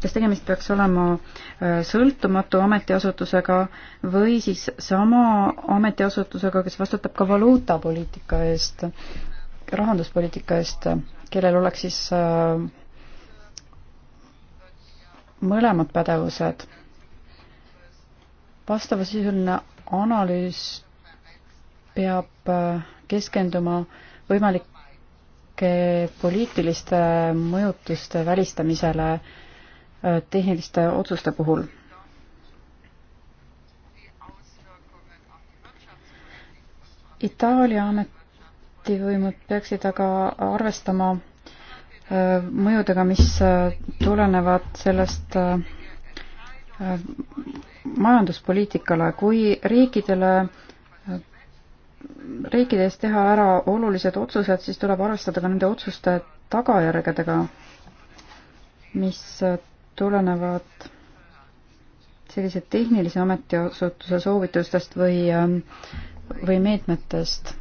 Speaker 1: kas tegemist peaks olema äh, sõltumatu ametiasutusega või siis sama ametiasutusega, kes vastutab ka valuutapoliitika eest, rahanduspoliitika eest, kellel oleks siis äh, mõlemad pädevused. vastavasisuline analüüs peab äh, keskenduma võimalik võimalike poliitiliste mõjutuste välistamisele tehniliste otsuste puhul. Itaalia ametivõimud peaksid aga arvestama mõjudega, mis tulenevad sellest majanduspoliitikale, kui riikidele riikides teha ära olulised otsused, siis tuleb arvestada ka nende otsuste tagajärgedega, mis tulenevad sellise tehnilise ametiasutuse soovitustest või, ähm, või meetmetest.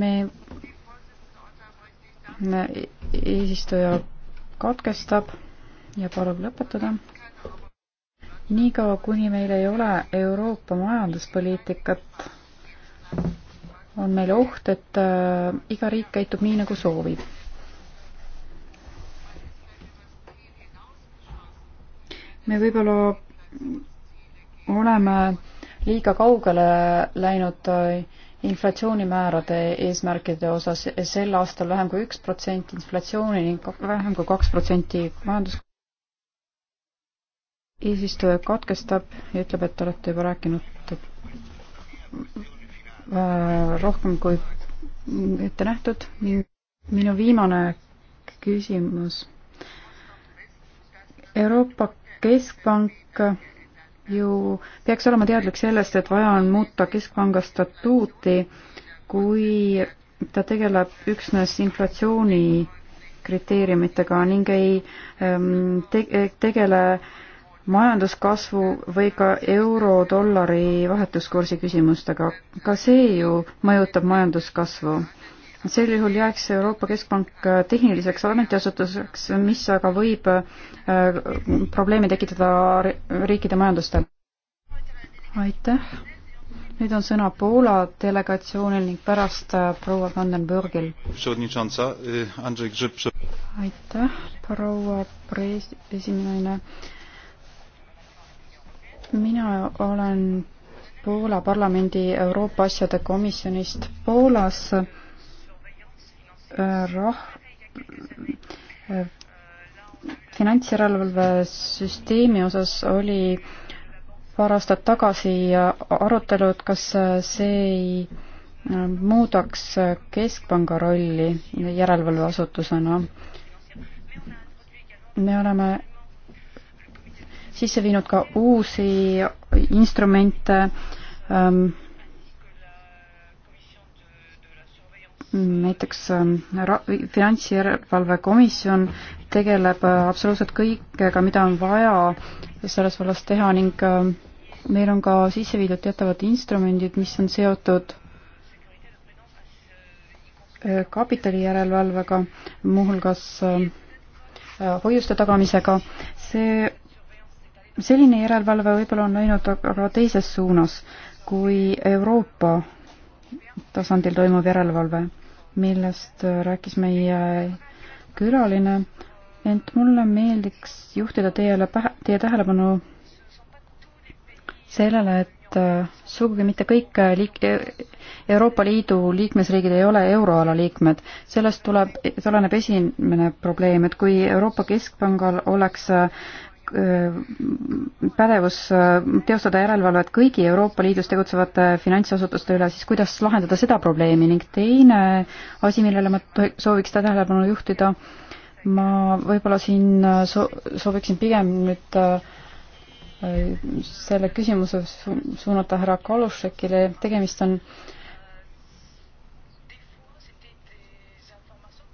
Speaker 1: me, eesistuja katkestab ja palub lõpetada niikaua, kuni meil ei ole Euroopa majanduspoliitikat, on meil oht, et äh, iga riik käitub nii, nagu soovib. me võib-olla oleme liiga kaugele läinud äh, inflatsioonimäärade eesmärkide osas, sel aastal vähem kui üks protsent inflatsiooni ning vähem kui kaks protsenti majandus- eesistuja katkestab ja ütleb, et te olete juba rääkinud äh, rohkem kui ette nähtud. minu viimane küsimus. Euroopa Keskpank ju peaks olema teadlik sellest, et vaja on muuta Keskpanga statuuti, kui ta tegeleb üksnes inflatsiooni kriteeriumitega ning ei ähm, tegele majanduskasvu või ka euro-dollari vahetuskursi küsimustega. ka see ju mõjutab majanduskasvu. sel juhul jääks Euroopa Keskpank tehniliseks ametiasutuseks, mis aga võib äh, probleeme tekitada riikide majandustel. aitäh. nüüd on sõna Poola delegatsioonil ning pärast äh, proua Vandenburgil.
Speaker 2: aitäh,
Speaker 1: proua pres-, esimene mina olen Poola parlamendi Euroopa asjade komisjonist Poolas rah-, finantsjärelevalvesüsteemi osas oli paar aastat tagasi arutelu, et kas see ei muudaks Keskpanga rolli järelevalveasutusena. me oleme sisse viinud ka uusi instrumente ähm, näiteks ähm, finantsjärelevalve komisjon tegeleb äh, absoluutselt kõikega, mida on vaja selles vallas teha ning ähm, meil on ka sisse viidud teatavad instrumendid, mis on seotud äh, kapitalijärelevalvega, muuhulgas ähm, äh, hoiuste tagamisega. see selline järelevalve võib-olla on läinud aga teises suunas kui Euroopa tasandil toimuv järelevalve, millest rääkis meie külaline, ent mulle meeldiks juhtida teiele pähe, teie tähelepanu sellele, et äh, sugugi mitte kõik äh, liik-, e-, Euroopa Liidu liikmesriigid ei ole euroala liikmed. sellest tuleb, tuleneb esimene probleem, et kui Euroopa Keskpangal oleks äh, Äh, pädevus äh, teostada järelevalvet kõigi Euroopa Liidus tegutsevate finantsasutuste üle, siis kuidas lahendada seda probleemi ning teine asi, millele ma sooviks tähelepanu juhtida, ma võib-olla siin äh, so sooviksin pigem nüüd selle küsimuse su suunata härra Kalušekile, tegemist on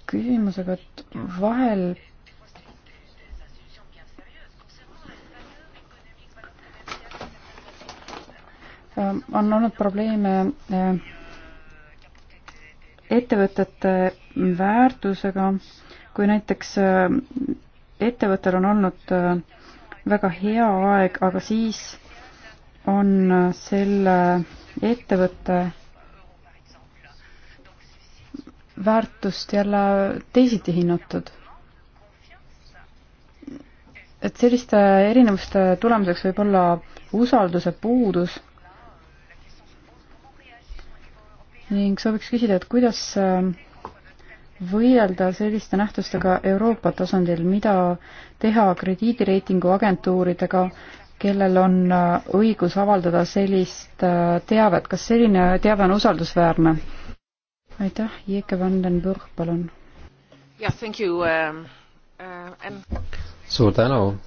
Speaker 1: küsimusega, et vahel on olnud probleeme eh, ettevõtete väärtusega, kui näiteks eh, ettevõttel on olnud eh, väga hea aeg, aga siis on selle ettevõtte väärtust jälle teisiti hinnatud. et selliste erinevuste tulemuseks võib olla usalduse puudus ning sooviks küsida, et kuidas äh, võidelda selliste nähtustega Euroopa tasandil, mida teha krediidireitingu agentuuridega, kellel on äh, õigus avaldada sellist äh, teavet, kas selline teave on usaldusväärne? aitäh, Jeke Vandenburg, palun.
Speaker 3: jah, thank you um,. Uh,
Speaker 2: and... suur tänu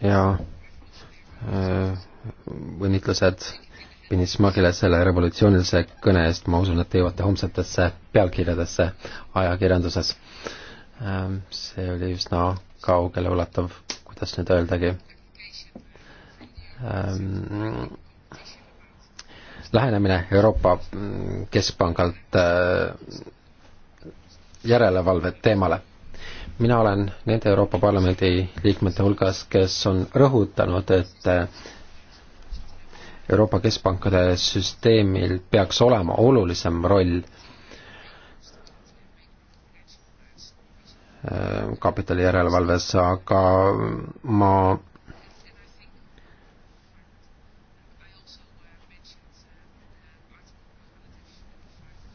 Speaker 2: ja uh, õnnitlused Pinis Magile selle revolutsioonilise kõne eest, ma usun, et te jõuate homsetesse pealkirjadesse ajakirjanduses. Ähm, see oli üsna kaugele ulatav, kuidas nüüd öeldagi. Ähm, lähenemine Euroopa mm, Keskpangalt äh, järelevalve teemale. mina olen nende Euroopa Parlamendi liikmete hulgas, kes on rõhutanud, et äh, Euroopa keskpankade süsteemil peaks olema olulisem roll äh, kapitali järelevalves, aga ma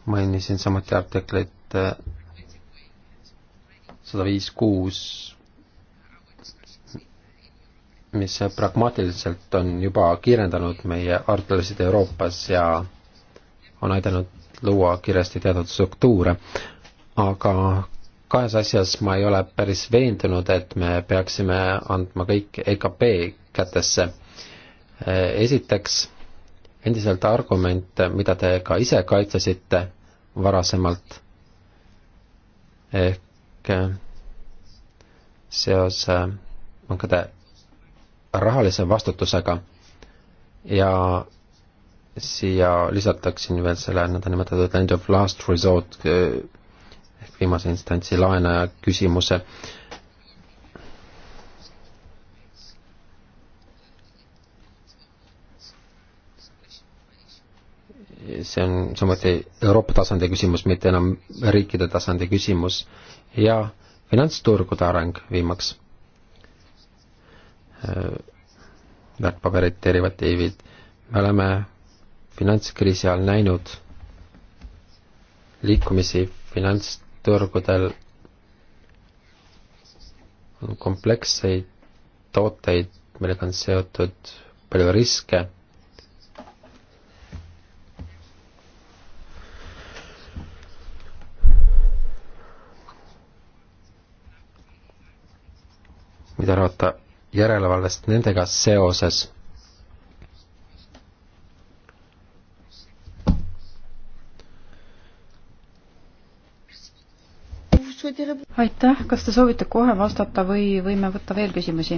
Speaker 2: mainisin samuti artiklit äh, sada viis kuus mis pragmaatiliselt on juba kiirendanud meie arutlusid Euroopas ja on aidanud luua kiiresti teatud struktuure. aga kahes asjas ma ei ole päris veendunud, et me peaksime andma kõik EKP kätesse. esiteks, endiselt argument, mida te ka ise kaitsesite varasemalt, ehk seos pankade rahalise vastutusega ja siia lisataksin veel selle nõndanimetatud end of last resort ehk viimase instantsi laenaja küsimuse. see on samuti Euroopa tasandi küsimus, mitte enam riikide tasandi küsimus ja finantsturgude areng viimaks Äh, väärtpaberid, derivatiivid. me oleme finantskriisi ajal näinud liikumisi finantsturgudel, on kompleksseid tooteid, millega on seotud palju riske. mida arvata järelevalvest nendega seoses.
Speaker 1: aitäh, kas te soovite kohe vastata või võime võtta veel küsimusi?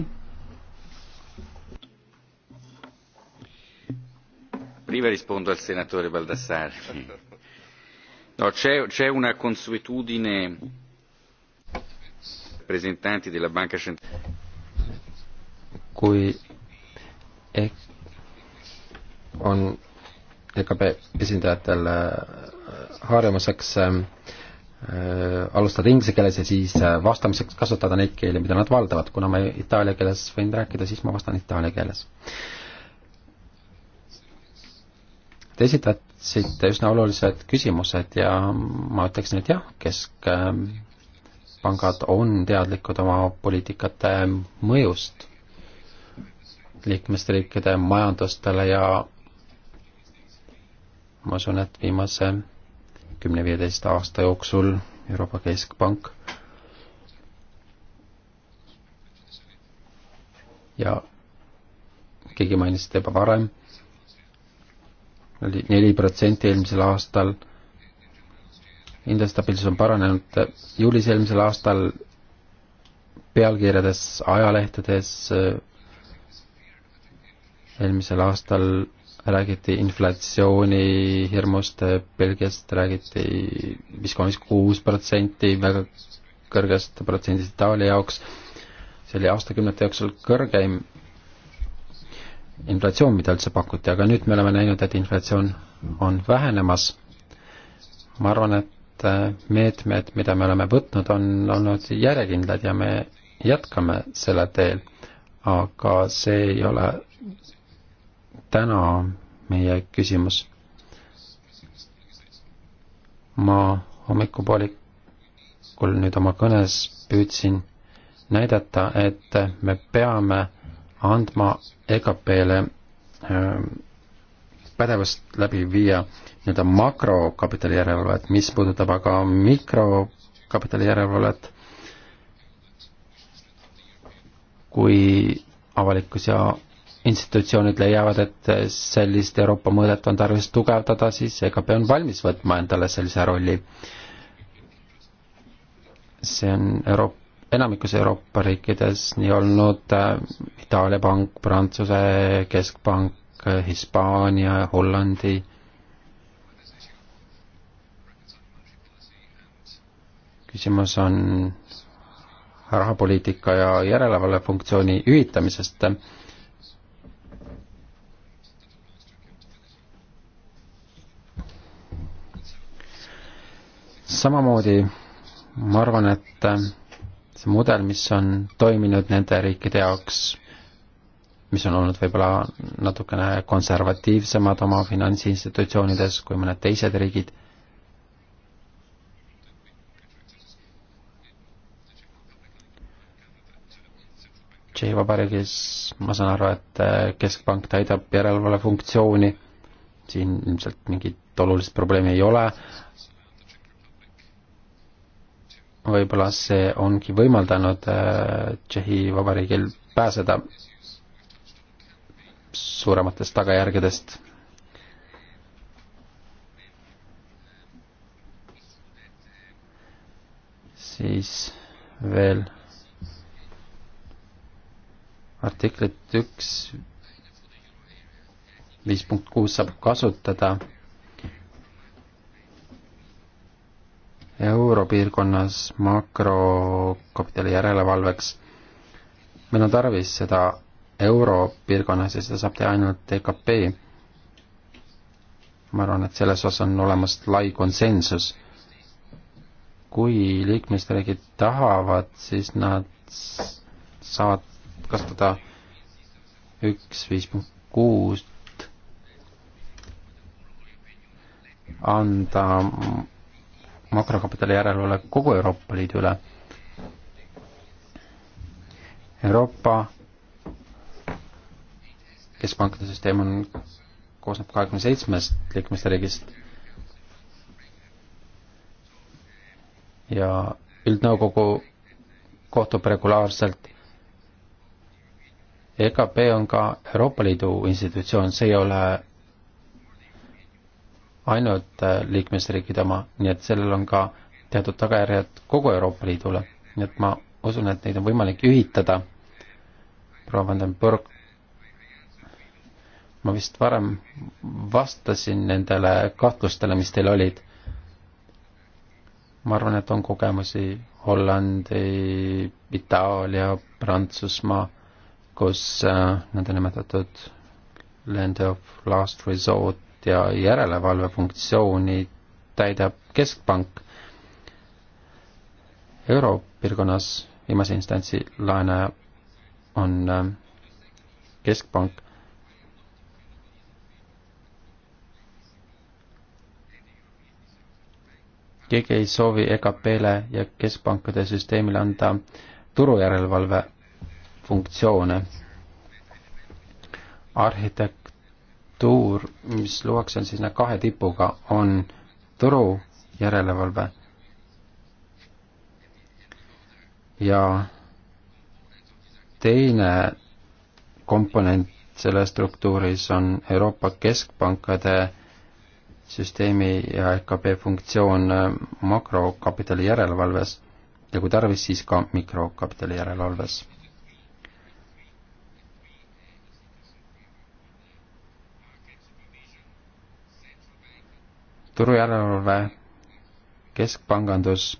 Speaker 2: prima rispondo al senatore Baldassarri. No, c'è, c'è una consuetudine rappresentanti della Banca Centrale kui ehk on EKP esindajatel äh, harjumuseks äh, alustada inglise keeles ja siis äh, vastamiseks kasutada neid keeli, mida nad valdavad. kuna ma itaalia keeles võin rääkida, siis ma vastan itaalia keeles. Te esitasite üsna olulised küsimused ja ma ütleksin, et jah, keskpangad äh, on teadlikud oma poliitikate mõjust liikmesriikide majandustele ja ma usun, et viimase kümne-viieteist aasta jooksul Euroopa Keskpank ja keegi mainis seda juba varem, oli neli protsenti eelmisel aastal, hindestabiilsus on paranenud juulis eelmisel aastal, pealkirjades, ajalehtedes, eelmisel aastal räägiti inflatsiooni hirmust, Belgiast räägiti vist kolmkümmend kuus protsenti, väga kõrgest protsendist Itaalia jaoks. see oli aastakümnete jooksul kõrgeim inflatsioon, mida üldse pakuti, aga nüüd me oleme näinud, et inflatsioon on vähenemas. ma arvan, et äh, meetmed, mida me oleme võtnud, on olnud järjekindlad ja me jätkame selle teel, aga see ei ole täna meie küsimus. ma hommikupoolikul nüüd oma kõnes püüdsin näidata, et me peame andma EKP-le ähm, pädevust läbi viia nii-öelda makrokapitali järelevalvet, mis puudutab aga mikrokapitali järelevalvet, kui avalikkus ja institutsioonid leiavad, et sellist Euroopa mõõdet on tarvis tugevdada, siis EKP on valmis võtma endale sellise rolli. see on Euroop-, enamikus Euroopa riikides nii olnud äh, Itaalia pank, Prantsuse keskpank, äh, Hispaania, Hollandi küsimus on rahapoliitika ja järelevalve funktsiooni ühitamisest. samamoodi ma arvan, et see mudel, mis on toiminud nende riikide jaoks, mis on olnud võib-olla natukene konservatiivsemad oma finantsinstitutsioonides kui mõned teised riigid, Tšehhi Vabariigis ma saan aru, et eh, keskpank täidab järelevalve funktsiooni, siin ilmselt mingit olulist probleemi ei ole, võib-olla see ongi võimaldanud äh, Tšehhi Vabariigil pääseda suurematest tagajärgedest. siis veel artiklit üks viis punkt kuus saab kasutada europiirkonnas makrokapitali järelevalveks. meil on tarvis seda europiirkonnas ja seda saab teha ainult EKP. ma arvan, et selles osas on olemas lai konsensus. kui liikmesriigid tahavad, siis nad saavad kasutada üks viis punkt kuus anda makrokapitali järelevalve kogu Euroopa Liidu üle. Euroopa keskpankade süsteem on, koosneb kahekümne seitsmest liikmesriigist ja üldnõukogu kohtub regulaarselt. EKP on ka Euroopa Liidu institutsioon, see ei ole ainult äh, liikmesriikide oma, nii et sellel on ka teatud tagajärjed kogu Euroopa Liidule. nii et ma usun, et neid on võimalik ühitada. proua Vandenburg, ma vist varem vastasin nendele kahtlustele, mis teil olid. ma arvan, et on kogemusi Hollandi, Itaalia, Prantsusmaa, kus äh, nõndanimetatud land of last resort ja järelevalvefunktsiooni täidab Keskpank. Europiirkonnas viimase instantsi laenaja on äh, Keskpank. keegi ei soovi EKP-le ja keskpankade süsteemile anda turujärelevalve funktsioone. arhitekt struktuur, mis luuakse, on siis need kahe tipuga, on turu järelevalve ja teine komponent selles struktuuris on Euroopa Keskpankade süsteemi ja EKP funktsioon makrokapitali järelevalves ja kui tarvis, siis ka mikrokapitali järelevalves turujärelevalve, keskpangandus,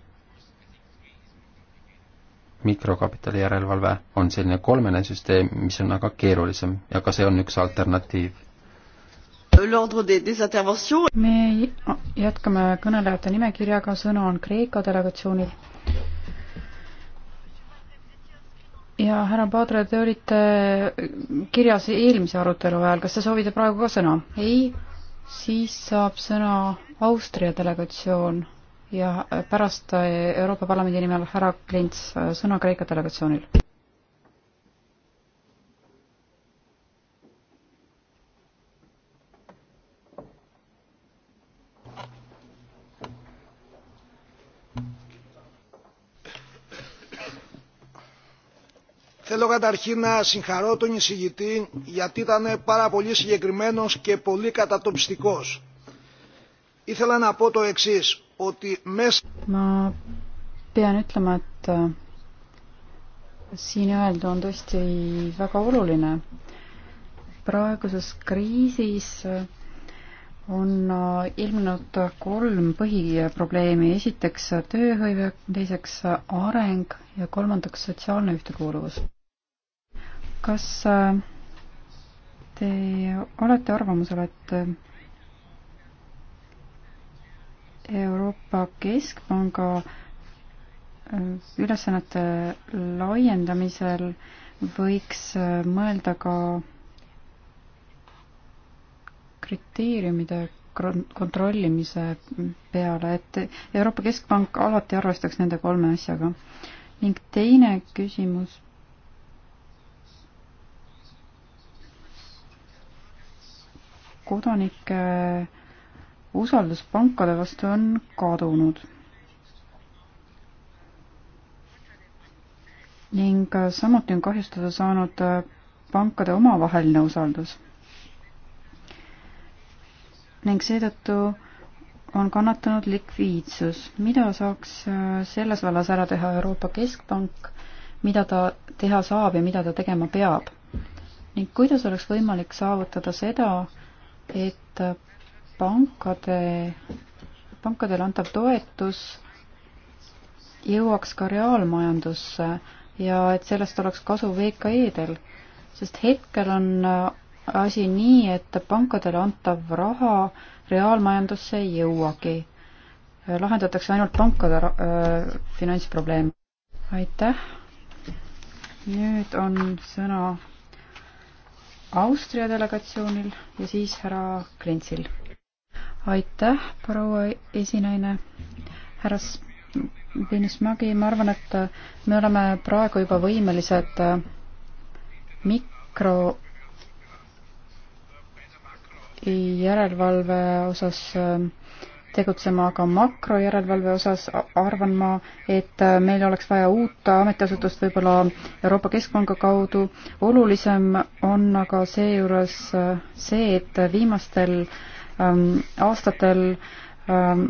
Speaker 2: mikrokapitali järelevalve on selline kolmene süsteem, mis on aga keerulisem ja ka see on üks alternatiiv.
Speaker 1: me jätkame kõnelejate nimekirjaga, sõna on Kreeka delegatsioonil. ja härra Padre, te olite kirjas eelmise arutelu ajal, kas te soovite praegu ka sõna? ei? siis saab sõna Austria delegatsioon ja pärast Euroopa Parlamendi nimel härra Klints, äh, sõna Kreeka delegatsioonil
Speaker 2: Θέλω καταρχήν να συγχαρώ τον εισηγητή γιατί ήταν πάρα πολύ συγκεκριμένος και πολύ κατατοπιστικός. Ήθελα να πω το εξής, ότι μέσα...
Speaker 1: Μα pean ütlema, et äh, siin öeldu on tõesti väga oluline. praeguses kriisis äh, on äh, ilmnenud kolm põhiprobleemi. esiteks tööhõive, teiseks areng ja kolmandaks sotsiaalne ühtekuuluvus kas äh, te olete arvamusel, et äh, Euroopa Keskpanga äh, ülesannete laiendamisel võiks mõelda ka kriteeriumide kontrollimise peale, et Euroopa Keskpank alati arvestaks nende kolme asjaga. ning teine küsimus kodanike usaldus pankade vastu on kadunud. ning samuti on kahjustada saanud pankade omavaheline usaldus. ning seetõttu on kannatanud likviidsus. mida saaks selles vallas ära teha Euroopa Keskpank, mida ta teha saab ja mida ta tegema peab? ning kuidas oleks võimalik saavutada seda, et pankade, pankadele antav toetus jõuaks ka reaalmajandusse ja et sellest oleks kasu VKE-del, sest hetkel on asi nii, et pankadele antav raha reaalmajandusse ei jõuagi. lahendatakse ainult pankade äh, finantsprobleem. aitäh. nüüd on sõna Austria delegatsioonil ja siis härra Klintsil. aitäh, proua esinaine, härra Benismagi, ma arvan, et me oleme praegu juba võimelised mikro järelevalve osas äh, tegutsema ka makrojärelevalve osas, arvan ma, et äh, meil oleks vaja uut ametiasutust võib-olla Euroopa Keskpanga kaudu. olulisem on aga seejuures äh, see, et viimastel ähm, aastatel ähm,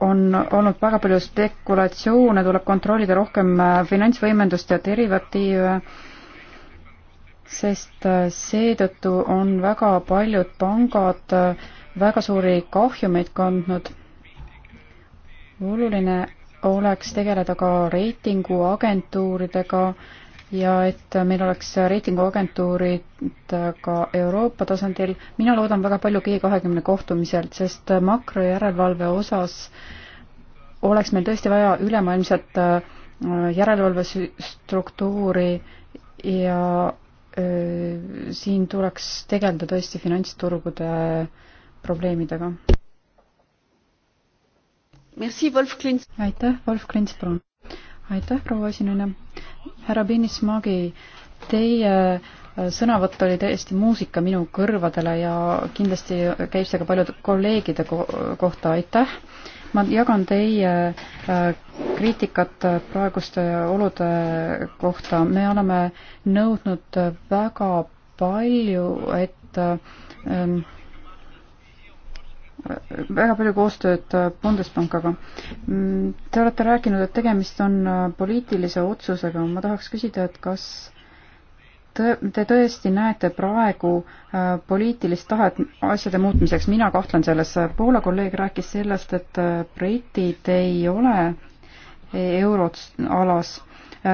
Speaker 1: on olnud väga palju spekulatsioone, tuleb kontrollida rohkem äh, finantsvõimendust ja derivatiive, sest seetõttu on väga paljud pangad väga suuri kahjumeid kandnud oluline oleks tegeleda ka reitinguagentuuridega ja et meil oleks reitinguagentuurid ka Euroopa tasandil. mina loodan väga palju G kahekümne kohtumiselt, sest makrojärelevalve osas oleks meil tõesti vaja ülemaailmset äh, järelevalvestruktuuri ja öö, äh, siin tuleks tegeleda tõesti finantsturgude probleemidega aitäh, Wolf Klints, palun. aitäh, proua esineja. härra Pinnismagi, teie äh, sõnavõtt oli täiesti muusika minu kõrvadele ja kindlasti käib see ka paljude kolleegide ko kohta, aitäh. ma jagan teie äh, kriitikat praeguste olude kohta, me oleme nõudnud väga palju, et ähm, väga palju koostööd äh, Bundespankaga. Mm, te olete rääkinud, et tegemist on äh, poliitilise otsusega, ma tahaks küsida, et kas te tõesti näete praegu äh, poliitilist tahet asjade muutmiseks, mina kahtlen selles. Poola kolleeg rääkis sellest, et britid ei ole euroalas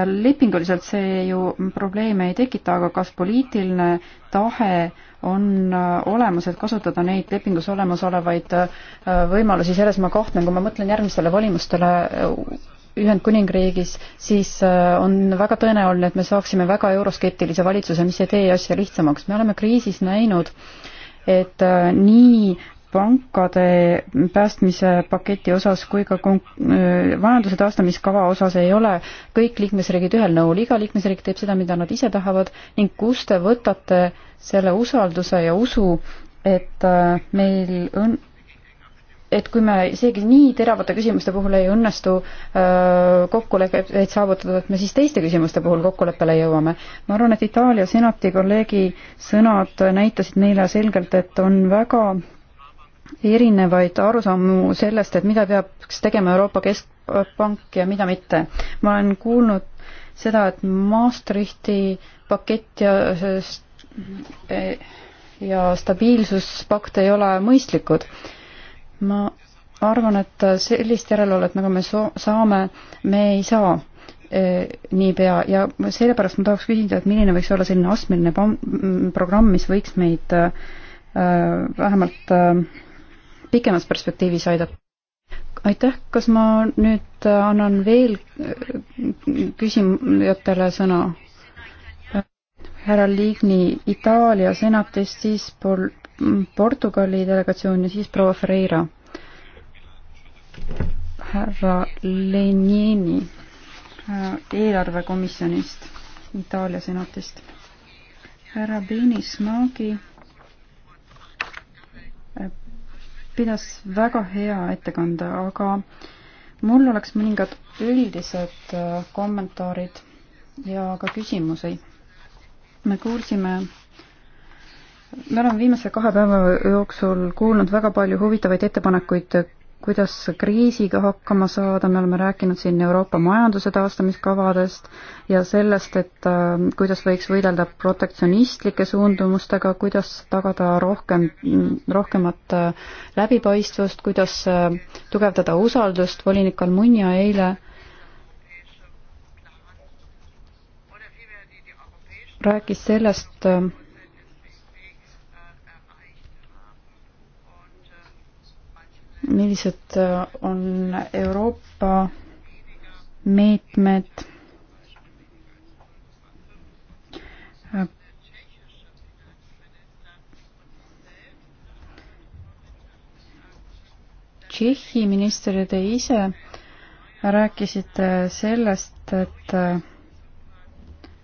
Speaker 1: lepinguliselt see ju probleeme ei tekita, aga kas poliitiline tahe on äh, olemas, et kasutada neid lepingus olemasolevaid äh, võimalusi, selles ma kahtlen, kui ma mõtlen järgmistele valimistele äh, Ühendkuningriigis, siis on väga tõenäoline, et me saaksime väga euroskeptilise valitsuse, mis ei tee asja lihtsamaks. me oleme kriisis näinud, et nii pankade päästmise paketi osas kui ka äh, majanduse taastamiskava osas ei ole kõik liikmesriigid ühel nõul, iga liikmesriik teeb seda, mida nad ise tahavad ning kus te võtate selle usalduse ja usu, et äh, meil õn-, et kui me isegi nii teravate küsimuste puhul ei õnnestu äh, kokkuleppeid saavutada, et me siis teiste küsimuste puhul kokkuleppele jõuame. ma arvan, et Itaalia senati kolleegi sõnad näitasid meile selgelt, et on väga erinevaid arusaamu sellest, et mida peaks tegema Euroopa Keskpank ja mida mitte. ma olen kuulnud seda, et Maastrichti pakett ja ja stabiilsuspakt ei ole mõistlikud. ma arvan, et sellist järelevalvet, nagu me so-, saame, me ei saa e, niipea ja sellepärast ma tahaks küsida, et milline võiks olla selline astmeline programm, mis võiks meid äh, vähemalt äh, pikemas perspektiivis aidata? aitäh, kas ma nüüd äh, annan veel äh, küsimujatele sõna? härra Ligni Itaalia senatist, siis Pol-, mm, Portugali delegatsioon ja siis proua Ferreira. härra Lenini äh, eelarvekomisjonist, Itaalia senatist. härra Benis Maagi pidas väga hea ettekande, aga mul oleks mõningad üldised äh, kommentaarid ja ka küsimusi. me kuulsime me oleme viimase kahe päeva jooksul kuulnud väga palju huvitavaid ettepanekuid kuidas kriisiga hakkama saada, me oleme rääkinud siin Euroopa majanduse taastamiskavadest ja sellest, et äh, kuidas võiks võidelda protektsionistlike suundumustega, kuidas tagada rohkem, rohkemat äh, läbipaistvust, kuidas äh, tugevdada usaldust, volinik Almunia eile rääkis sellest, millised äh, on Euroopa meetmed äh, Tšehhi minister ja te ise rääkisite sellest, et äh,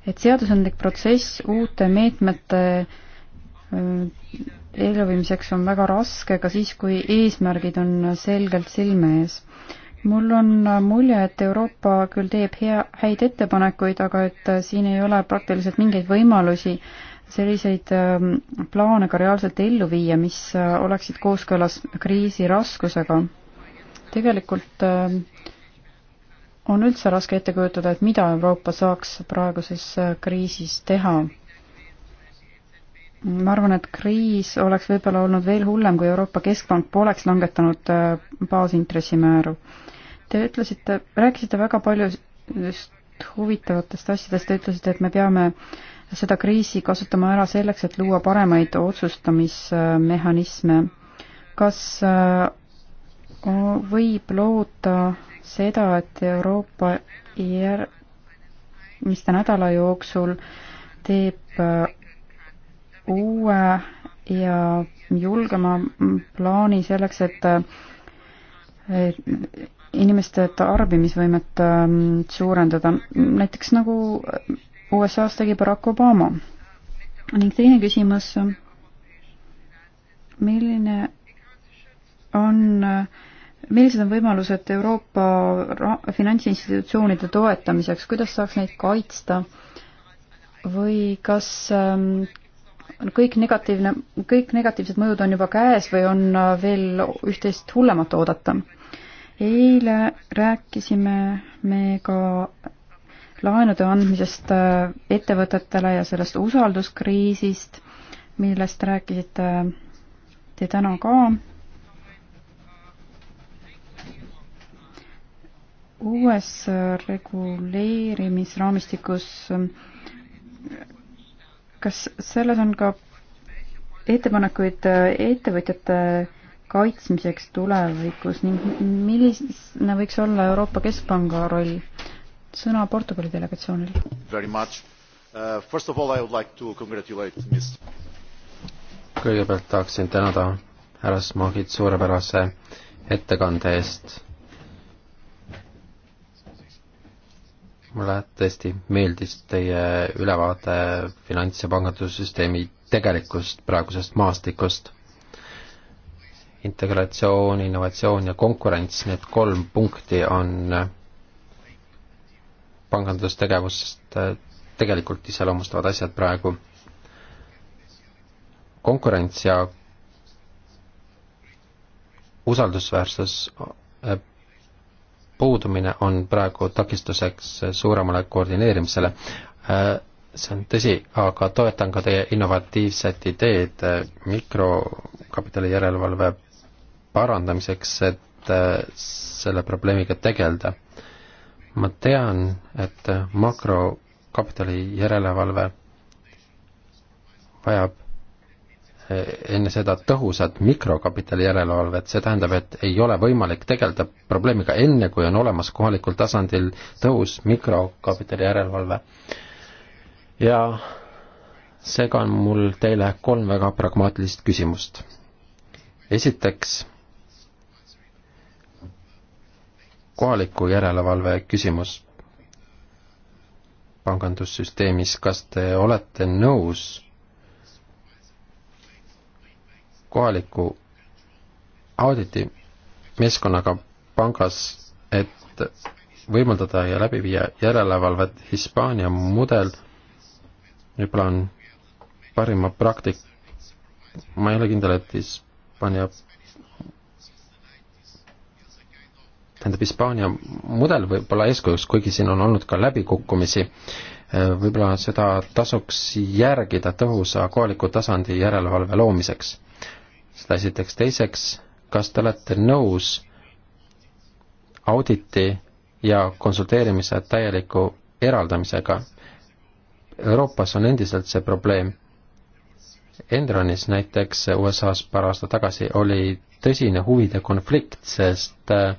Speaker 1: et seadusandlik protsess uute meetmete elluviimiseks on väga raske ka siis, kui eesmärgid on selgelt silme ees. mul on mulje, et Euroopa küll teeb hea, häid ettepanekuid, aga et siin ei ole praktiliselt mingeid võimalusi selliseid ähm, plaane ka reaalselt ellu viia, mis äh, oleksid kooskõlas kriisi raskusega. tegelikult ähm, on üldse raske ette kujutada, et mida Euroopa saaks praeguses äh, kriisis teha ma arvan, et kriis oleks võib-olla olnud veel hullem, kui Euroopa Keskpank poleks langetanud äh, baasintressimääru. Te ütlesite, rääkisite väga palju just huvitavatest asjadest, te ütlesite, et me peame seda kriisi kasutama ära selleks, et luua paremaid otsustamismehhanisme. kas äh, võib loota seda, et Euroopa järgmiste nädala jooksul teeb äh, uue ja julgema plaani selleks, et inimeste tarbimisvõimet ähm, suurendada, näiteks nagu USA-s tegi Barack Obama. ning teine küsimus, milline on, millised on võimalused Euroopa finantsinstitutsioonide toetamiseks, kuidas saaks neid kaitsta või kas ähm, on kõik negatiivne, kõik negatiivsed mõjud on juba käes või on äh, veel üht-teist hullemat oodata. eile rääkisime me ka laenude andmisest äh, ettevõtetele ja sellest usalduskriisist, millest rääkisite te täna ka. uues reguleerimisraamistikus äh, kas selles on ka ettepanekuid äh, ettevõtjate kaitsmiseks tulevikus ning milline võiks olla Euroopa Keskpanga roll? sõna Portugali delegatsioonile.
Speaker 3: Uh,
Speaker 2: kõigepealt tahaksin tänada härra Smogit suurepärase ettekande eest mulle tõesti meeldis teie ülevaade finants- ja pangandussüsteemi tegelikust praegusest maastikust. integratsioon, innovatsioon ja konkurents, need kolm punkti on pangandustegevust äh, tegelikult iseloomustavad asjad praegu. konkurents ja usaldusväärsus äh, puudumine on praegu takistuseks suuremale koordineerimisele. see on tõsi, aga toetan ka teie innovatiivset ideed eh, mikrokapitali järelevalve parandamiseks, et eh, selle probleemiga tegeleda. ma tean, et makrokapitali järelevalve vajab enne seda tõhusat mikrokapitali järelevalvet, see tähendab, et ei ole võimalik tegeleda probleemiga enne, kui on olemas kohalikul tasandil tõhus mikrokapitali järelevalve. ja seega on mul teile kolm väga pragmaatilist küsimust. esiteks, kohaliku järelevalve küsimus pangandussüsteemis, kas te olete nõus kohaliku auditi meeskonnaga pangas, et võimaldada ja läbi viia järelevalvet Hispaania mudel võib-olla on parima praktik-, ma ei ole kindel, et Hispaania, tähendab, Hispaania mudel võib olla eeskujuks, kuigi siin on olnud ka läbikukkumisi, võib-olla seda tasuks järgida tõhusa kohaliku tasandi järelevalve loomiseks seda esiteks, teiseks, kas te olete nõus auditi ja konsulteerimise täieliku eraldamisega? Euroopas on endiselt see probleem. Enronis näiteks USA-s paar aastat tagasi oli tõsine huvide konflikt, sest äh,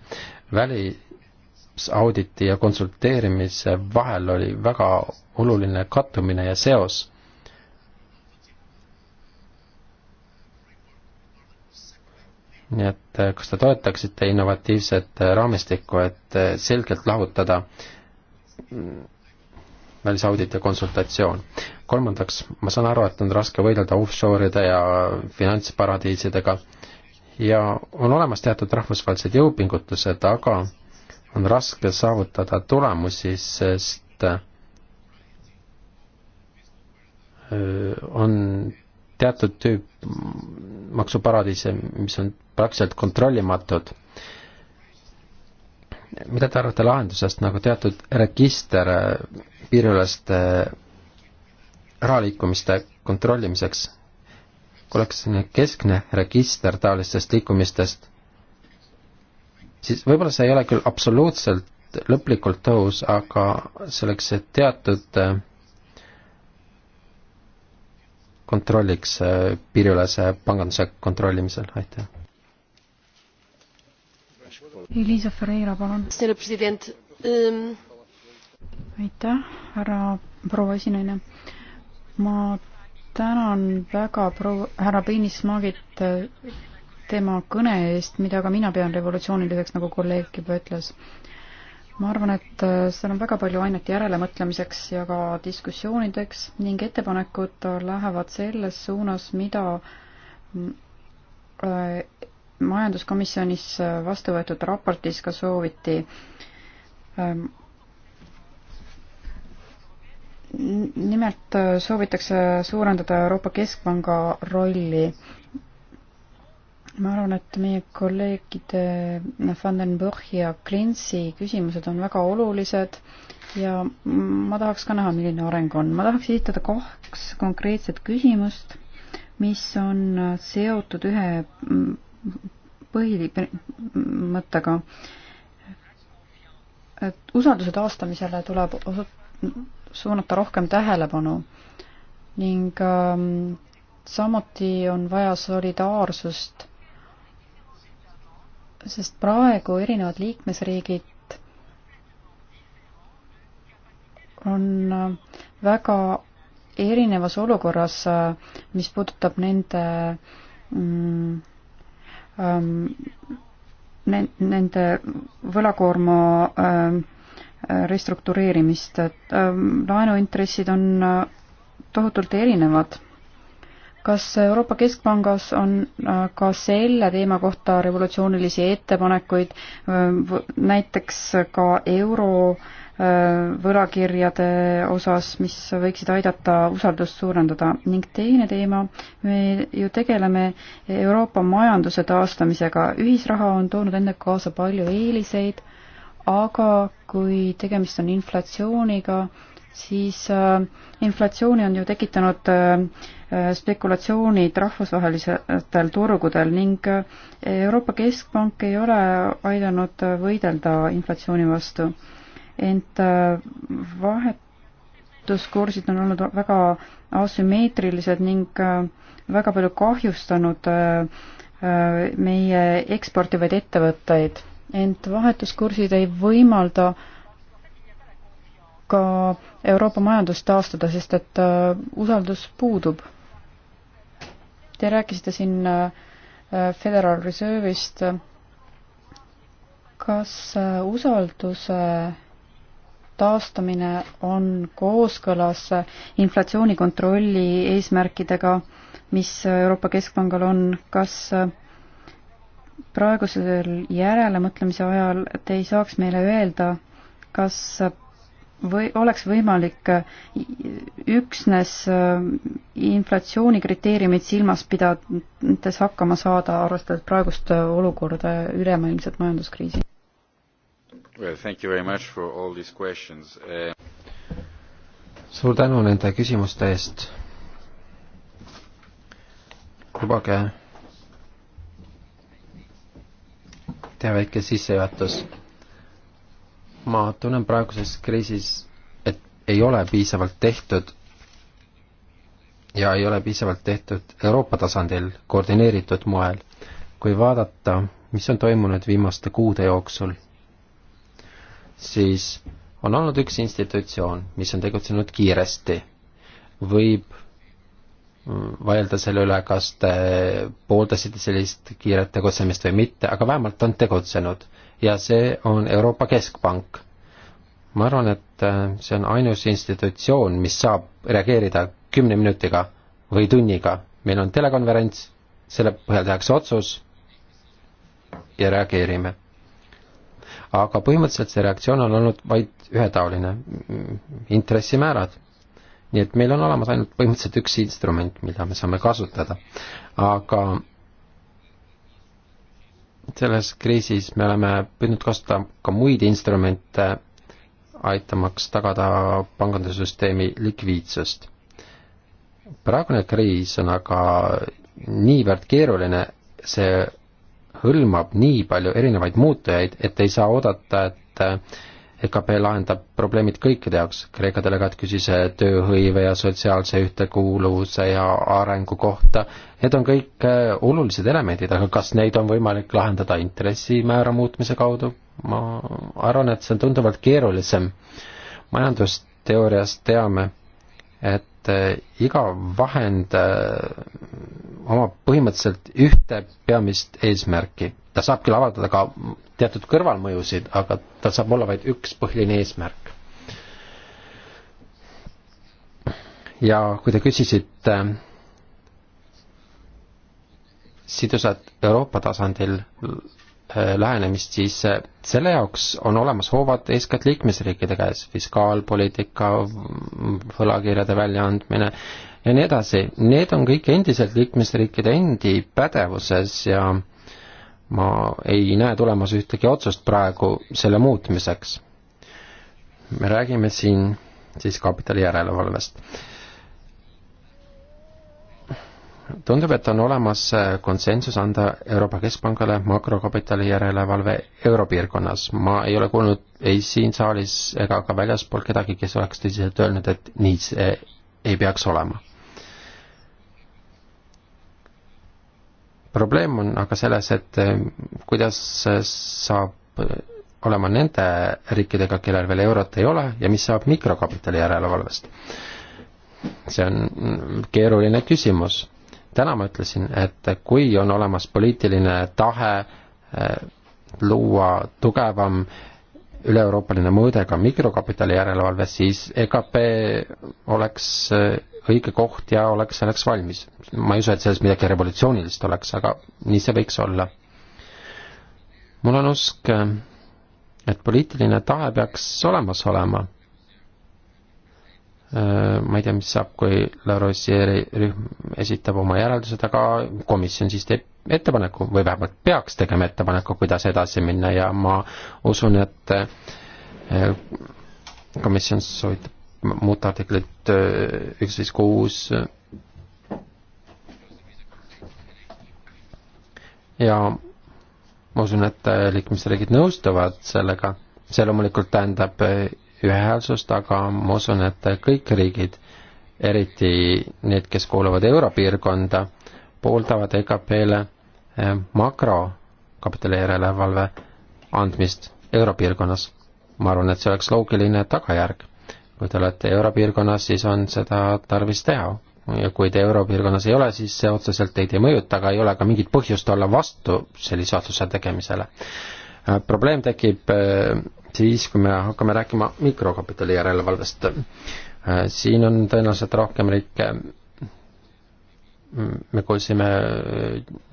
Speaker 2: välisauditi ja konsulteerimise vahel oli väga oluline kattumine ja seos nii et eh, kas te toetaksite innovatiivset eh, raamistikku, et eh, selgelt lahutada mm, välisaudit ja konsultatsioon? kolmandaks, ma saan aru, et on raske võidelda offshore'ide ja finantsparadiisidega ja on olemas teatud rahvusvahelised jõupingutused, aga on raske saavutada tulemusi, sest on teatud tüüp maksuparadiise, mis on praktiliselt kontrollimatud. mida te arvate lahendusest nagu teatud register piiriüleste rahaliikumiste kontrollimiseks? kui oleks selline keskne register taolistest liikumistest, siis võib-olla see ei ole küll absoluutselt lõplikult tõus, aga see oleks teatud äh, kontrolliks äh, piiriülese panganduse kontrollimisel, aitäh.
Speaker 1: Elisa Ferreira, palun. aitäh, härra proua esinaine. ma tänan väga proua, härra Peenis-Maagit äh, tema kõne eest, mida ka mina pean revolutsiooniliseks, nagu kolleeg juba ütles ma arvan, et äh, seal on väga palju ainet järelemõtlemiseks ja ka diskussioonideks ning ettepanekud lähevad selles suunas, mida mm, äh, majanduskomisjonis äh, vastu võetud raportis ka sooviti. Ähm, nimelt soovitakse suurendada Euroopa Keskpanga rolli ma arvan, et meie kolleegide Van den Borch ja Klintsi küsimused on väga olulised ja ma tahaks ka näha, milline areng on. ma tahaks esitada kaks konkreetset küsimust, mis on seotud ühe põhimõttega. et usalduse taastamisele tuleb suunata rohkem tähelepanu ning ähm, samuti on vaja solidaarsust sest praegu erinevad liikmesriigid on väga erinevas olukorras, mis puudutab nende mm, ähm, nende võlakoorma mm, restruktureerimist, et mm, laenuintressid on tohutult erinevad kas Euroopa Keskpangas on äh, ka selle teema kohta revolutsioonilisi ettepanekuid, äh, näiteks ka euro äh, võlakirjade osas, mis võiksid aidata usaldust suurendada ning teine teema, me ju tegeleme Euroopa majanduse taastamisega, ühisraha on toonud endaga kaasa palju eeliseid, aga kui tegemist on inflatsiooniga, siis äh, inflatsiooni on ju tekitanud äh, äh, spekulatsioonid rahvusvahelistel turgudel ning Euroopa Keskpank ei ole aidanud võidelda inflatsiooni vastu. ent vahetuskursid on olnud väga asümmeetrilised ning väga palju kahjustanud meie eksportivaid ettevõtteid, ent vahetuskursid ei võimalda äh, ka Euroopa majandust taastada, sest et äh, usaldus puudub. Te rääkisite siin äh, Federal Reserve'ist. kas äh, usalduse taastamine on kooskõlas inflatsioonikontrolli eesmärkidega, mis Euroopa Keskpangal on, kas praegusel järelemõtlemise ajal te ei saaks meile öelda, kas või oleks võimalik äh, üksnes äh, inflatsioonikriteeriumeid silmas pidades hakkama saada, arvestades praegust äh, olukorda ja ülemaailmset majanduskriisi?
Speaker 2: Well, thank you very much for all these questions uh.... suur tänu nende küsimuste eest. lubage teha väike sissejuhatus ma tunnen praeguses kriisis, et ei ole piisavalt tehtud ja ei ole piisavalt tehtud Euroopa tasandil koordineeritud moel. kui vaadata, mis on toimunud viimaste kuude jooksul, siis on olnud üks institutsioon, mis on tegutsenud kiiresti, võib vaielda selle üle, kas te pooldasite sellist kiiret tegutsemist või mitte, aga vähemalt on tegutsenud ja see on Euroopa Keskpank. ma arvan, et äh, see on ainus institutsioon, mis saab reageerida kümne minutiga või tunniga. meil on telekonverents, selle põhjal tehakse otsus ja reageerime. aga põhimõtteliselt see reaktsioon on olnud vaid ühetaoline, intressimäärad nii et meil on olemas ainult põhimõtteliselt üks instrument, mida me saame kasutada. aga selles kriisis me oleme püüdnud kasutada ka muid instrumente, aitamaks tagada pangandussüsteemi likviidsust. praegune kriis on aga niivõrd keeruline, see hõlmab nii palju erinevaid muutujaid, et ei saa oodata, et EKP lahendab probleemid kõikide jaoks, Kreeka delegaat küsis eh, tööhõive ja sotsiaalse ühtekuuluvuse ja arengu kohta, need on kõik eh, olulised elemendid, aga kas neid on võimalik lahendada intressimäära muutmise kaudu? ma arvan, et see on tunduvalt keerulisem. majandusteoorias teame, et et eh, iga vahend eh, omab põhimõtteliselt ühte peamist eesmärki. ta saab küll avaldada ka teatud kõrvalmõjusid, aga tal saab olla vaid üks põhiline eesmärk. ja kui te küsisite eh, sidusat Euroopa tasandil Äh, lähenemist, siis äh, selle jaoks on olemas hoovad eeskätt liikmesriikide käes, fiskaalpoliitika, võlakirjade väljaandmine ja nii edasi, need on kõik endiselt liikmesriikide endi pädevuses ja ma ei näe tulemas ühtegi otsust praegu selle muutmiseks. me räägime siin siis kapitali järelevalvest tundub, et on olemas äh, konsensus anda Euroopa Keskpangale makrokapitali järelevalve Europiirkonnas. ma ei ole kuulnud ei siin saalis ega ka väljaspool kedagi, kes oleks tõsiselt öelnud, et nii see ei peaks olema. probleem on aga selles, et äh, kuidas äh, saab olema nende riikidega, kellel veel eurot ei ole ja mis saab mikrokapitali järelevalvest. see on mm, keeruline küsimus täna ma ütlesin, et kui on olemas poliitiline tahe eh, luua tugevam üle-euroopaline mõõde ka mikrokapitali järelevalves, siis EKP oleks eh, õige koht ja oleks selleks valmis. ma ei usu, et selles midagi revolutsioonilist oleks, aga nii see võiks olla. mul on usk, eh, et poliitiline tahe peaks olemas olema Äh, ma ei tea, mis saab, kui La Rosieri rühm esitab oma järeldused, aga komisjon siis teeb ettepaneku või vähemalt peaks tegema ettepaneku, kuidas edasi minna ja ma usun, et äh, komisjon soovitab muuta artiklit äh, üks, viis, kuus ja ma usun, et liikmesriigid nõustuvad sellega, see loomulikult tähendab ühehäälsust, aga ma usun, et kõik riigid, eriti need, kes kuuluvad Europiirkonda, pooldavad EKP-le eh, makrokapitali järelevalve andmist Europiirkonnas. ma arvan, et see oleks loogiline tagajärg. kui te olete Europiirkonnas, siis on seda tarvis teha. ja kui te Europiirkonnas ei ole, siis see otseselt teid ei mõjuta, aga ei ole ka mingit põhjust olla vastu sellise otsuse tegemisele Äh, probleem tekib äh, siis, kui me hakkame rääkima mikrokapitali järelevalvest. Äh, siin on tõenäoliselt rohkem riike, me kuulsime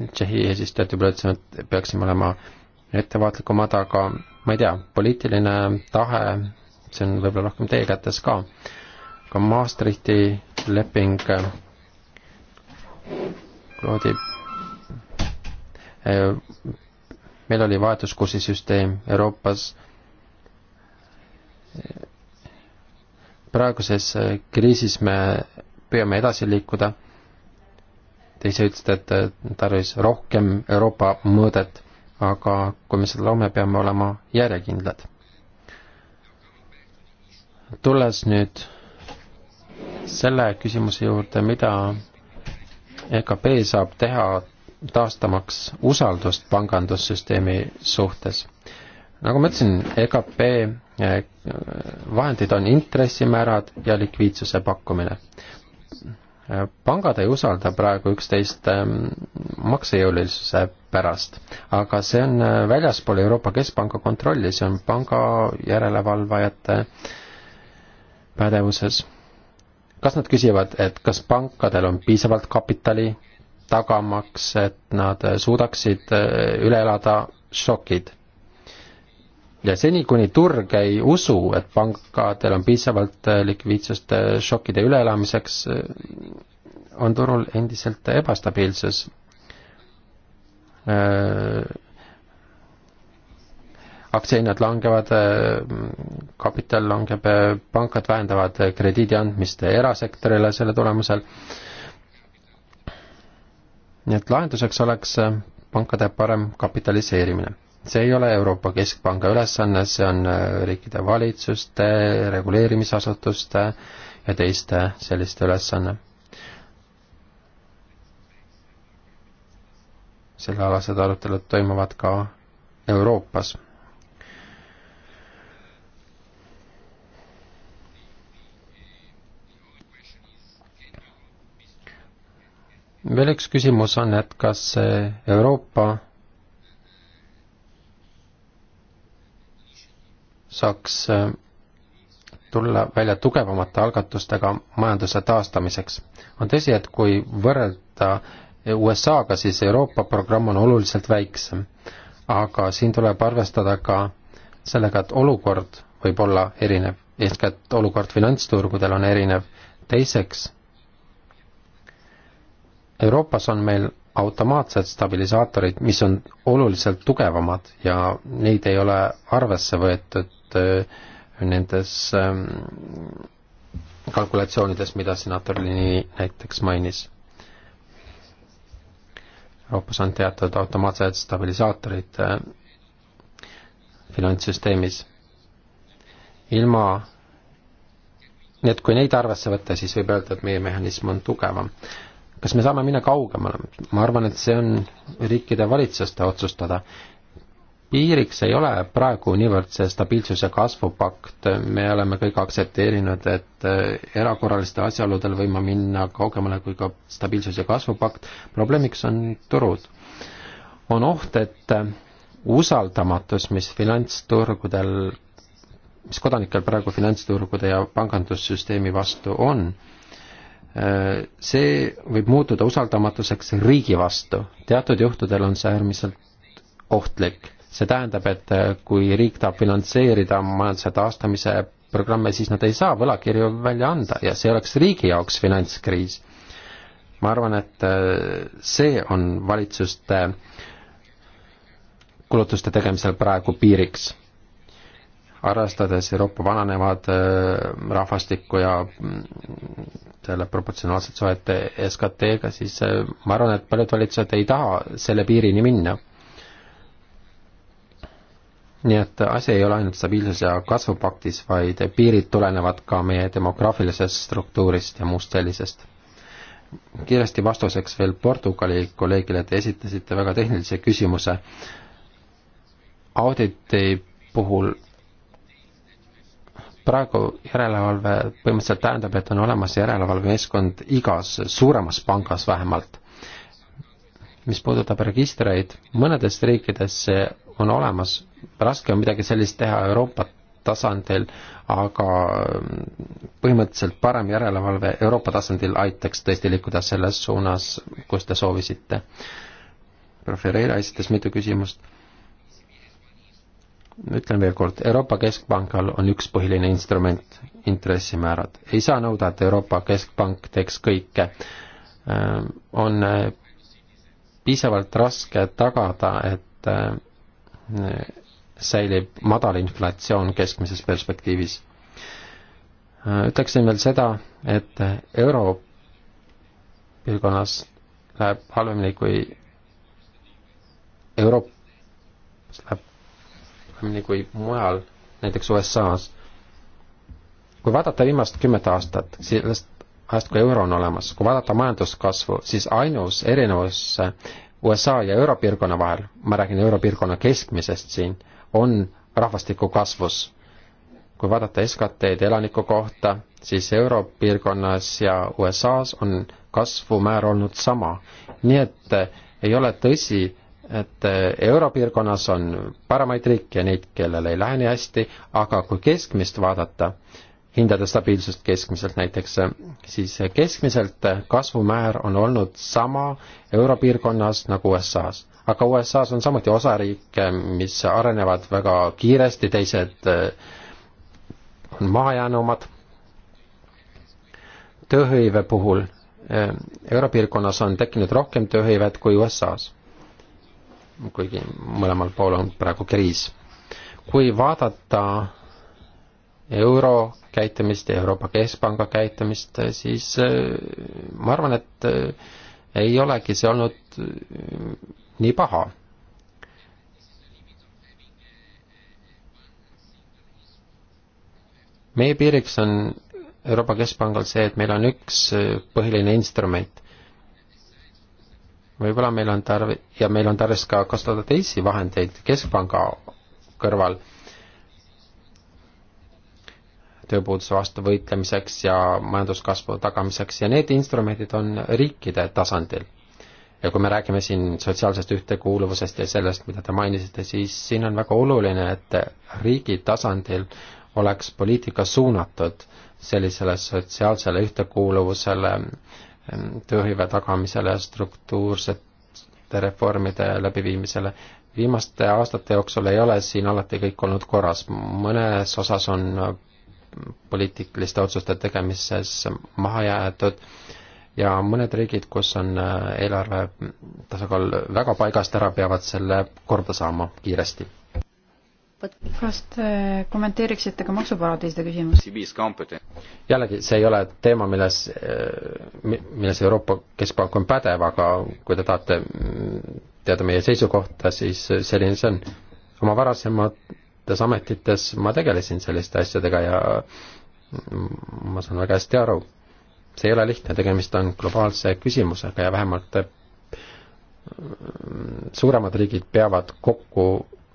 Speaker 2: Tšehhi eesistujat juba ütlesime, et peaksime olema ettevaatlikumad, aga ma ei tea, poliitiline tahe, see on võib-olla rohkem teie kätes ka, ka Maastrichti leping loodi meil oli vahetuskursisüsteem Euroopas. praeguses äh, kriisis me püüame edasi liikuda. Te ise ütlesite, et äh, tarvis rohkem Euroopa mõõdet, aga kui me seda loome, peame olema järjekindlad. tulles nüüd selle küsimuse juurde, mida EKP saab teha taastamaks usaldust pangandussüsteemi suhtes. nagu ma ütlesin, EKP eh, vahendid on intressimäärad ja likviidsuse pakkumine. Eh, pangad ei usalda praegu üksteist ehm, maksejõulisuse pärast, aga see on eh, väljaspool Euroopa Keskpanga kontrolli, see on panga järelevalvajate pädevuses kas nad küsivad, et kas pankadel on piisavalt kapitali tagamaks, et nad suudaksid eh, üle elada šokid. ja seni, kuni turg ei usu, et pankadel on piisavalt eh, likviidsust eh, šokkide üleelamiseks, on turul endiselt ebastabiilsus. aktsiahinnad langevad, kapital langeb, pangad vähendavad krediidi andmist erasektorile selle tulemusel nii et lahenduseks oleks äh, pankade parem kapitaliseerimine. see ei ole Euroopa Keskpanga ülesanne, see on äh, riikide valitsuste, reguleerimisasutuste ja teiste selliste ülesanne. sellealased arutelud toimuvad ka Euroopas veel üks küsimus on, et kas Euroopa saaks äh, tulla välja tugevamate algatustega majanduse taastamiseks. on tõsi, et kui võrrelda USA-ga, siis Euroopa programm on oluliselt väiksem. aga siin tuleb arvestada ka sellega, et olukord võib olla erinev, eeskätt olukord finantsturgudel on erinev. teiseks Euroopas on meil automaatsed stabilisaatorid, mis on oluliselt tugevamad ja neid ei ole arvesse võetud äh, nendes ähm, kalkulatsioonides, mida senator Lini näiteks mainis. Euroopas on teatud automaatsed stabilisaatorid äh, finantssüsteemis. ilma, nii et kui neid arvesse võtta, siis võib öelda, et meie mehhanism on tugevam kas me saame minna kaugemale? ma arvan, et see on riikide valitsuste otsustada. piiriks ei ole praegu niivõrd see stabiilsuse kasvupakt, me oleme kõik aktsepteerinud, et äh, erakorralistel asjaoludel võime minna kaugemale kui ka stabiilsus- ja kasvupakt, probleemiks on turud. on oht, et äh, usaldamatus, mis finantsturgudel, mis kodanikel praegu finantsturgude ja pangandussüsteemi vastu on, Äh, see võib muutuda usaldamatuseks riigi vastu. teatud juhtudel on see äärmiselt ohtlik. see tähendab, et äh, kui riik tahab finantseerida majanduse taastamise programme, siis nad ei saa võlakirju välja anda ja see oleks riigi jaoks finantskriis. ma arvan, et äh, see on valitsuste kulutuste tegemisel praegu piiriks arvestades Euroopa vananevad äh, rahvastikku ja mm, selle proportsionaalset suhet SKT-ga, siis äh, ma arvan, et paljud valitsused ei taha selle piirini minna. nii et asi ei ole ainult stabiilsus- ja kasvupaktis, vaid piirid tulenevad ka meie demograafilisest struktuurist ja muust sellisest. kiiresti vastuseks veel Portugali kolleegile, te esitasite väga tehnilise küsimuse. auditi puhul praegu järelevalve põhimõtteliselt tähendab, et on olemas järelevalvemeeskond igas suuremas pangas vähemalt. mis puudutab registreid, mõnedes riikides see on olemas, raske on midagi sellist teha Euroopa tasandil, aga põhimõtteliselt parem järelevalve Euroopa tasandil aitaks tõesti liikuda selles suunas, kus te soovisite. proua Ferreira esitas mitu küsimust ütlen veel kord, Euroopa Keskpangal on üks põhiline instrument, intressimäärad. ei saa nõuda, et Euroopa Keskpank teeks kõike. Ehm, on eh, piisavalt raske tagada, et eh, säilib madal inflatsioon keskmises perspektiivis. Ehm, ütleksin veel seda, et europiirkonnas läheb halvemini kui Euroopas läheb paremini kui mujal, näiteks USA-s. kui vaadata viimast kümmet aastat, sellest ajast, kui euro on olemas, kui vaadata majanduskasvu, siis ainus erinevus USA ja europiirkonna vahel, ma räägin europiirkonna keskmisest siin, on rahvastiku kasvus. kui vaadata SKT-d elaniku kohta, siis europiirkonnas ja USA-s on kasvumäär olnud sama. nii et ei ole tõsi, et äh, europiirkonnas on paremaid riike ja neid, kellel ei lähe nii hästi, aga kui keskmist vaadata, hindade stabiilsust keskmiselt näiteks, siis keskmiselt kasvumäär on olnud sama europiirkonnas nagu USA-s. aga USA-s on samuti osariike, mis arenevad väga kiiresti, teised äh, on mahajäänumad. tööhõive puhul äh, europiirkonnas on tekkinud rohkem tööhõivet kui USA-s kuigi mõlemal pool on praegu kriis. kui vaadata euro käitumist ja Euroopa Keskpanga käitumist, siis äh, ma arvan, et äh, ei olegi see olnud äh, nii paha. meie piiriks on Euroopa Keskpangal see, et meil on üks põhiline instrument võib-olla meil on tarv- ja meil on tarvis ka kasutada teisi vahendeid keskpanga kõrval tööpuuduse vastu võitlemiseks ja majanduskasvu tagamiseks ja need instrumendid on riikide tasandil. ja kui me räägime siin sotsiaalsest ühtekuuluvusest ja sellest, mida te mainisite, siis siin on väga oluline, et riigi tasandil oleks poliitika suunatud sellisele sotsiaalsele ühtekuuluvusele äh, Ähm, tööhõive tagamisele, struktuursete reformide läbiviimisele. viimaste aastate jooksul ei ole siin alati kõik olnud korras, mõnes osas on äh, poliitiliste otsuste tegemises maha jäetud ja mõned riigid, kus on äh, eelarve tasakaal väga paigast ära, peavad selle korda saama kiiresti
Speaker 1: kas te äh, kommenteeriksite ka maksuparadiiside küsimust?
Speaker 2: jällegi, see ei ole teema, milles, äh, milles Euroopa Keskpank on pädev, aga kui te tahate mm, teada meie seisukohta, siis äh, selline see on. oma varasemates ametites ma tegelesin selliste asjadega ja mm, ma saan väga hästi aru, see ei ole lihtne, tegemist on globaalse küsimusega ja vähemalt mm, suuremad riigid peavad kokku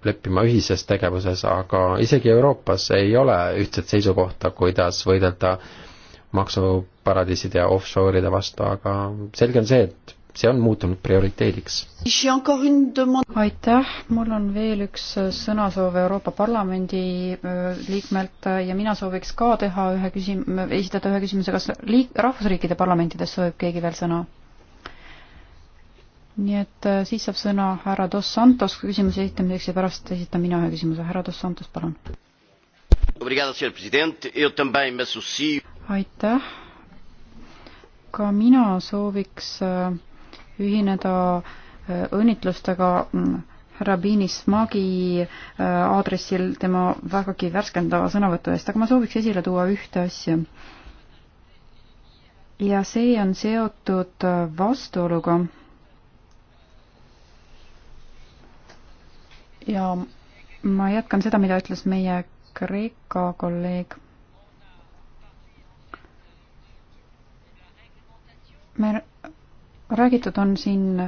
Speaker 2: leppima ühises tegevuses, aga isegi Euroopas ei ole ühtset seisukohta, kuidas võidelda maksuparadiiside ja offshore'ide vastu, aga selge on see, et see on muutunud prioriteediks.
Speaker 1: aitäh, mul on veel üks äh, sõnasoov Euroopa Parlamendi äh, liikmelt ja mina sooviks ka teha ühe küsim-, esitada ühe küsimuse, kas liik-, rahvusriikide parlamentides soovib keegi veel sõna? nii et äh, siis saab sõna härra Dos Santos küsimuse esitamiseks ja pärast esitan mina ühe küsimuse. härra Dos Santos, palun. aitäh. ka mina sooviks äh, ühineda äh, õnnitlustega mm, härra Binis Magi aadressil tema vägagi värskendava sõnavõtu eest, aga ma sooviks esile tuua ühte asja. ja see on seotud vastuoluga ja ma jätkan seda, mida ütles meie Kreeka kolleeg. me, räägitud on siin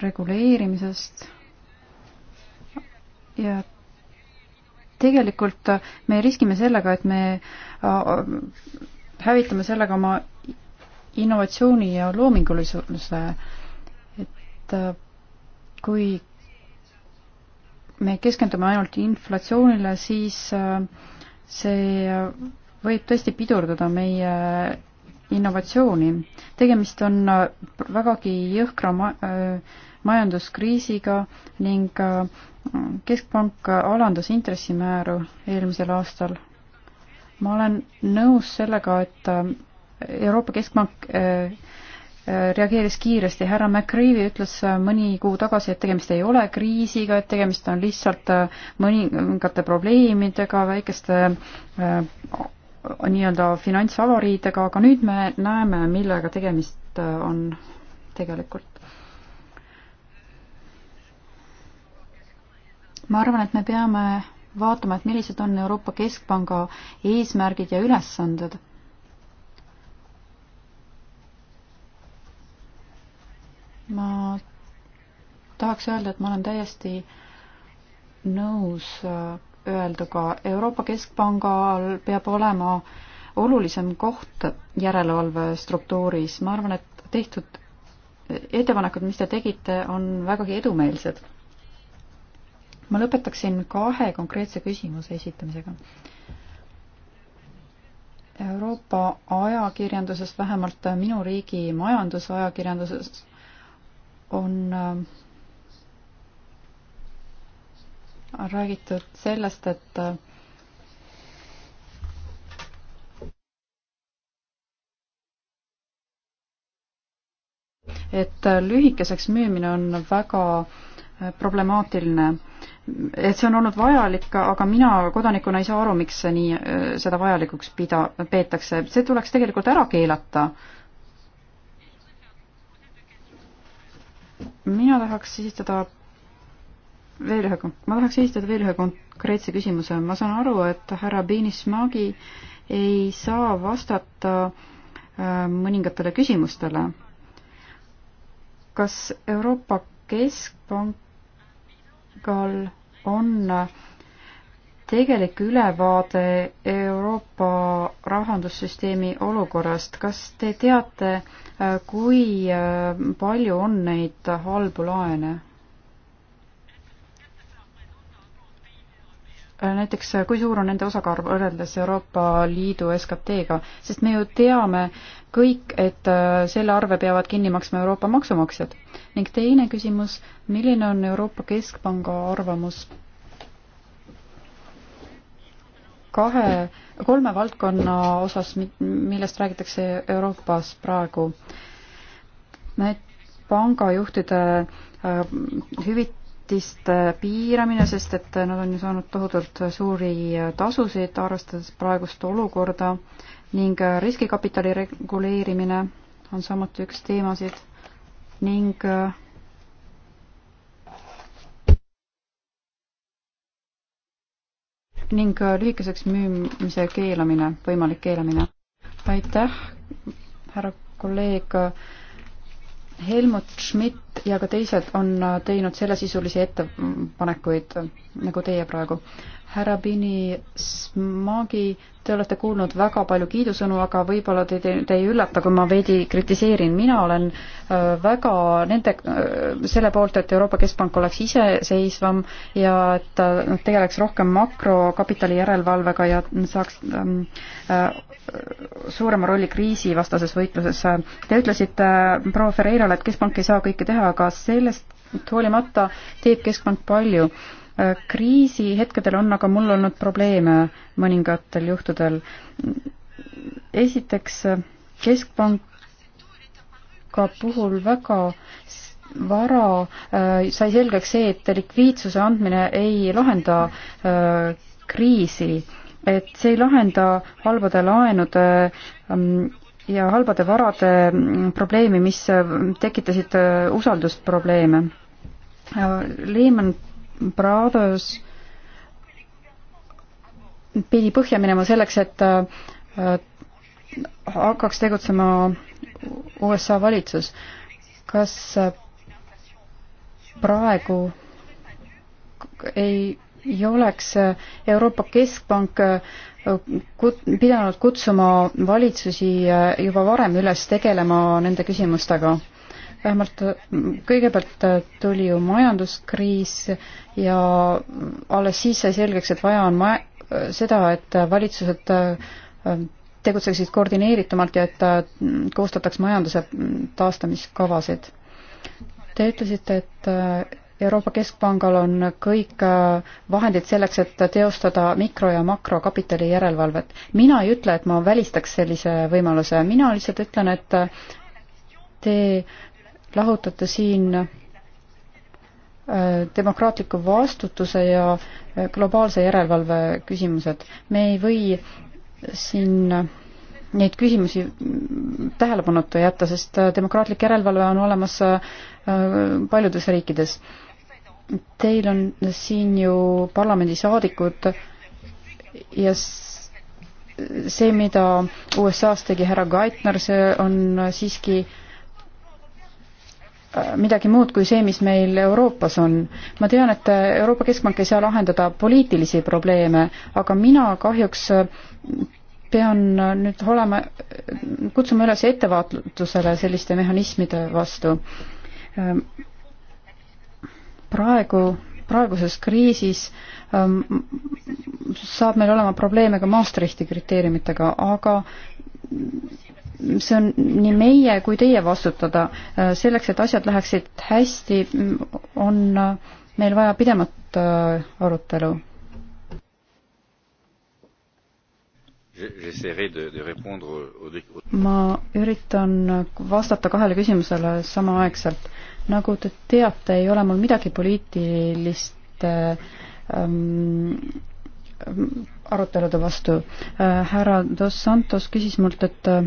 Speaker 1: reguleerimisest ja tegelikult me riskime sellega, et me hävitame sellega oma innovatsiooni ja loomingulisuse, et kui me keskendume ainult inflatsioonile, siis äh, see võib tõesti pidurdada meie innovatsiooni. tegemist on äh, vägagi jõhkra ma äh, majanduskriisiga ning Keskpank alandas intressimääru eelmisel aastal. ma olen nõus sellega, et Euroopa Keskpank äh, reageeris kiiresti. härra McRaevi ütles äh, mõni kuu tagasi, et tegemist ei ole kriisiga, et tegemist on lihtsalt äh, mõningate probleemidega, väikeste äh, nii-öelda finantsavariidega, aga nüüd me näeme, millega tegemist on tegelikult. ma arvan, et me peame vaatama, et millised on Euroopa Keskpanga eesmärgid ja ülesanded ma tahaks öelda, et ma olen täiesti nõus äh, öelduga. Euroopa Keskpangal peab olema olulisem koht järelevalvestruktuuris. ma arvan, et tehtud ettepanekud, mis te tegite, on vägagi edumeelsed. ma lõpetaksin kahe konkreetse küsimuse esitamisega. Euroopa ajakirjandusest, vähemalt minu riigi majandusajakirjandusest, Äh, on räägitud sellest, et äh, et äh, lühikeseks müümine on väga problemaatiline. et see on olnud vajalik, aga mina kodanikuna ei saa aru, miks see nii, seda vajalikuks pida, peetakse. see tuleks tegelikult ära keelata äh, mina tahaks esitada veel ühe, ma tahaks esitada veel ühe konkreetse küsimuse. ma saan aru, et härra Beenismagi ei saa vastata äh, mõningatele küsimustele. kas Euroopa Keskpangal on äh, tegelik ülevaade Euroopa rahandussüsteemi olukorrast. kas te teate, äh, kui äh, palju on neid halbu laene? Äh, näiteks kui suur on nende osakaal võrreldes Euroopa Liidu SKT-ga, sest me ju teame kõik, et selle arve peavad kinni maksma Euroopa maksumaksjad. ning teine küsimus, milline on Euroopa Keskpanga arvamus kahe, kolme valdkonna osas, millest räägitakse Euroopas praegu. Need pangajuhtide äh, hüvitiste piiramine, sest et nad on ju saanud tohutult suuri tasusid, arvestades praegust olukorda ning äh, riskikapitali reguleerimine on samuti üks teemasid ning äh, ning äh, lühikeseks müümise keelamine, võimalik keelamine. aitäh, härra kolleeg Helmut Schmidt Parlament ja ka teised on äh, teinud sellesisulisi ettepanekuid äh, nagu teie praegu. härra Bini Smagi, te olete kuulnud väga palju kiidusõnu, aga võib-olla te, te, te ei üllata, kui ma veidi kritiseerin. mina olen äh, väga nende, selle poolt, et Euroopa Keskpank oleks iseseisvam ja et ta tegeleks rohkem makrokapitali järelevalvega ja saaks ähm, suurema rolli kriisivastases võitluses. Te ütlesite proua Ferreirale, et keskpank ei saa kõike teha, aga sellest hoolimata teeb Keskpank palju. kriisihetkedel on aga mul olnud probleeme mõningatel juhtudel. esiteks, Keskpanga puhul väga vara äh, sai selgeks see, et likviidsuse andmine ei lahenda äh, kriisi, et see ei lahenda halbade laenude ähm, ja halbade varade mm, probleemi, mis äh, tekitasid äh, usaldusprobleeme. Äh, Lehman Brothers pidi põhja minema selleks, et hakkaks tegutsema USA valitsus. kas praegu ei, ei oleks Euroopa Keskpank äh, kut-, pidanud kutsuma valitsusi äh, juba varem üles tegelema nende küsimustega. vähemalt äh, kõigepealt äh, tuli ju majanduskriis ja alles siis sai selgeks, et vaja on ma-, seda, et valitsused tegutseksid koordineeritumalt ja et koostataks majanduse mm, taastamiskavasid. Te ütlesite, et Euroopa Keskpangal on kõik äh, vahendid selleks, et teostada mikro- ja makrokapitali järelevalvet. mina ei ütle, et ma välistaks sellise võimaluse, mina lihtsalt ütlen, et äh, te lahutate siin äh, demokraatliku vastutuse ja globaalse järelevalve küsimused. me ei või siin neid küsimusi mm, tähelepanuta jätta, sest demokraatlik järelevalve on olemas paljudes riikides teil on siin ju parlamendisaadikud ja see, mida USA-s tegi härra Geithner, see on siiski äh, midagi muud kui see, mis meil Euroopas on. ma tean, et Euroopa Keskpank ei saa lahendada poliitilisi probleeme, aga mina kahjuks äh, pean äh, nüüd olema, kutsuma üles ettevaatlusele selliste mehhanismide vastu praegu, praeguses kriisis ähm, saab meil olema probleeme ka Maastrichti kriteeriumitega, aga see on nii meie kui teie vastutada. Äh, selleks, et asjad läheksid hästi, on äh, meil vaja pidemat äh, arutelu. ma üritan vastata kahele küsimusele samaaegselt nagu te teate, ei ole mul midagi poliitilist ähm, arutelude vastu äh,. härra Dos Santos küsis mult, et äh,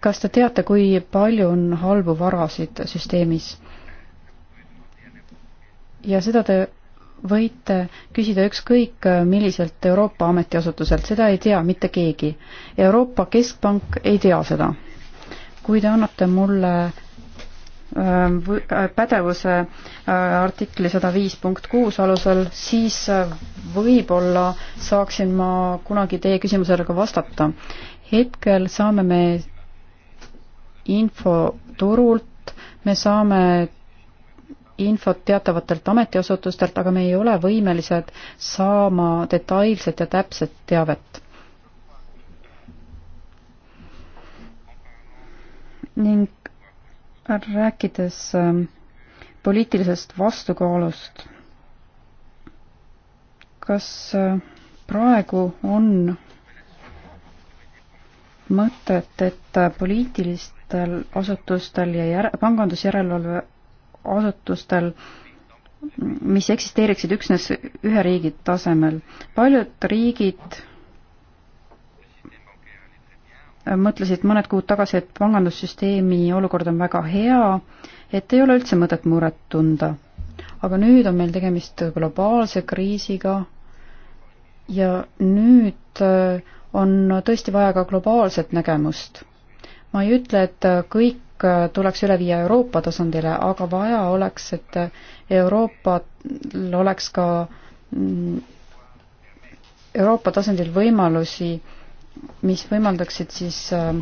Speaker 1: kas te teate, kui palju on halbu varasid süsteemis? ja seda te võite küsida ükskõik äh, milliselt Euroopa ametiasutuselt, seda ei tea mitte keegi. Euroopa Keskpank ei tea seda. kui te annate mulle Äh, pädevuse äh, artikli sada viis punkt kuus alusel, siis äh, võib-olla saaksin ma kunagi teie küsimusele ka vastata. hetkel saame me info turult, me saame infot teatavatelt ametiasutustelt, aga me ei ole võimelised saama detailset ja täpset teavet ning rääkides ähm, poliitilisest vastukaalust, kas äh, praegu on mõtet, et äh, poliitilistel asutustel ja jär-, pangandusjärelevalve asutustel, mis eksisteeriksid üksnes ühe riigi tasemel, paljud riigid mõtlesid mõned kuud tagasi, et pangandussüsteemi olukord on väga hea, et ei ole üldse mõtet muret tunda. aga nüüd on meil tegemist globaalse kriisiga ja nüüd äh, on tõesti vaja ka globaalset nägemust. ma ei ütle, et kõik tuleks üle viia Euroopa tasandile, aga vaja oleks, et Euroopal oleks ka mm, Euroopa tasandil võimalusi äh, mis võimaldaksid siis äh,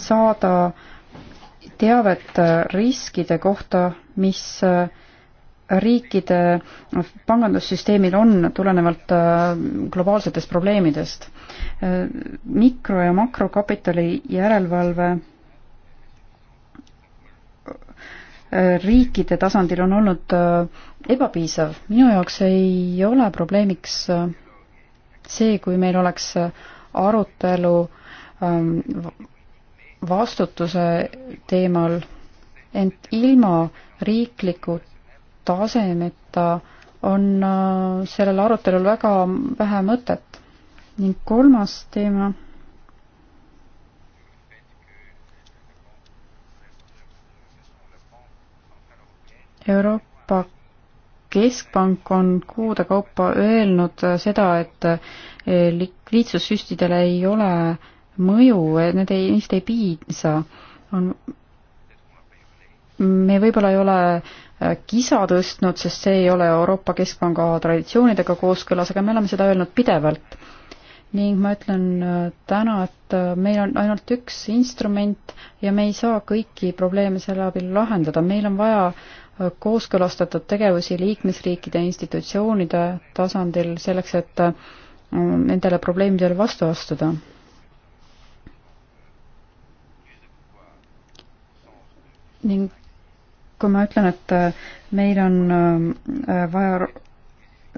Speaker 1: saada teavet äh, riskide kohta, mis äh, riikide pangandussüsteemil on tulenevalt globaalsetest probleemidest. mikro- ja makrokapitali järelevalve riikide tasandil on olnud ebapiisav. minu jaoks ei ole probleemiks see, kui meil oleks arutelu ähm, vastutuse teemal, ent ilma riikliku tasemeta on äh, sellel arutelul väga vähe mõtet. ning kolmas teema. Euroopa keskpank on kuude kaupa öelnud seda, et eh, likviidsussüstidel ei ole mõju, et need ei, neist ei piisa. on, me võib-olla ei ole eh, kisa tõstnud, sest see ei ole Euroopa Keskpanga traditsioonidega kooskõlas, aga me oleme seda öelnud pidevalt. ning ma ütlen eh, täna, et meil on ainult üks instrument ja me ei saa kõiki probleeme selle abil lahendada, meil on vaja äh, kooskõlastatud tegevusi liikmesriikide institutsioonide tasandil selleks, et mm, nendele probleemidele vastu astuda. ning kui ma ütlen, et meil on mm, vaja,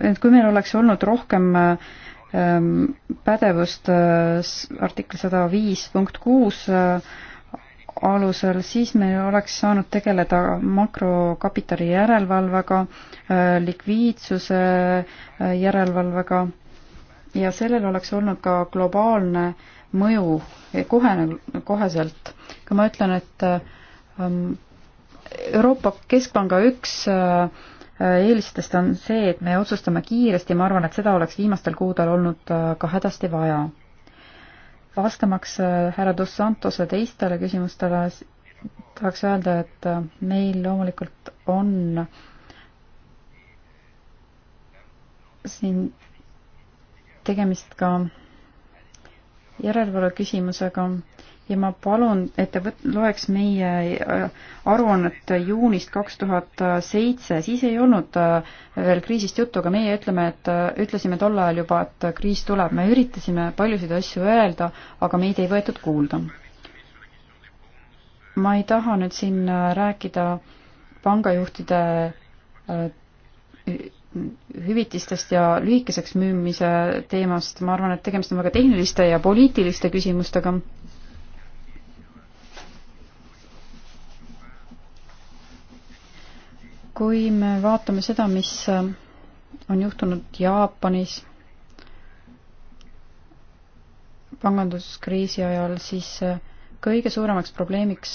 Speaker 1: et kui meil oleks olnud rohkem mm, pädevust artikli sada viis punkt kuus alusel, siis me oleks saanud tegeleda makrokapitali järelevalvega, äh, likviidsuse äh, järelevalvega ja sellel oleks olnud ka globaalne mõju kohene, koheselt. kui ma ütlen, et äh, ähm, Euroopa Keskpanga üks eelistest on see, et me otsustame kiiresti, ma arvan, et seda oleks viimastel kuudel olnud ka hädasti vaja vastamaks äh, härra Dos Santose teistele küsimustele tahaks öelda, et äh, meil loomulikult on siin tegemist ka järelevalve küsimusega ja ma palun, et te võt-, loeks meie äh, aruannet juunist kaks tuhat äh, seitse, siis ei olnud äh, veel kriisist juttu, aga meie ütleme, et ütlesime tol ajal juba, et kriis tuleb, me üritasime paljusid asju öelda, aga meid ei võetud kuulda. ma ei taha nüüd siin rääkida pangajuhtide hüvitistest ja lühikeseks müümise teemast, ma arvan, et tegemist on väga tehniliste ja poliitiliste küsimustega. kui me vaatame seda, mis on juhtunud Jaapanis panganduskriisi ajal, siis kõige suuremaks probleemiks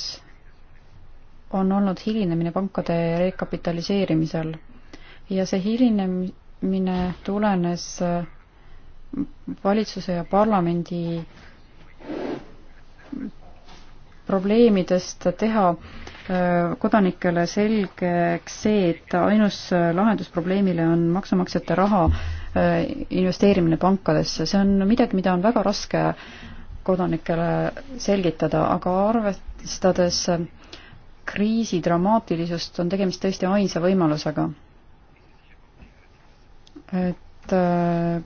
Speaker 1: on olnud hilinemine pankade rekapitaliseerimisel ja see hilinemine tulenes äh, valitsuse ja parlamendi probleemidest teha äh, kodanikele selgeks see, et ainus äh, lahendus probleemile on maksumaksjate raha investeerimine pankadesse, see on midagi, mida on väga raske kodanikele selgitada, aga arvestades kriisi dramaatilisust, on tegemist tõesti ainsa võimalusega et äh,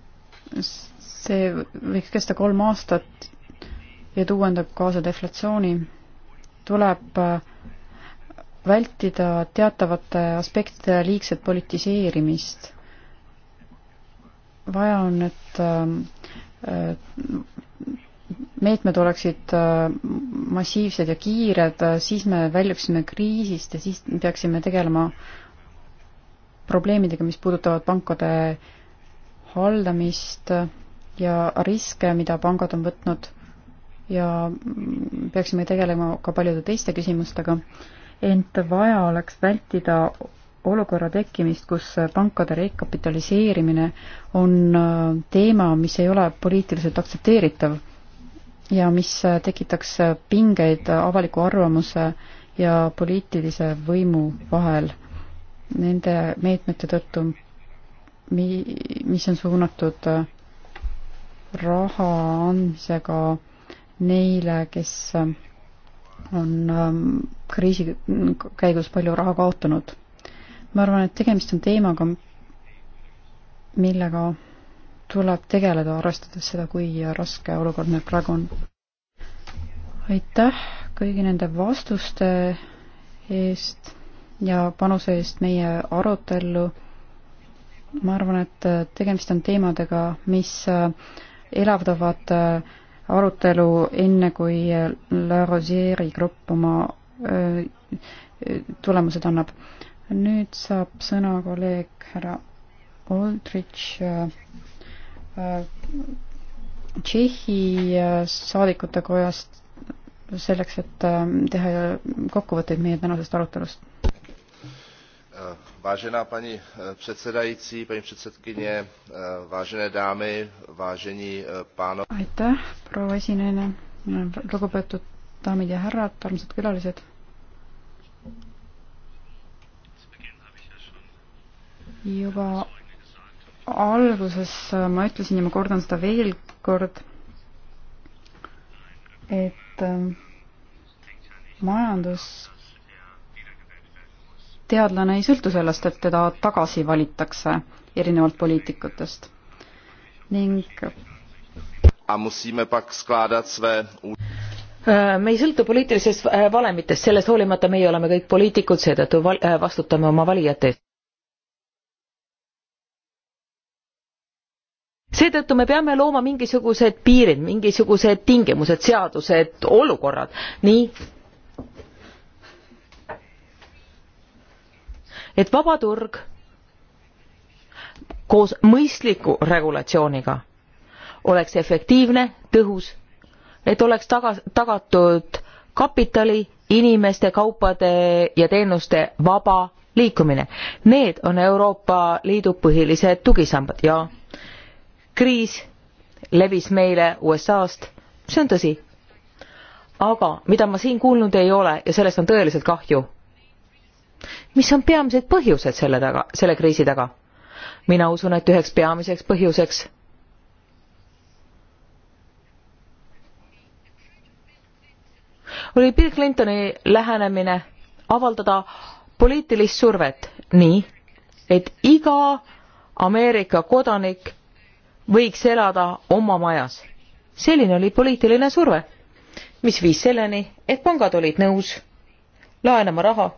Speaker 1: see võiks kesta kolm aastat ja tuua endab kaasa deflatsiooni, tuleb äh, vältida teatavate aspektide liigset politiseerimist. vaja on, et äh, meetmed oleksid massiivsed ja kiired, siis me väljuksime kriisist ja siis peaksime tegelema äh, probleemidega, mis puudutavad pankade haldamist ja riske, mida pangad on võtnud ja peaksime tegelema ka paljude teiste küsimustega, ent vaja oleks vältida olukorra tekkimist, kus pankade rekapitaliseerimine on teema, mis ei ole poliitiliselt aktsepteeritav ja mis tekitaks pingeid avaliku arvamuse ja poliitilise võimu vahel nende meetmete tõttu, mi-, mis on suunatud raha andmisega neile, kes on ähm, kriisi käigus palju raha kaotanud. ma arvan, et tegemist on teemaga, millega tuleb tegeleda, arvestades seda, kui raske olukord meil praegu on. aitäh kõigi nende vastuste eest ja panuse eest meie arutellu. ma arvan, et tegemist on teemadega, mis elavdavad arutelu enne, kui La Rosieri grupp oma tulemused annab. nüüd saab sõna kolleeg härra Oldrich Tšehhi saadikute kojast selleks, et teha kokkuvõtteid meie tänasest arutelust
Speaker 2: vážená paní eh, předsedající paní předsedkyně eh, vážené dámy vážení eh, pánové
Speaker 1: aitäh proua esineja lugupeetud daamid ja härrad armsad külalised juba alguses ma ütlesin ja ma kordan seda veel kord et majandus teadlane ei sõltu sellest, et teda tagasi valitakse, erinevalt
Speaker 3: poliitikutest. ning äh, me ei sõltu poliitilisest äh, valemitest, sellest hoolimata meie oleme kõik poliitikud, seetõttu äh, vastutame oma valijate eest. seetõttu me peame looma mingisugused piirid mingisugused tingimused seadused olukorrad nii et vaba turg koos mõistliku regulatsiooniga oleks efektiivne tõhus et oleks taga, tagatud kapitali inimeste kaupade ja teenuste vaba liikumine need on euroopa liidu põhilised tugisambad ja kriis levis meile usast see on tõsi aga mida ma siin kuulnud ei ole ja sellest on tõeliselt kahju mis on peamised põhjused selle taga, selle kriisi taga? mina usun, et üheks peamiseks põhjuseks oli Bill Clintoni lähenemine avaldada poliitilist survet nii, et iga Ameerika kodanik võiks elada oma majas. selline oli poliitiline surve, mis viis selleni, et pangad olid nõus laenama raha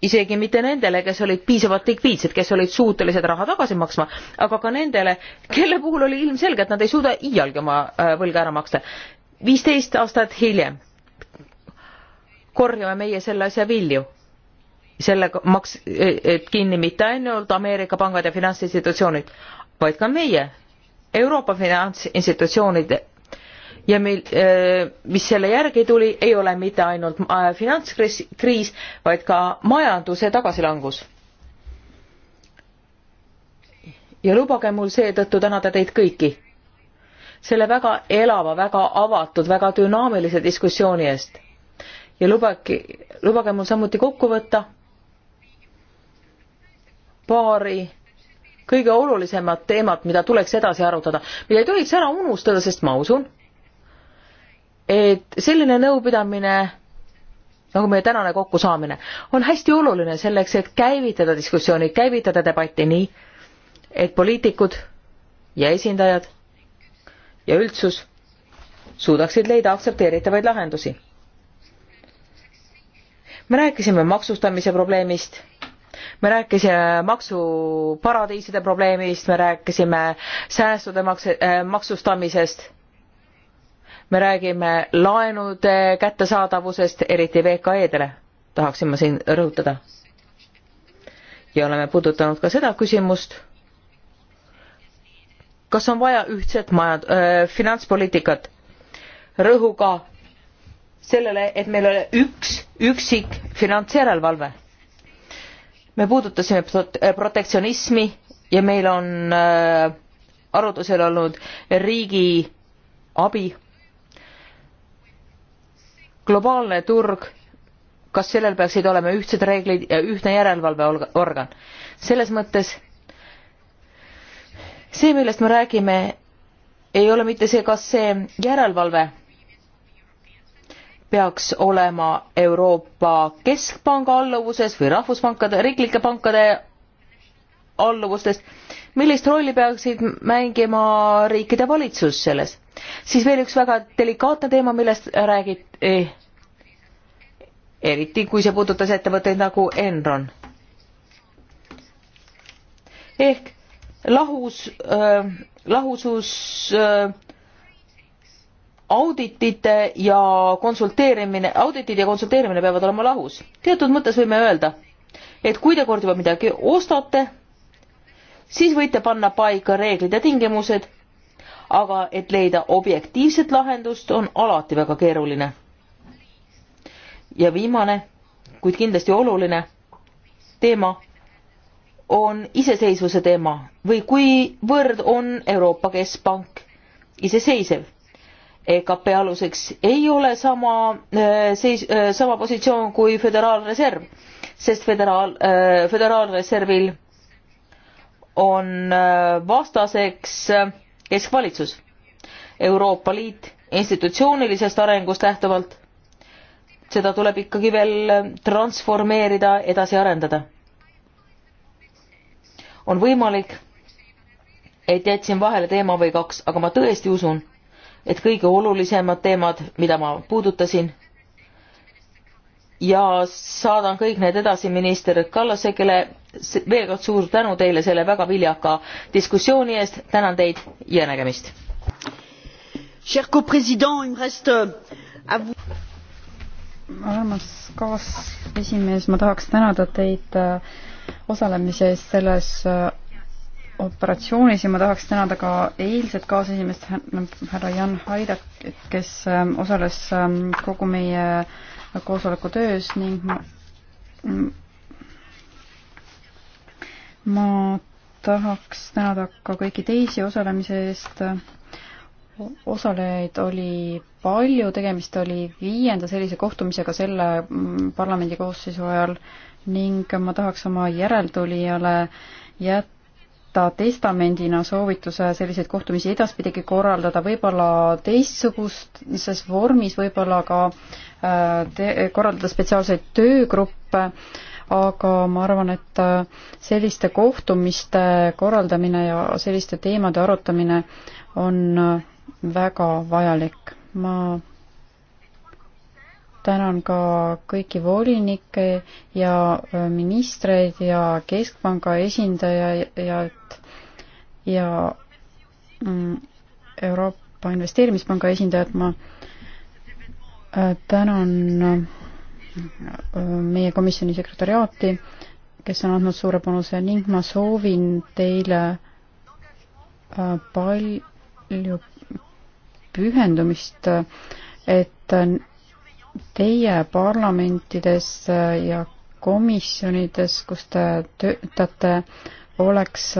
Speaker 3: isegi mitte nendele, kes olid piisavalt likviidsed, kes olid suutelised raha tagasi maksma, aga ka nendele, kelle puhul oli ilmselge, et nad ei suuda iialgi oma äh, võlga ära maksta. viisteist aastat hiljem korjame meie selle asja vilju. selle maks-, et e, kinni mitte ainult Ameerika pangad ja finantsinstitutsioonid, vaid ka meie, Euroopa finantsinstitutsioonide ja meil, äh, mis selle järgi tuli, ei ole mitte ainult äh, finantskriis, vaid ka majanduse tagasilangus. ja lubage mul seetõttu tänada teid kõiki selle väga elava, väga avatud, väga dünaamilise diskussiooni eest. ja lubage, lubage mul samuti kokku võtta paari kõige olulisemat teemat, mida tuleks edasi arutada, mida ei tohiks ära unustada, sest ma usun, et selline nõupidamine nagu meie tänane kokkusaamine on hästi oluline selleks, et käivitada diskussiooni, käivitada debatti nii, et poliitikud ja esindajad ja üldsus suudaksid leida aktsepteeritavaid lahendusi. me rääkisime maksustamise probleemist, me rääkisime maksuparadiiside probleemist, me rääkisime säästude makse äh,, maksustamisest me räägime laenude kättesaadavusest, eriti VKE-dele, tahaksin ma siin rõhutada. ja oleme puudutanud ka seda küsimust, kas on vaja ühtset majand- äh,, finantspoliitikat rõhuga sellele, et meil ole üks üksik finantsjärelevalve. me puudutasime äh, protektsionismi ja meil on äh, arutusel olnud riigi abi globaalne turg kas sellel peaksid olema ühtsed reeglid ja ühtne järelevalveorgan selles mõttes see millest me räägime ei ole mitte see kas see järelevalve peaks olema euroopa keskpanga alluvuses või rahvuspankade riiklike pankade alluvustes millist rolli peaksid mängima riikide valitsus selles? siis veel üks väga delikaatne teema, millest räägiti eh,, eriti kui see puudutas ettevõtteid nagu Enron. ehk lahus äh,, lahusus äh, auditite ja konsulteerimine, auditid ja konsulteerimine peavad olema lahus. teatud mõttes võime öelda, et kui te kord juba midagi ostate, siis võite panna paika reeglid ja tingimused, aga et leida objektiivset lahendust, on alati väga keeruline. ja viimane, kuid kindlasti oluline teema on iseseisvuse teema või kuivõrd on Euroopa Keskpank iseseisev. EKP aluseks ei ole sama äh, seis, äh, sama positsioon kui Föderaalreserv, sest föderaal, äh, Föderaalreservil on äh, vastaseks äh, keskvalitsus, Euroopa Liit institutsioonilisest arengust lähtuvalt, seda tuleb ikkagi veel äh, transformeerida, edasi arendada. on võimalik, et jätsin vahele teema või kaks, aga ma tõesti usun, et kõige olulisemad teemad, mida ma puudutasin, ja saadan kõik need edasi minister Kallase, kelle veel kord suur tänu teile selle väga viljaka diskussiooni eest, tänan teid ja nägemist.
Speaker 1: armas kaasesimees, ma tahaks tänada teid äh, osalemise eest selles äh, operatsioonis ja ma tahaks tänada ka eilset kaasesimeest härra Jan Haidak, kes äh, osales ähm, kogu meie äh, koosoleku töös ning ma, ma tahaks tänada ka kõiki teisi osalemise eest. osalejaid oli palju, tegemist oli viienda sellise kohtumisega selle mm, parlamendi koosseisu ajal ning ma tahaks oma järeltulijale jätta ta testamendina soovituse selliseid kohtumisi edaspidigi korraldada, võib-olla teistsuguses vormis, võib-olla ka äh, Äh, te-, korraldada spetsiaalseid töögruppe, aga ma arvan, et äh, selliste kohtumiste korraldamine ja selliste teemade arutamine on äh, väga vajalik. ma tänan ka kõiki volinikke ja ministreid ja Keskpanga esindajaid ja mm, Euroopa Investeerimispanga esindajat ma Äh, tänan äh, meie komisjoni sekretariaati, kes on andnud suure panuse ning ma soovin teile äh, palju pühendumist, et teie parlamentides ja komisjonides, kus te töötate, oleks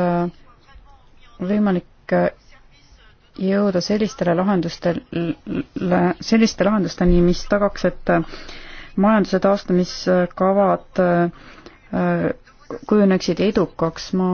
Speaker 1: võimalik jõuda sellistele lahendustele, selliste lahendusteni, mis tagaks, et äh, majanduse taastamiskavad äh, äh, kujuneksid edukaks. ma